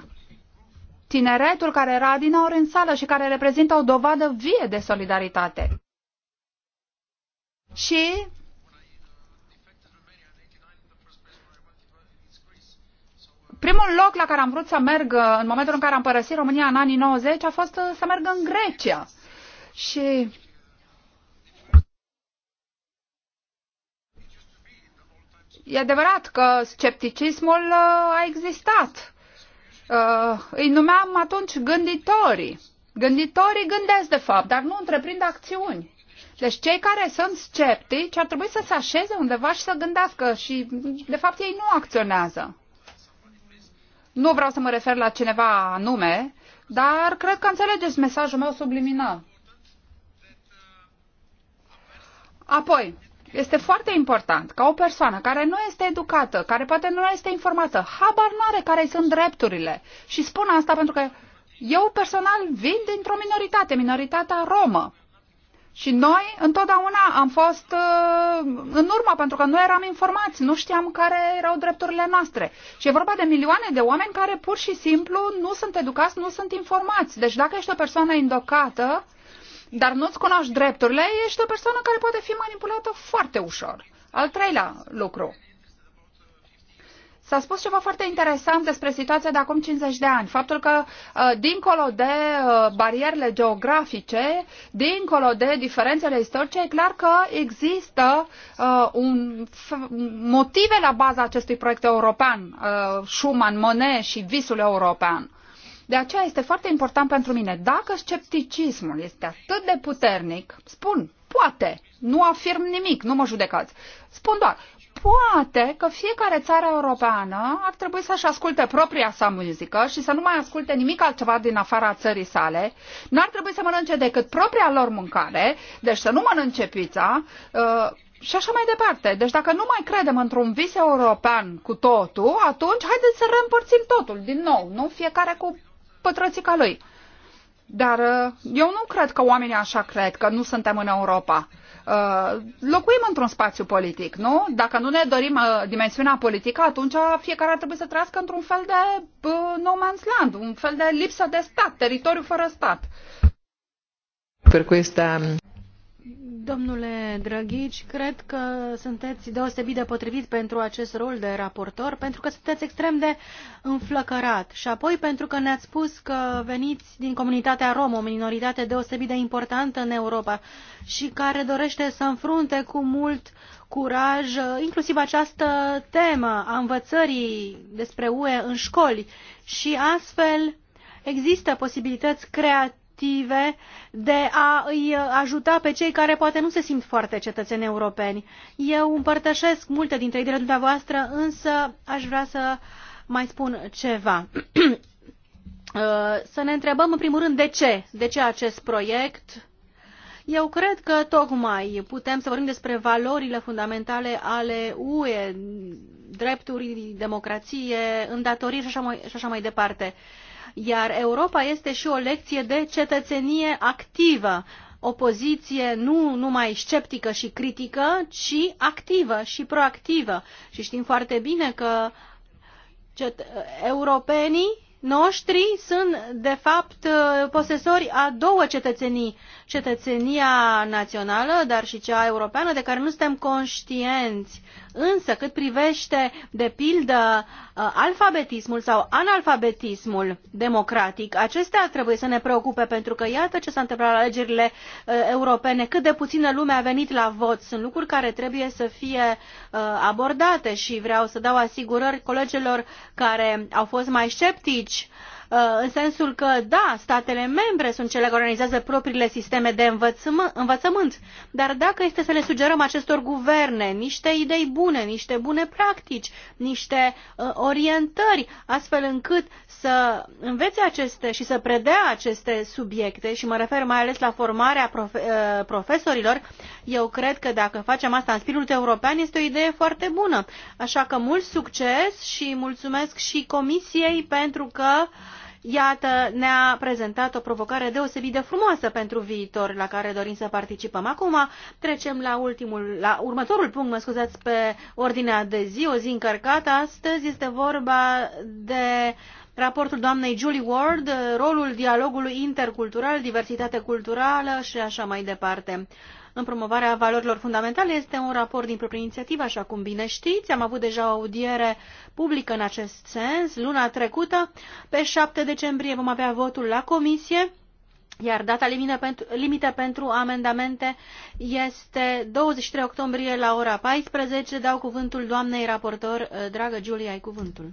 [SPEAKER 2] tineretul care era din adinaori în sală și care reprezintă o dovadă vie de solidaritate. Și primul loc la care am vrut să merg uh, în momentul în care am părăsit România în anii 90 a fost uh, să merg în Grecia. Și E adevărat că scepticismul uh, a existat uh, îi numeam atunci gânditorii. Gânditorii gândesc, de fapt, dar nu întreprind acțiuni. Deci cei care sunt sceptici ar trebui să se așeze undeva și să gândească și, de fapt, ei nu acționează. Nu vreau să mă refer la cineva anume, dar cred că înțelegeți mesajul meu subliminal. Apoi, este foarte important ca o persoană care nu este educată, care poate nu este informată, habar nu are care sunt drepturile. Și spun asta pentru că eu personal vin dintr-o minoritate, minoritatea romă. Și noi întotdeauna am fost uh, în urmă pentru că nu eram informați, nu știam care erau drepturile noastre. Și e vorba de milioane de oameni care pur și simplu nu sunt educați, nu sunt informați. Deci dacă ești o persoană indocată, uh, dar nu-ți cunoști drepturile, ești o persoană care poate fi manipulată foarte ușor. Al treilea lucru. S-a spus ceva foarte interesant despre situația de acum 50 de ani. Faptul că, uh, dincolo de uh, barierele geografice, dincolo de diferențele istorice, e clar că există uh, un motive la baza acestui proiect european, Schumann, Monet și visul european. De aceea este foarte important pentru mine, dacă scepticismul este atât de puternic, spun, poate, nu afirm nimic, nu mă judecați, spun doar, poate că fiecare țară europeană ar trebui să-și asculte propria sa muzică și să nu mai asculte nimic altceva din afara țării sale. Nu ar trebui să mănânce decât propria lor mâncare, deci să nu mănânce pizza uh, și așa mai departe. Deci dacă nu mai credem într-un vis european cu totul, atunci haideți să reîmpărțim totul din nou, nu fiecare cu pătrățica lui. Dar uh, eu nu cred că oamenii așa cred, că nu suntem în Europa. Uh, locuim într-un spațiu politic, nu? Dacă nu ne dorim uh, dimensiunea politică, atunci fiecare ar trebui să trăiască într-un fel de no man's land, un fel de lipsă de stat, teritoriu fără stat.
[SPEAKER 1] Per questa
[SPEAKER 3] Domnule Drăghici, cred că sunteți deosebit de potrivit pentru acest rol de raportor, pentru că sunteți extrem de înflăcărat și apoi pentru că ne-ați spus că veniți din comunitatea rom, o minoritate deosebit de importantă în Europa și care dorește să înfrunte cu mult curaj inclusiv această temă a învățării despre UE în școli și astfel există posibilități creative motive de a îi ajuta pe cei care poate nu se simt foarte cetățeni europeni. Eu împărtășesc multe dintre ideile dumneavoastră, însă aș vrea să mai spun ceva. Uh, să ne întrebăm în primul rând de ce, de ce acest proiect, eu cred că tocmai putem să vorbim despre valorile fundamentale ale UE, drepturi, democrație, îndatoriri și așa mai, și așa mai departe iar Europa este și o lecție de cetățenie activă, o poziție nu numai sceptică și critică, ci activă și proactivă. Și știm foarte bine că europenii noștri sunt, de fapt, posesori a două cetățenii cetățenia națională, dar și cea europeană, de care nu suntem conștienți. Însă, cât privește, de pildă, uh, alfabetismul sau analfabetismul democratic, acestea trebuie să ne preocupe, pentru că iată ce s-a întâmplat la alegerile uh, europene, cât de puțină lume a venit la vot. Sunt lucruri care trebuie să fie uh, abordate și vreau să dau asigurări colegilor care au fost mai sceptici uh, Uh, în sensul că, da, statele membre sunt cele care organizează propriile sisteme de învățământ, dar dacă este să le sugerăm acestor guverne niște idei bune, niște bune practici, niște uh, orientări, astfel încât să învețe aceste și să predea aceste subiecte, și mă refer mai ales la formarea uh, profesorilor, eu cred că dacă facem asta în spiritul european, este o idee foarte bună. Așa că mult succes și mulțumesc și Comisiei pentru că iată, ne-a prezentat o provocare deosebit de frumoasă pentru viitor, la care dorim să participăm. Acum trecem la, ultimul, la următorul punct, mă scuzați, pe ordinea de zi, o zi încărcată. Astăzi este vorba de raportul doamnei Julie Ward, rolul dialogului intercultural, diversitate culturală și așa mai departe în promovarea valorilor fundamentale. Este un raport din proprie inițiativă, așa cum bine știți. Am avut deja o audiere publică în acest sens luna trecută. Pe 7 decembrie vom avea votul la comisie. Iar data limită pentru, limită pentru amendamente este 23 octombrie la ora 14. Dau cuvântul doamnei raportor. Dragă Giulia, ai cuvântul.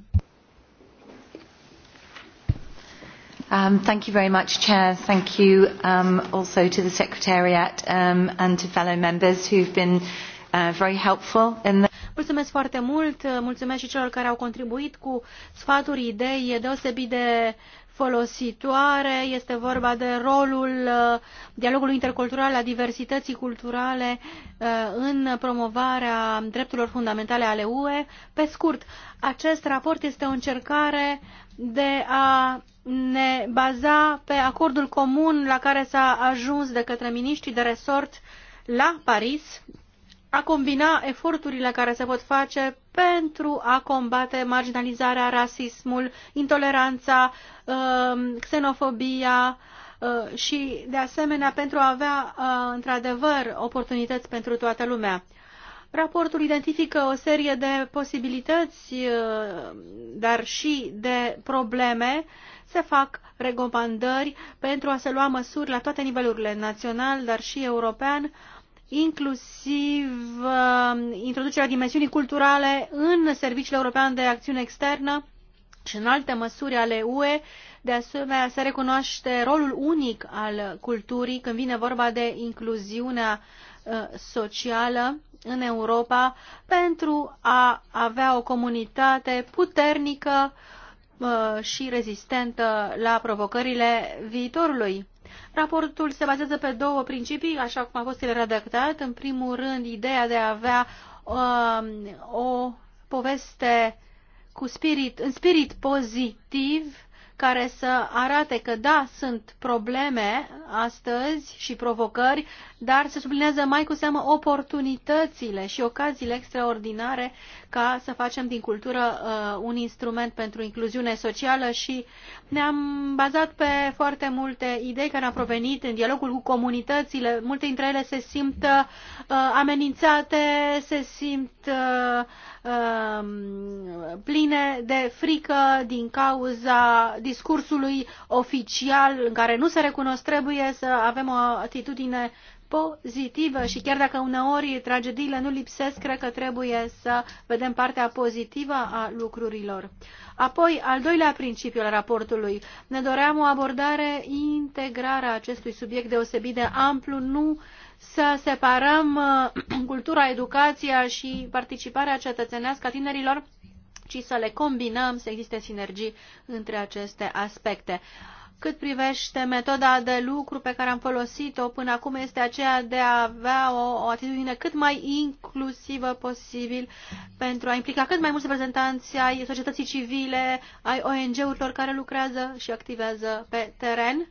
[SPEAKER 5] Um, thank you very much, Chair. Thank you
[SPEAKER 3] um, also to the Secretariat um, and to fellow members who have been uh, very helpful in the Mulțumesc foarte mult, mulțumesc și celor care au contribuit cu sfaturi, idei deosebit de uh, folositoare. Este vorba de rolul uh, dialogului intercultural a diversității culturale uh, în promovarea drepturilor fundamentale ale UE. Pe scurt, acest raport este o încercare de a ne baza pe acordul comun la care s-a ajuns de către miniștrii de resort la Paris a combina eforturile care se pot face pentru a combate marginalizarea, rasismul, intoleranța, um, xenofobia uh, și, de asemenea, pentru a avea, uh, într-adevăr, oportunități pentru toată lumea. Raportul identifică o serie de posibilități, uh, dar și de probleme. Se fac recomandări pentru a se lua măsuri la toate nivelurile, național, dar și european, inclusiv uh, introducerea dimensiunii culturale în Serviciul European de Acțiune Externă și în alte măsuri ale UE, de asemenea se recunoaște rolul unic al culturii când vine vorba de incluziunea uh, socială în Europa pentru a avea o comunitate puternică uh, și rezistentă la provocările viitorului. Raportul se bazează pe două principii, așa cum a fost el redactat. În primul rând, ideea de a avea um, o poveste cu spirit, în spirit pozitiv, care să arate că da, sunt probleme astăzi și provocări, dar se sublinează mai cu seamă oportunitățile și ocaziile extraordinare ca să facem din cultură uh, un instrument pentru incluziune socială și ne-am bazat pe foarte multe idei care au provenit în dialogul cu comunitățile. Multe dintre ele se simt uh, amenințate, se simt uh, Um, pline de frică din cauza discursului oficial în care nu se recunosc, trebuie să avem o atitudine pozitivă și chiar dacă uneori tragediile nu lipsesc, cred că trebuie să vedem partea pozitivă a lucrurilor. Apoi, al doilea principiu al raportului. Ne doream o abordare integrară a acestui subiect deosebit de amplu, nu uh, să separăm uh, cultura, educația și participarea cetățenească a tinerilor, ci să le combinăm, să existe sinergii între aceste aspecte. Cât privește metoda de lucru pe care am folosit-o până acum este aceea de a avea o, o atitudine cât mai inclusivă posibil pentru a implica cât mai mulți reprezentanți ai societății civile, ai ONG-urilor care lucrează și activează pe teren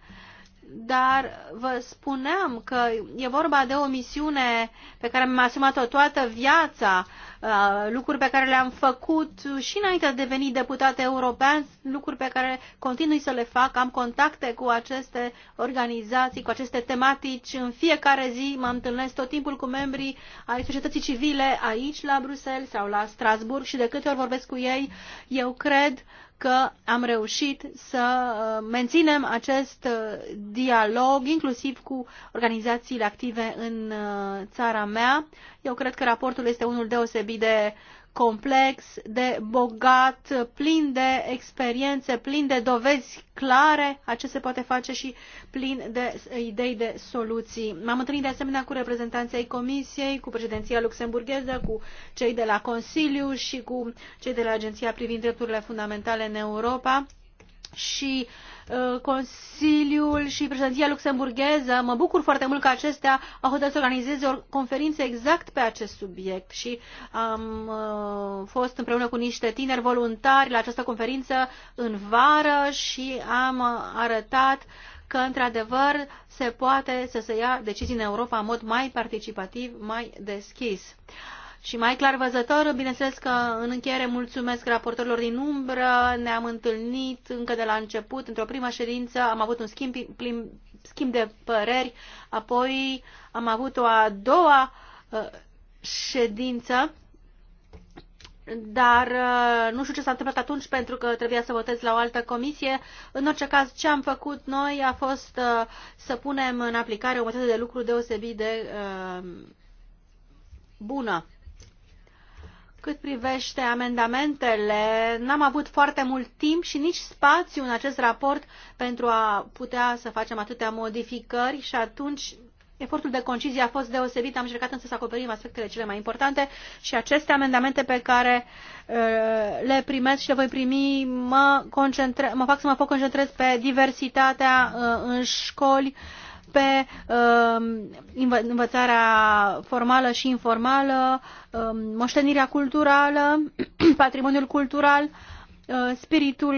[SPEAKER 3] dar vă spuneam că e vorba de o misiune pe care mi-am asumat-o toată viața, uh, lucruri pe care le-am făcut și înainte de a deveni deputat european, lucruri pe care continui să le fac, am contacte cu aceste organizații, cu aceste tematici, în fiecare zi mă întâlnesc tot timpul cu membrii ai societății civile aici la Bruxelles sau la Strasburg și de câte ori vorbesc cu ei, eu cred că am reușit să uh, menținem acest uh, dialog, inclusiv cu organizațiile active în uh, țara mea. Eu cred că raportul este unul deosebit de uh, complex, de bogat, plin de experiențe, plin de dovezi clare a ce se poate face și plin de idei de soluții. M-am întâlnit de asemenea cu reprezentanții Comisiei, cu președinția luxemburgheză, cu cei de la Consiliu și cu cei de la Agenția privind drepturile fundamentale în Europa și uh, Uh, Consiliul și președinția luxemburgheză. Mă bucur foarte mult că acestea au hotărât să organizeze o conferință exact pe acest subiect și am uh, fost împreună cu niște tineri voluntari la această conferință în vară și am arătat că, într-adevăr, se poate să se ia decizii în Europa în mod mai participativ, mai deschis. Uh, și mai clar văzător. Bineînțeles că în încheiere mulțumesc raportorilor din umbră, ne-am întâlnit încă de la început, într-o primă ședință, am avut un schimb, plim, schimb de păreri, apoi am avut o a doua uh, ședință, dar uh, nu știu ce s-a întâmplat atunci pentru că trebuia să votez la o altă comisie. În orice caz, ce am făcut noi a fost uh, să punem în aplicare o metodă de lucru deosebit de bună. Cât privește amendamentele, n-am avut foarte mult timp și nici spațiu în acest raport pentru a putea să facem atâtea modificări și atunci efortul de concizie a fost deosebit. Am încercat însă să acoperim aspectele cele mai importante și aceste amendamente pe care uh, le primesc și le voi primi mă, mă fac să mă concentrez pe diversitatea uh, în școli, pe um, învățarea formală și informală, um, moștenirea culturală, patrimoniul cultural, uh, spiritul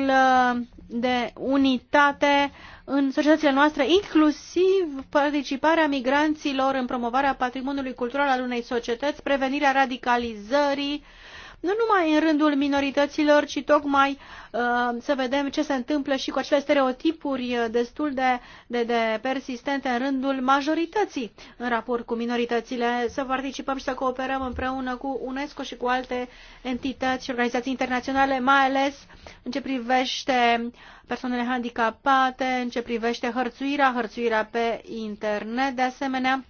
[SPEAKER 3] uh, de unitate în societățile noastre, inclusiv participarea migranților în promovarea patrimoniului cultural al unei societăți, prevenirea radicalizării, uh, nu numai în rândul minorităților, ci tocmai uh, să vedem ce se întâmplă și cu acele stereotipuri uh, destul de, de, de persistente în rândul majorității în raport cu minoritățile, să participăm și să cooperăm împreună cu UNESCO și cu alte entități și organizații internaționale, mai ales în ce privește persoanele handicapate, în ce privește hărțuirea, hărțuirea pe internet, de asemenea.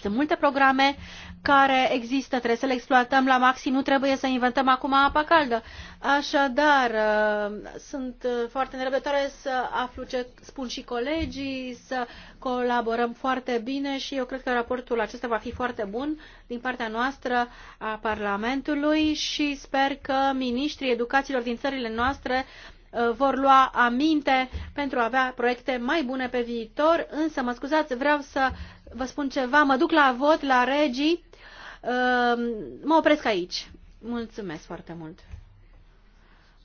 [SPEAKER 3] Sunt multe programe care există, trebuie să le exploatăm la maxim, nu trebuie să inventăm acum apa caldă. Așadar, uh, sunt uh, foarte nerăbdătoare să aflu ce spun și colegii, să colaborăm foarte bine și eu cred că raportul acesta va fi foarte bun din partea noastră a Parlamentului și sper că miniștrii educațiilor din țările noastre uh, vor lua aminte pentru a avea proiecte mai bune pe viitor, însă mă scuzați, vreau să vă spun ceva, mă duc la vot la regii Ehm, mă opresc aici. Mulțumesc foarte mult.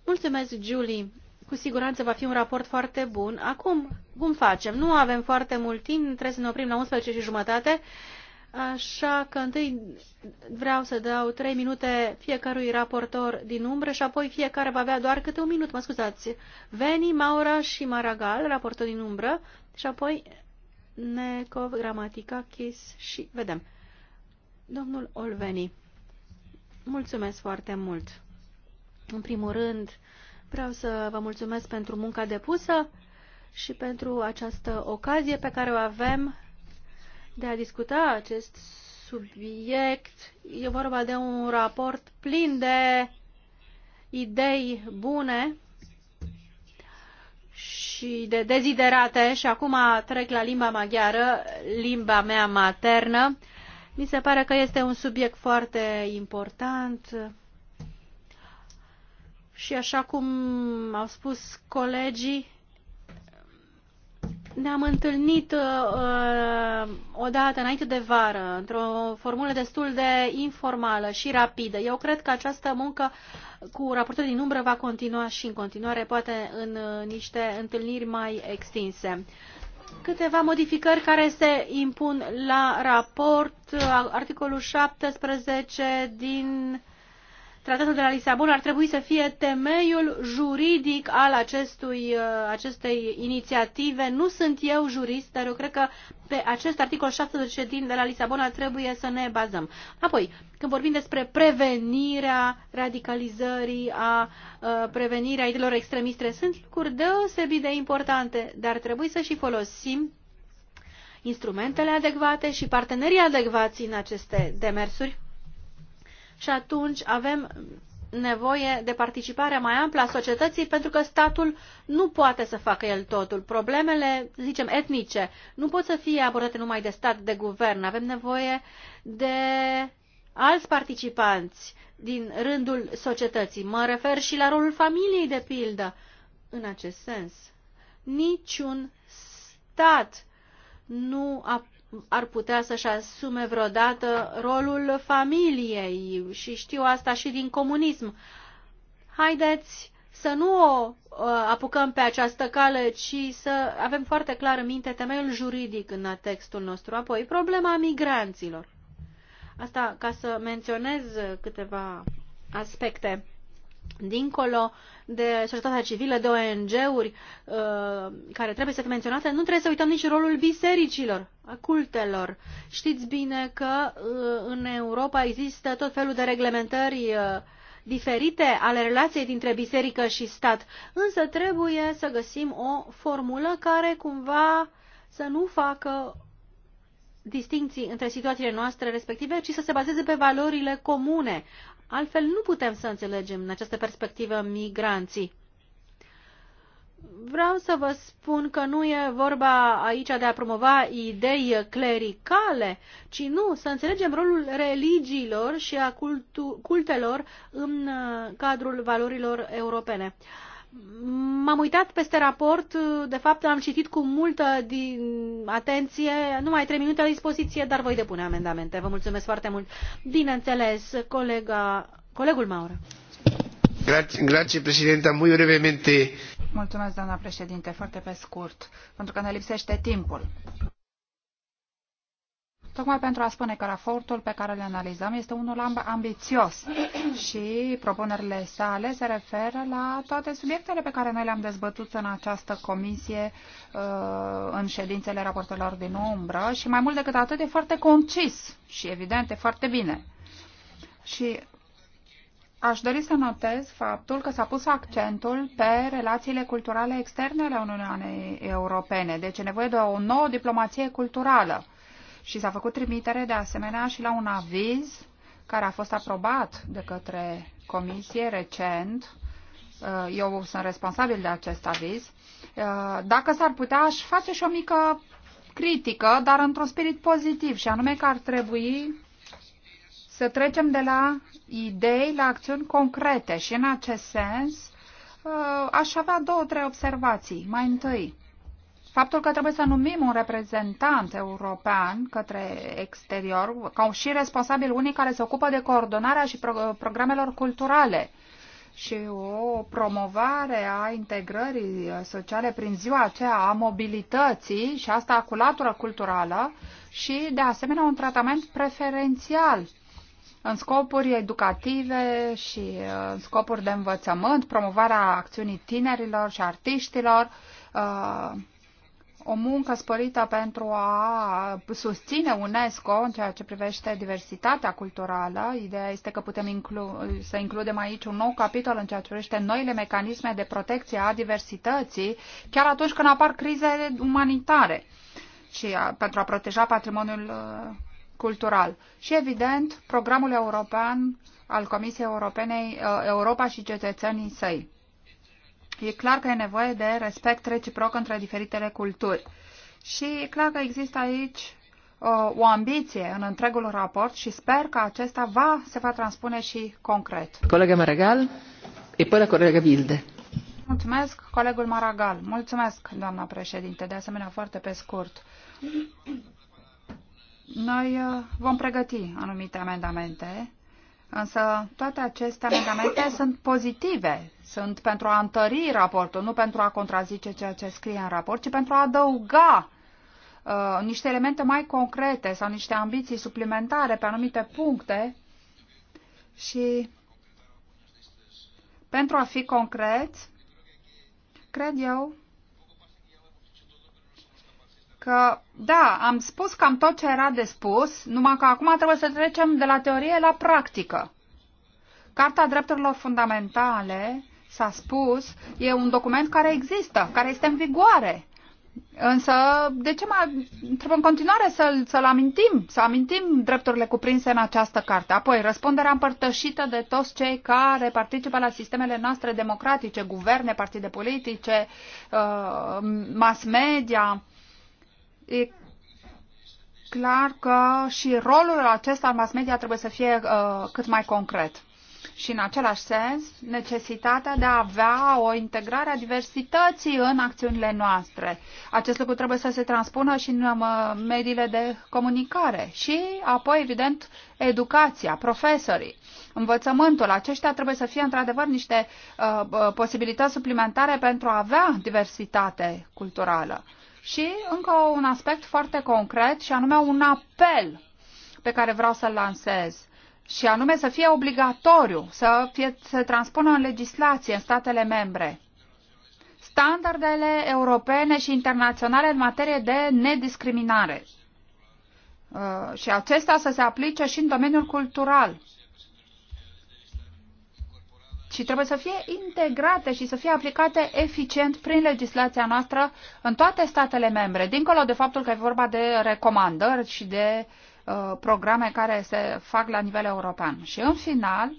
[SPEAKER 3] Mulțumesc, Julie. Cu siguranță va fi un raport foarte bun. Acum, cum facem? Nu avem foarte mult timp, trebuie să ne oprim la 11 și jumătate, așa că întâi vreau să dau 3 minute fiecărui raportor din umbră și apoi fiecare va avea doar câte un minut, mă scuzați. Veni, Maura și Maragal, raportor din umbră, și apoi Necov, Gramatica, Chis și vedem. Domnul Olveni, mulțumesc foarte mult. În primul rând, vreau să vă mulțumesc pentru munca depusă și pentru această ocazie pe care o avem de a discuta acest subiect. E vorba de un raport plin de idei bune și de deziderate și acum trec la limba maghiară, limba mea maternă. Mi se pare că este un subiect foarte important și așa cum au spus colegii, ne-am întâlnit uh, uh, odată înainte de vară, într-o formulă destul de informală și rapidă. Eu cred că această muncă cu raportul din umbră va continua și în continuare, poate în uh, niște întâlniri mai extinse. Uh, câteva modificări care se impun la raport, articolul 17 din Tratatul de la Lisabona ar trebui să fie temeiul juridic al acestui, uh, acestei inițiative. Nu sunt eu jurist, dar eu cred că pe acest articol 17 din de la Lisabona trebuie să ne bazăm. Apoi, când vorbim despre prevenirea radicalizării, a, a uh, prevenirea ideilor extremiste, sunt lucruri deosebit de importante, dar trebuie să și folosim instrumentele adecvate și partenerii adecvați în aceste demersuri și atunci avem nevoie de participarea mai amplă a societății pentru că statul nu poate să facă el totul. Problemele, zicem, etnice nu pot să fie abordate numai de stat, de guvern. Avem nevoie de alți participanți din rândul societății. Mă refer și la rolul familiei, de pildă. În acest sens, niciun stat nu a ar putea să-și asume vreodată rolul familiei și știu asta și din comunism. Haideți să nu o ă, apucăm pe această cale, ci să avem foarte clar în minte temeiul juridic în textul nostru. Apoi, problema migranților. Asta ca să menționez câteva aspecte dincolo de societatea civilă, de ONG-uri uh, care trebuie să fie menționate, nu trebuie să uităm nici rolul bisericilor, a cultelor. Știți bine că uh, în Europa există tot felul de reglementări uh, diferite ale relației dintre biserică și stat, însă trebuie să găsim o formulă care cumva să nu facă distinții între situațiile noastre respective, ci să se bazeze pe valorile comune Altfel nu putem să înțelegem în această perspectivă migranții. Vreau să vă spun că nu e vorba aici de a promova idei clericale, ci nu, să înțelegem rolul religiilor și a cultelor în uh, cadrul valorilor europene. M-am uitat peste raport, de fapt am citit cu multă din atenție, numai trei minute la dispoziție, dar voi depune amendamente. Vă mulțumesc foarte mult. Bineînțeles,
[SPEAKER 2] colega, colegul Maura.
[SPEAKER 1] Grazie, președinte, muy brevemente.
[SPEAKER 2] Mulțumesc, doamna președinte, foarte pe scurt, pentru că ne lipsește timpul tocmai pentru a spune că raportul pe care îl analizăm este unul ambițios și propunerile sale se referă la toate subiectele pe care noi le-am dezbătut în această comisie uh, în ședințele raportelor din umbră și mai mult decât atât e foarte concis și evident e foarte bine. Și Aș dori să notez faptul că s-a pus accentul pe relațiile culturale externe ale Uniunii Europene, deci e nevoie de o nouă diplomație culturală. Și s-a făcut trimitere de asemenea și la un aviz care a fost aprobat de către comisie recent. Uh, eu sunt responsabil de acest aviz. Uh, dacă s-ar putea, aș face și o mică critică, dar într-un spirit pozitiv, și anume că ar trebui să trecem de la idei la acțiuni concrete și în acest sens uh, aș avea două, trei observații. Mai întâi, faptul că trebuie să numim un reprezentant european către exterior, ca și responsabil unii care se ocupă de coordonarea și pro programelor culturale și o promovare a integrării sociale prin ziua aceea a mobilității și asta cu latură culturală și de asemenea un tratament preferențial în scopuri educative și uh, în scopuri de învățământ, promovarea acțiunii tinerilor și artiștilor, uh, o muncă sporită pentru a susține UNESCO în ceea ce privește diversitatea culturală. Ideea este că putem inclu- să includem aici un nou capitol în ceea ce privește noile mecanisme de protecție a diversității, chiar atunci când apar crize umanitare și a, pentru a proteja patrimoniul uh, cultural. Și, evident, programul european al Comisiei Europene uh, Europa și cetățenii săi. E clar că e nevoie de respect reciproc între diferitele culturi. Și e clar că există aici uh, o ambiție în întregul raport și sper că acesta va, se va transpune și concret.
[SPEAKER 1] Colega Maragal, e până colega Bilde.
[SPEAKER 2] Mulțumesc, colegul Maragal. Mulțumesc, doamna președinte. De asemenea, foarte pe scurt. Noi uh, vom pregăti anumite amendamente Însă toate aceste amendamente sunt pozitive, sunt pentru a întări raportul, nu pentru a contrazice ceea ce scrie în raport, ci pentru a adăuga uh, niște elemente mai concrete sau niște ambiții suplimentare pe anumite puncte și pentru a fi concret, cred eu că, da, am spus cam tot ce era de spus, numai că acum trebuie să trecem de la teorie la practică. Carta Drepturilor Fundamentale, s-a spus, e un document care există, care este în vigoare. Însă, de ce mai trebuie în continuare să-l, să-l amintim, să amintim drepturile cuprinse în această carte? Apoi, răspunderea împărtășită de toți cei care participă la sistemele noastre democratice, guverne, partide politice, uh, mass media, E clar că și rolul acesta al mass media trebuie să fie uh, cât mai concret. Și în același sens, necesitatea de a avea o integrare a diversității în acțiunile noastre. Acest lucru trebuie să se transpună și în uh, mediile de comunicare. Și apoi, evident, educația, profesorii, învățământul. Aceștia trebuie să fie, într-adevăr, niște uh, uh posibilități suplimentare pentru a avea diversitate culturală. Uh, și încă un aspect foarte concret și anume un apel pe care vreau să-l lansez și anume să fie obligatoriu să fie, se transpună în legislație în statele membre standardele europene și internaționale în materie de nediscriminare. Uh, și acestea să se aplice și în domeniul cultural și trebuie să fie integrate și să fie aplicate eficient prin legislația noastră în toate statele membre, dincolo de faptul că e vorba de recomandări și de uh, programe care se fac la nivel european. Și în final,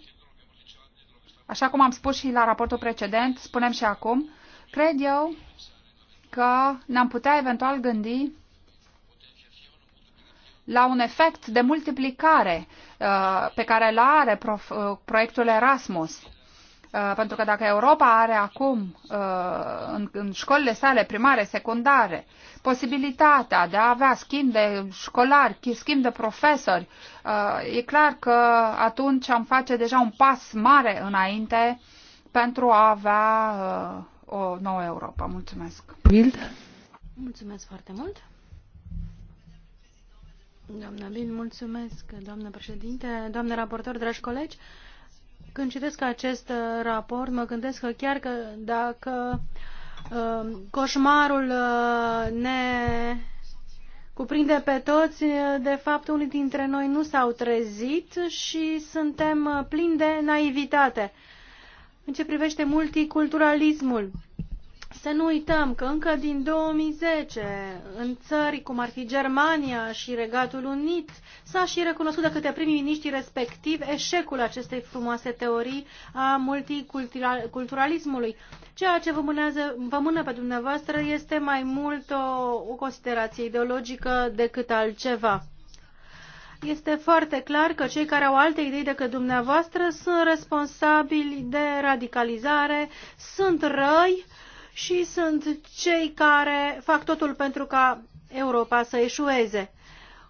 [SPEAKER 2] așa cum am spus și la raportul precedent, spunem și acum, cred eu că ne-am putea eventual gândi la un efect de multiplicare uh, pe care îl are prof, uh, proiectul Erasmus Uh, pentru că dacă Europa are acum uh, în, în școlile sale primare, secundare, posibilitatea de a avea schimb de școlari, schimb de profesori, uh, e clar că atunci am face deja un pas mare înainte pentru a avea o nouă Europa. Mulțumesc!
[SPEAKER 1] Bild.
[SPEAKER 3] Mulțumesc foarte mult! Doamna Bin, mulțumesc, doamnă președinte, doamnă raportor, dragi colegi. Când citesc acest uh, raport, mă gândesc că chiar că dacă uh, coșmarul uh, ne cuprinde pe toți, de fapt unii dintre noi nu s-au trezit și suntem plini de naivitate. În ce privește multiculturalismul, să nu uităm că încă din 2010, în țări cum ar fi Germania și Regatul Unit, s-a și recunoscut de către primii miniștri respectiv eșecul acestei frumoase teorii a multiculturalismului. Ceea ce vă, mânează, vă mână pe dumneavoastră este mai mult o, o considerație ideologică decât altceva. Este foarte clar că cei care au alte idei decât dumneavoastră sunt responsabili de radicalizare, sunt răi, și sunt cei care fac totul pentru ca Europa să eșueze.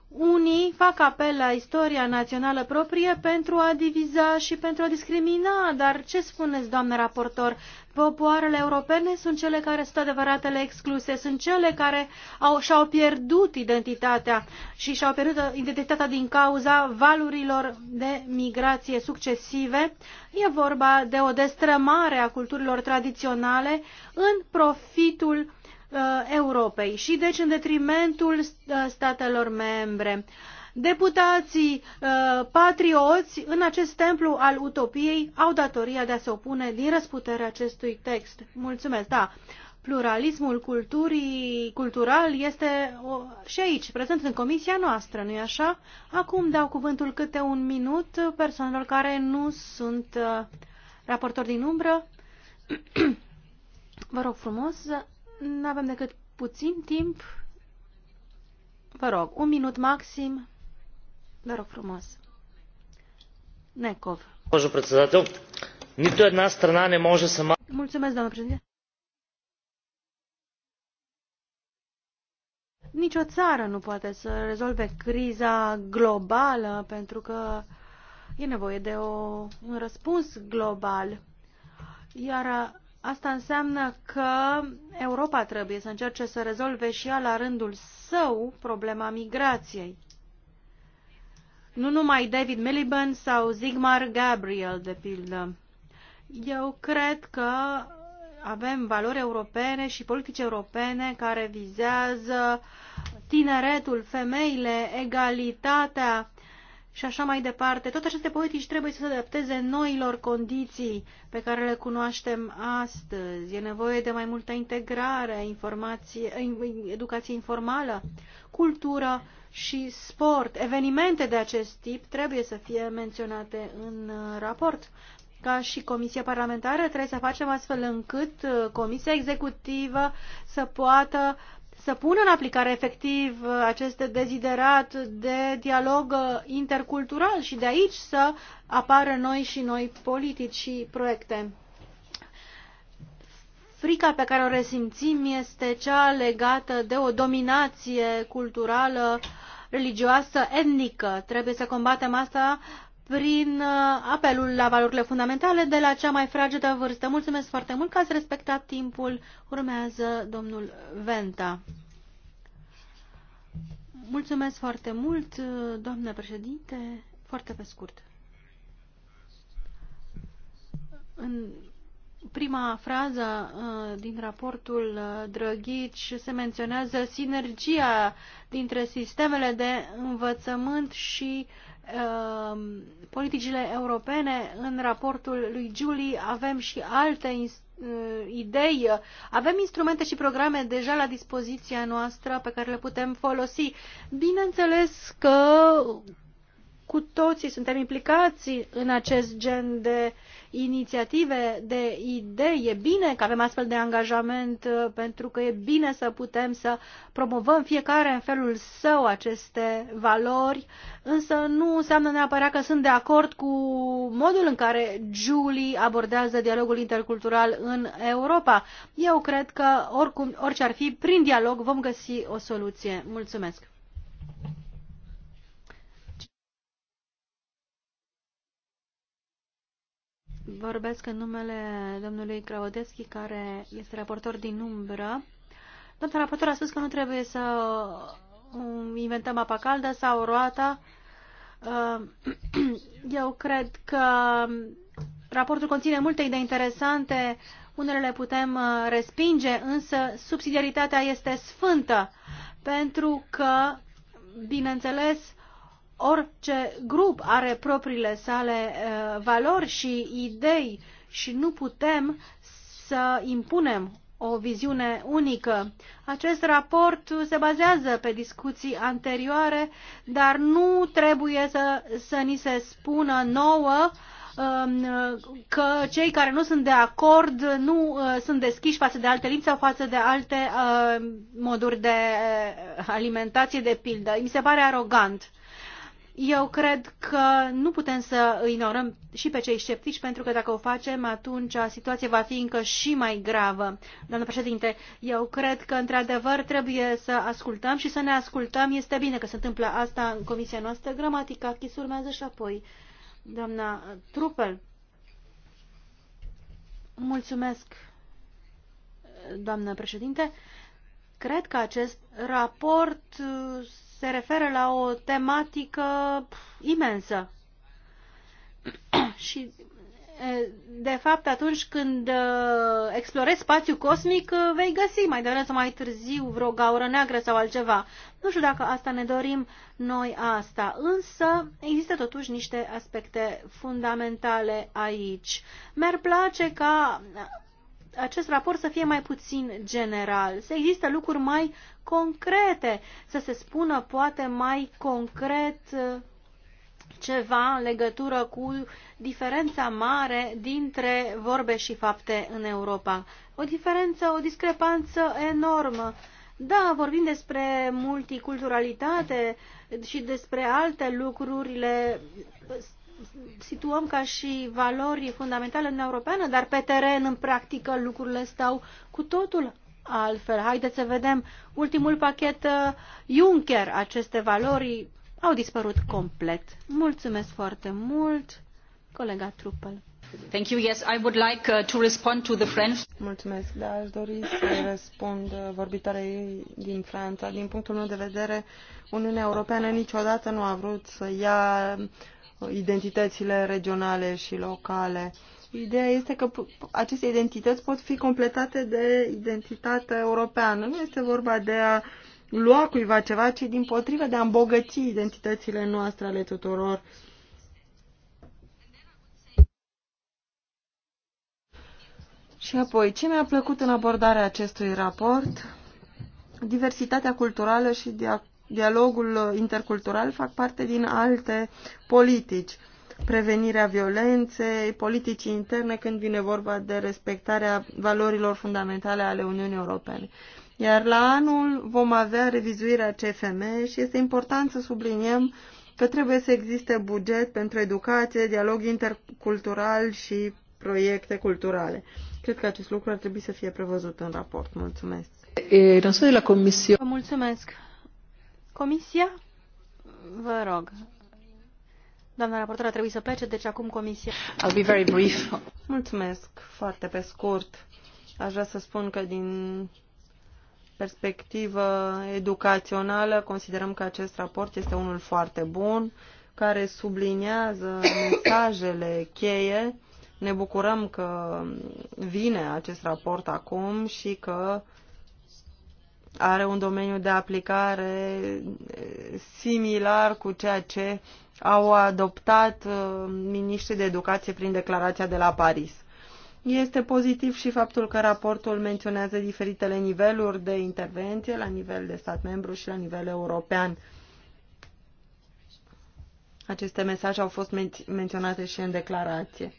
[SPEAKER 3] Unii fac apel la istoria națională proprie pentru a diviza și pentru a discrimina, dar ce spuneți, doamnă raportor, Popoarele europene sunt cele care sunt adevăratele excluse, sunt cele care au, și-au pierdut identitatea și și-au pierdut identitatea din cauza valurilor de migrație succesive. E vorba de o destrămare a culturilor tradiționale în profitul uh, Europei și deci în detrimentul uh, statelor membre. Uh, Deputații uh, patrioți în acest templu al utopiei au datoria de a se opune din răsputere acestui text. Mulțumesc, da. Pluralismul culturii, cultural este o, și aici, prezent în comisia noastră, nu-i așa? Acum dau cuvântul câte un minut persoanelor care nu sunt uh, raportori din umbră. Vă rog frumos, nu avem decât puțin timp. Vă rog, un minut maxim Vă rog frumos. Necov. Mulțumesc, doamnă președinte. Nicio țară nu poate să rezolve criza globală pentru că e nevoie de o, un răspuns global. Iar Asta înseamnă că Europa trebuie să încerce să rezolve și ea la rândul său problema migrației nu numai David Miliband sau Zigmar Gabriel, de pildă. Eu cred că avem valori europene și politici europene care vizează tineretul, femeile, egalitatea și așa mai departe. Toate aceste politici trebuie să se adapteze noilor condiții pe care le cunoaștem astăzi. E nevoie de mai multă integrare, informație, educație informală, cultură și sport. Evenimente de acest tip trebuie să fie menționate în uh, raport. Ca și Comisia Parlamentară trebuie să facem astfel încât uh, Comisia Executivă să poată să pună în aplicare efectiv uh, acest deziderat de dialog intercultural și de aici să apară noi și noi politici și proiecte. Frica pe care o resimțim este cea legată de o dominație culturală uh, religioasă etnică. Trebuie să combatem asta prin uh, apelul la valorile fundamentale de la cea mai fragedă vârstă. Mulțumesc foarte mult că ați respectat timpul. Urmează domnul Venta. Mulțumesc foarte mult, uh, doamnă președinte. Foarte pe scurt. În prima frază uh, din raportul uh, Drăghici se menționează sinergia dintre sistemele de învățământ și uh, politicile europene. În raportul lui Julie avem și alte uh, idei, avem instrumente și programe deja la dispoziția noastră pe care le putem folosi. Bineînțeles că cu toții suntem implicați în acest gen de uh, inițiative, de idei. E bine că avem astfel de angajament uh, pentru că e bine să putem să promovăm fiecare în felul său aceste valori, însă nu înseamnă neapărat că sunt de acord cu modul în care Julie abordează dialogul intercultural în Europa. Eu cred că oricum, orice ar fi, prin dialog vom găsi o soluție. Mulțumesc! Vorbesc în numele domnului Kravodeschi, care este raportor din umbră. Domnul raportor a spus că nu trebuie să um, inventăm apa caldă sau roata. Uh, eu cred că raportul conține multe idei interesante, unele le putem uh, respinge, însă subsidiaritatea este sfântă, pentru că, bineînțeles, orice grup are propriile sale valori și idei și nu putem să impunem o viziune unică. Acest raport se bazează pe discuții anterioare, dar nu trebuie să, să ni se spună nouă că cei care nu sunt de acord nu sunt deschiși față de alte limbi sau față de alte moduri de alimentație, de pildă. Mi se pare arogant. Eu cred că nu putem să ignorăm și pe cei sceptici, pentru că dacă o facem, atunci situația va fi încă și mai gravă. Doamnă președinte, eu cred că, într-adevăr, trebuie să ascultăm și să ne ascultăm. Este bine că se întâmplă asta în comisia noastră. Gramatica, chis urmează și apoi. Doamna Trupel, mulțumesc, doamnă președinte. Cred că acest raport se referă la o tematică imensă. și de fapt, atunci când explorezi spațiul cosmic, vei găsi mai devreme sau mai târziu vreo gaură neagră sau altceva. Nu știu dacă asta ne dorim noi asta, însă există totuși niște aspecte fundamentale aici. Mi-ar place ca acest raport să fie mai puțin general, să există lucruri mai concrete, să se spună poate mai concret uh, ceva în legătură cu diferența mare dintre vorbe și fapte în Europa. O diferență, o discrepanță enormă. Da, vorbim despre multiculturalitate și despre alte lucrurile situăm ca și valori fundamentale în europeană, dar pe teren, în practică, lucrurile stau cu totul altfel. Haideți să vedem ultimul pachet uh, Juncker. Aceste valori au dispărut complet. Mulțumesc foarte mult, colega Trupel. Thank you. Yes, I would like uh, to respond to the French. Mulțumesc, da, aș dori
[SPEAKER 5] să răspund uh, vorbitorii din Franța. Din punctul meu de vedere, Uniunea Europeană niciodată nu a vrut să ia identitățile regionale și locale. Ideea este că aceste identități pot fi completate de identitate europeană. Nu este vorba de a lua cuiva ceva, ci din potrivă de a îmbogăți identitățile noastre ale tuturor. Și apoi, ce mi-a plăcut în abordarea acestui raport? Diversitatea culturală și dialogul uh, intercultural fac parte din alte politici. Prevenirea violenței, politicii interne când vine vorba de respectarea valorilor fundamentale ale Uniunii Europene. Iar la anul vom avea revizuirea CFM și este important să subliniem că trebuie să existe buget pentru educație, dialog intercultural și proiecte culturale. Cred că acest lucru ar trebui să fie prevăzut în raport. Mulțumesc.
[SPEAKER 1] Eh,
[SPEAKER 3] mulțumesc. Comisia? Vă rog. Doamna raportor a trebuit să plece, deci acum comisia. I'll be very
[SPEAKER 5] brief. Mulțumesc. Foarte pe scurt. Aș vrea să spun că din perspectivă educațională considerăm că acest raport este unul foarte bun, care subliniază mesajele cheie. Ne bucurăm că vine acest raport acum și că uh, are un domeniu de aplicare eh, similar cu ceea ce au adoptat eh, miniștrii de educație prin declarația de la Paris. Este pozitiv și faptul că raportul menționează diferitele niveluri de intervenție la nivel de stat membru și la nivel european. Aceste mesaje au fost men menționate și în declarație.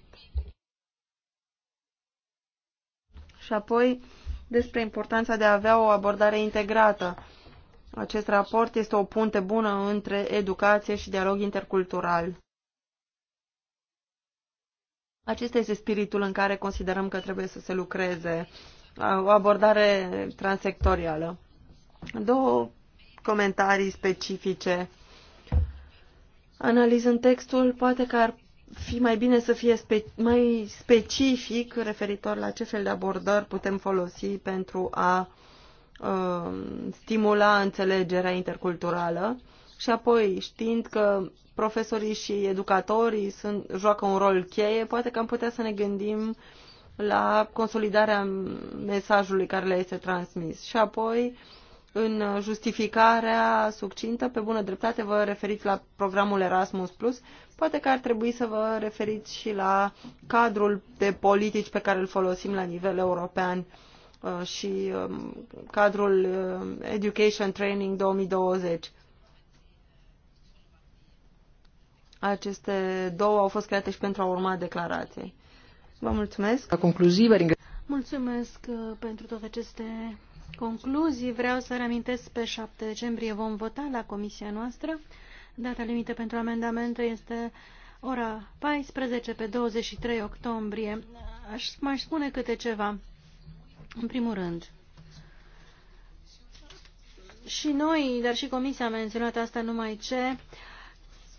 [SPEAKER 5] Și apoi, despre importanța de a avea o abordare integrată. Acest raport este o punte bună între educație și dialog intercultural. Acesta este spiritul în care considerăm că trebuie să se lucreze, o abordare transectorială. Două comentarii specifice. Analizând textul, poate că ar fi mai bine să fie spe mai specific referitor la ce fel de abordări putem folosi pentru a uh, stimula înțelegerea interculturală și apoi știind că profesorii și educatorii sunt, joacă un rol cheie, poate că am putea să ne gândim la consolidarea mesajului care le este transmis și apoi uh, în justificarea succintă, pe bună dreptate, vă referiți la programul Erasmus+, poate că ar trebui să vă referiți și la cadrul de politici pe care îl folosim la nivel european uh, și um, cadrul uh, Education Training 2020. Aceste două au fost create și pentru a urma declarației. Vă mulțumesc. La concluzivă,
[SPEAKER 3] Mulțumesc uh, pentru toate aceste concluzii, vreau să reamintesc pe 7 decembrie vom vota la comisia noastră. Data limită pentru amendamente este ora 14 pe 23 octombrie. Aș mai spune câte ceva. În primul rând, și noi, dar și Comisia a menționat asta numai ce,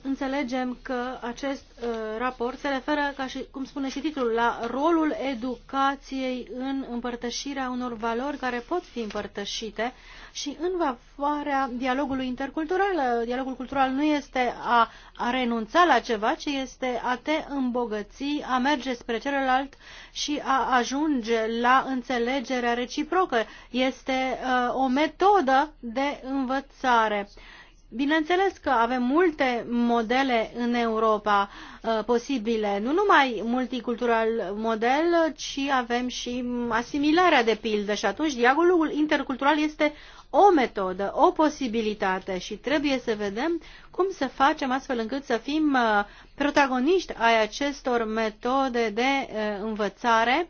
[SPEAKER 3] înțelegem că acest uh, raport se referă, ca și, cum spune și titlul, la rolul educației în împărtășirea unor valori care pot fi împărtășite și în favoarea dialogului intercultural. Uh, dialogul cultural nu este a, a renunța la ceva, ci este a te îmbogăți, a merge spre celălalt și a ajunge la înțelegerea reciprocă. Este uh, o metodă de învățare. Uh, Bineînțeles că avem multe modele în Europa uh, posibile, nu numai multicultural model, ci avem și asimilarea de pildă și atunci dialogul intercultural este o metodă, o posibilitate și trebuie să vedem cum să facem astfel încât să fim uh, protagoniști ai acestor metode de uh, învățare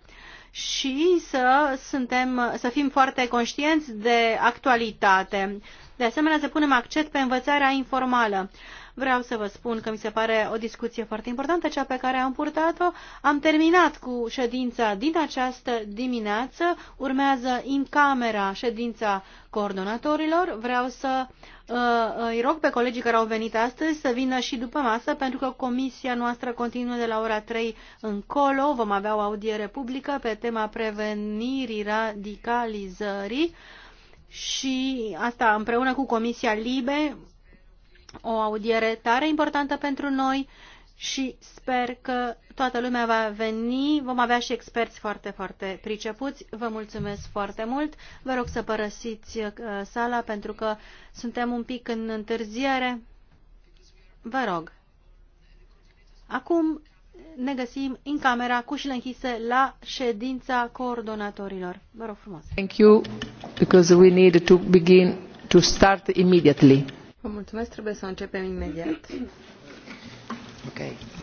[SPEAKER 3] și să, suntem, să fim foarte conștienți de actualitate de asemenea, să punem accent pe învățarea informală. Vreau să vă spun că mi se pare o discuție foarte importantă, cea pe care am purtat-o. Am terminat cu ședința din această dimineață. Urmează în camera ședința coordonatorilor. Vreau să uh, îi rog pe colegii care au venit astăzi să vină și după masă, pentru că comisia noastră continuă de la ora 3 încolo. Vom avea o audiere publică pe tema prevenirii radicalizării. Uh, și asta împreună cu Comisia Libe, o audiere tare importantă pentru noi și sper că toată lumea va veni. Vom avea și experți foarte, foarte pricepuți. Vă mulțumesc foarte mult. Vă rog să părăsiți uh, sala pentru că suntem un pic în întârziere. Vă rog. Acum ne găsim în camera cu ușile închise la ședința coordonatorilor. Vă rog frumos.
[SPEAKER 1] Thank you because we need to begin to start immediately.
[SPEAKER 3] Vă mulțumesc,
[SPEAKER 5] trebuie să începem imediat.
[SPEAKER 2] Okay.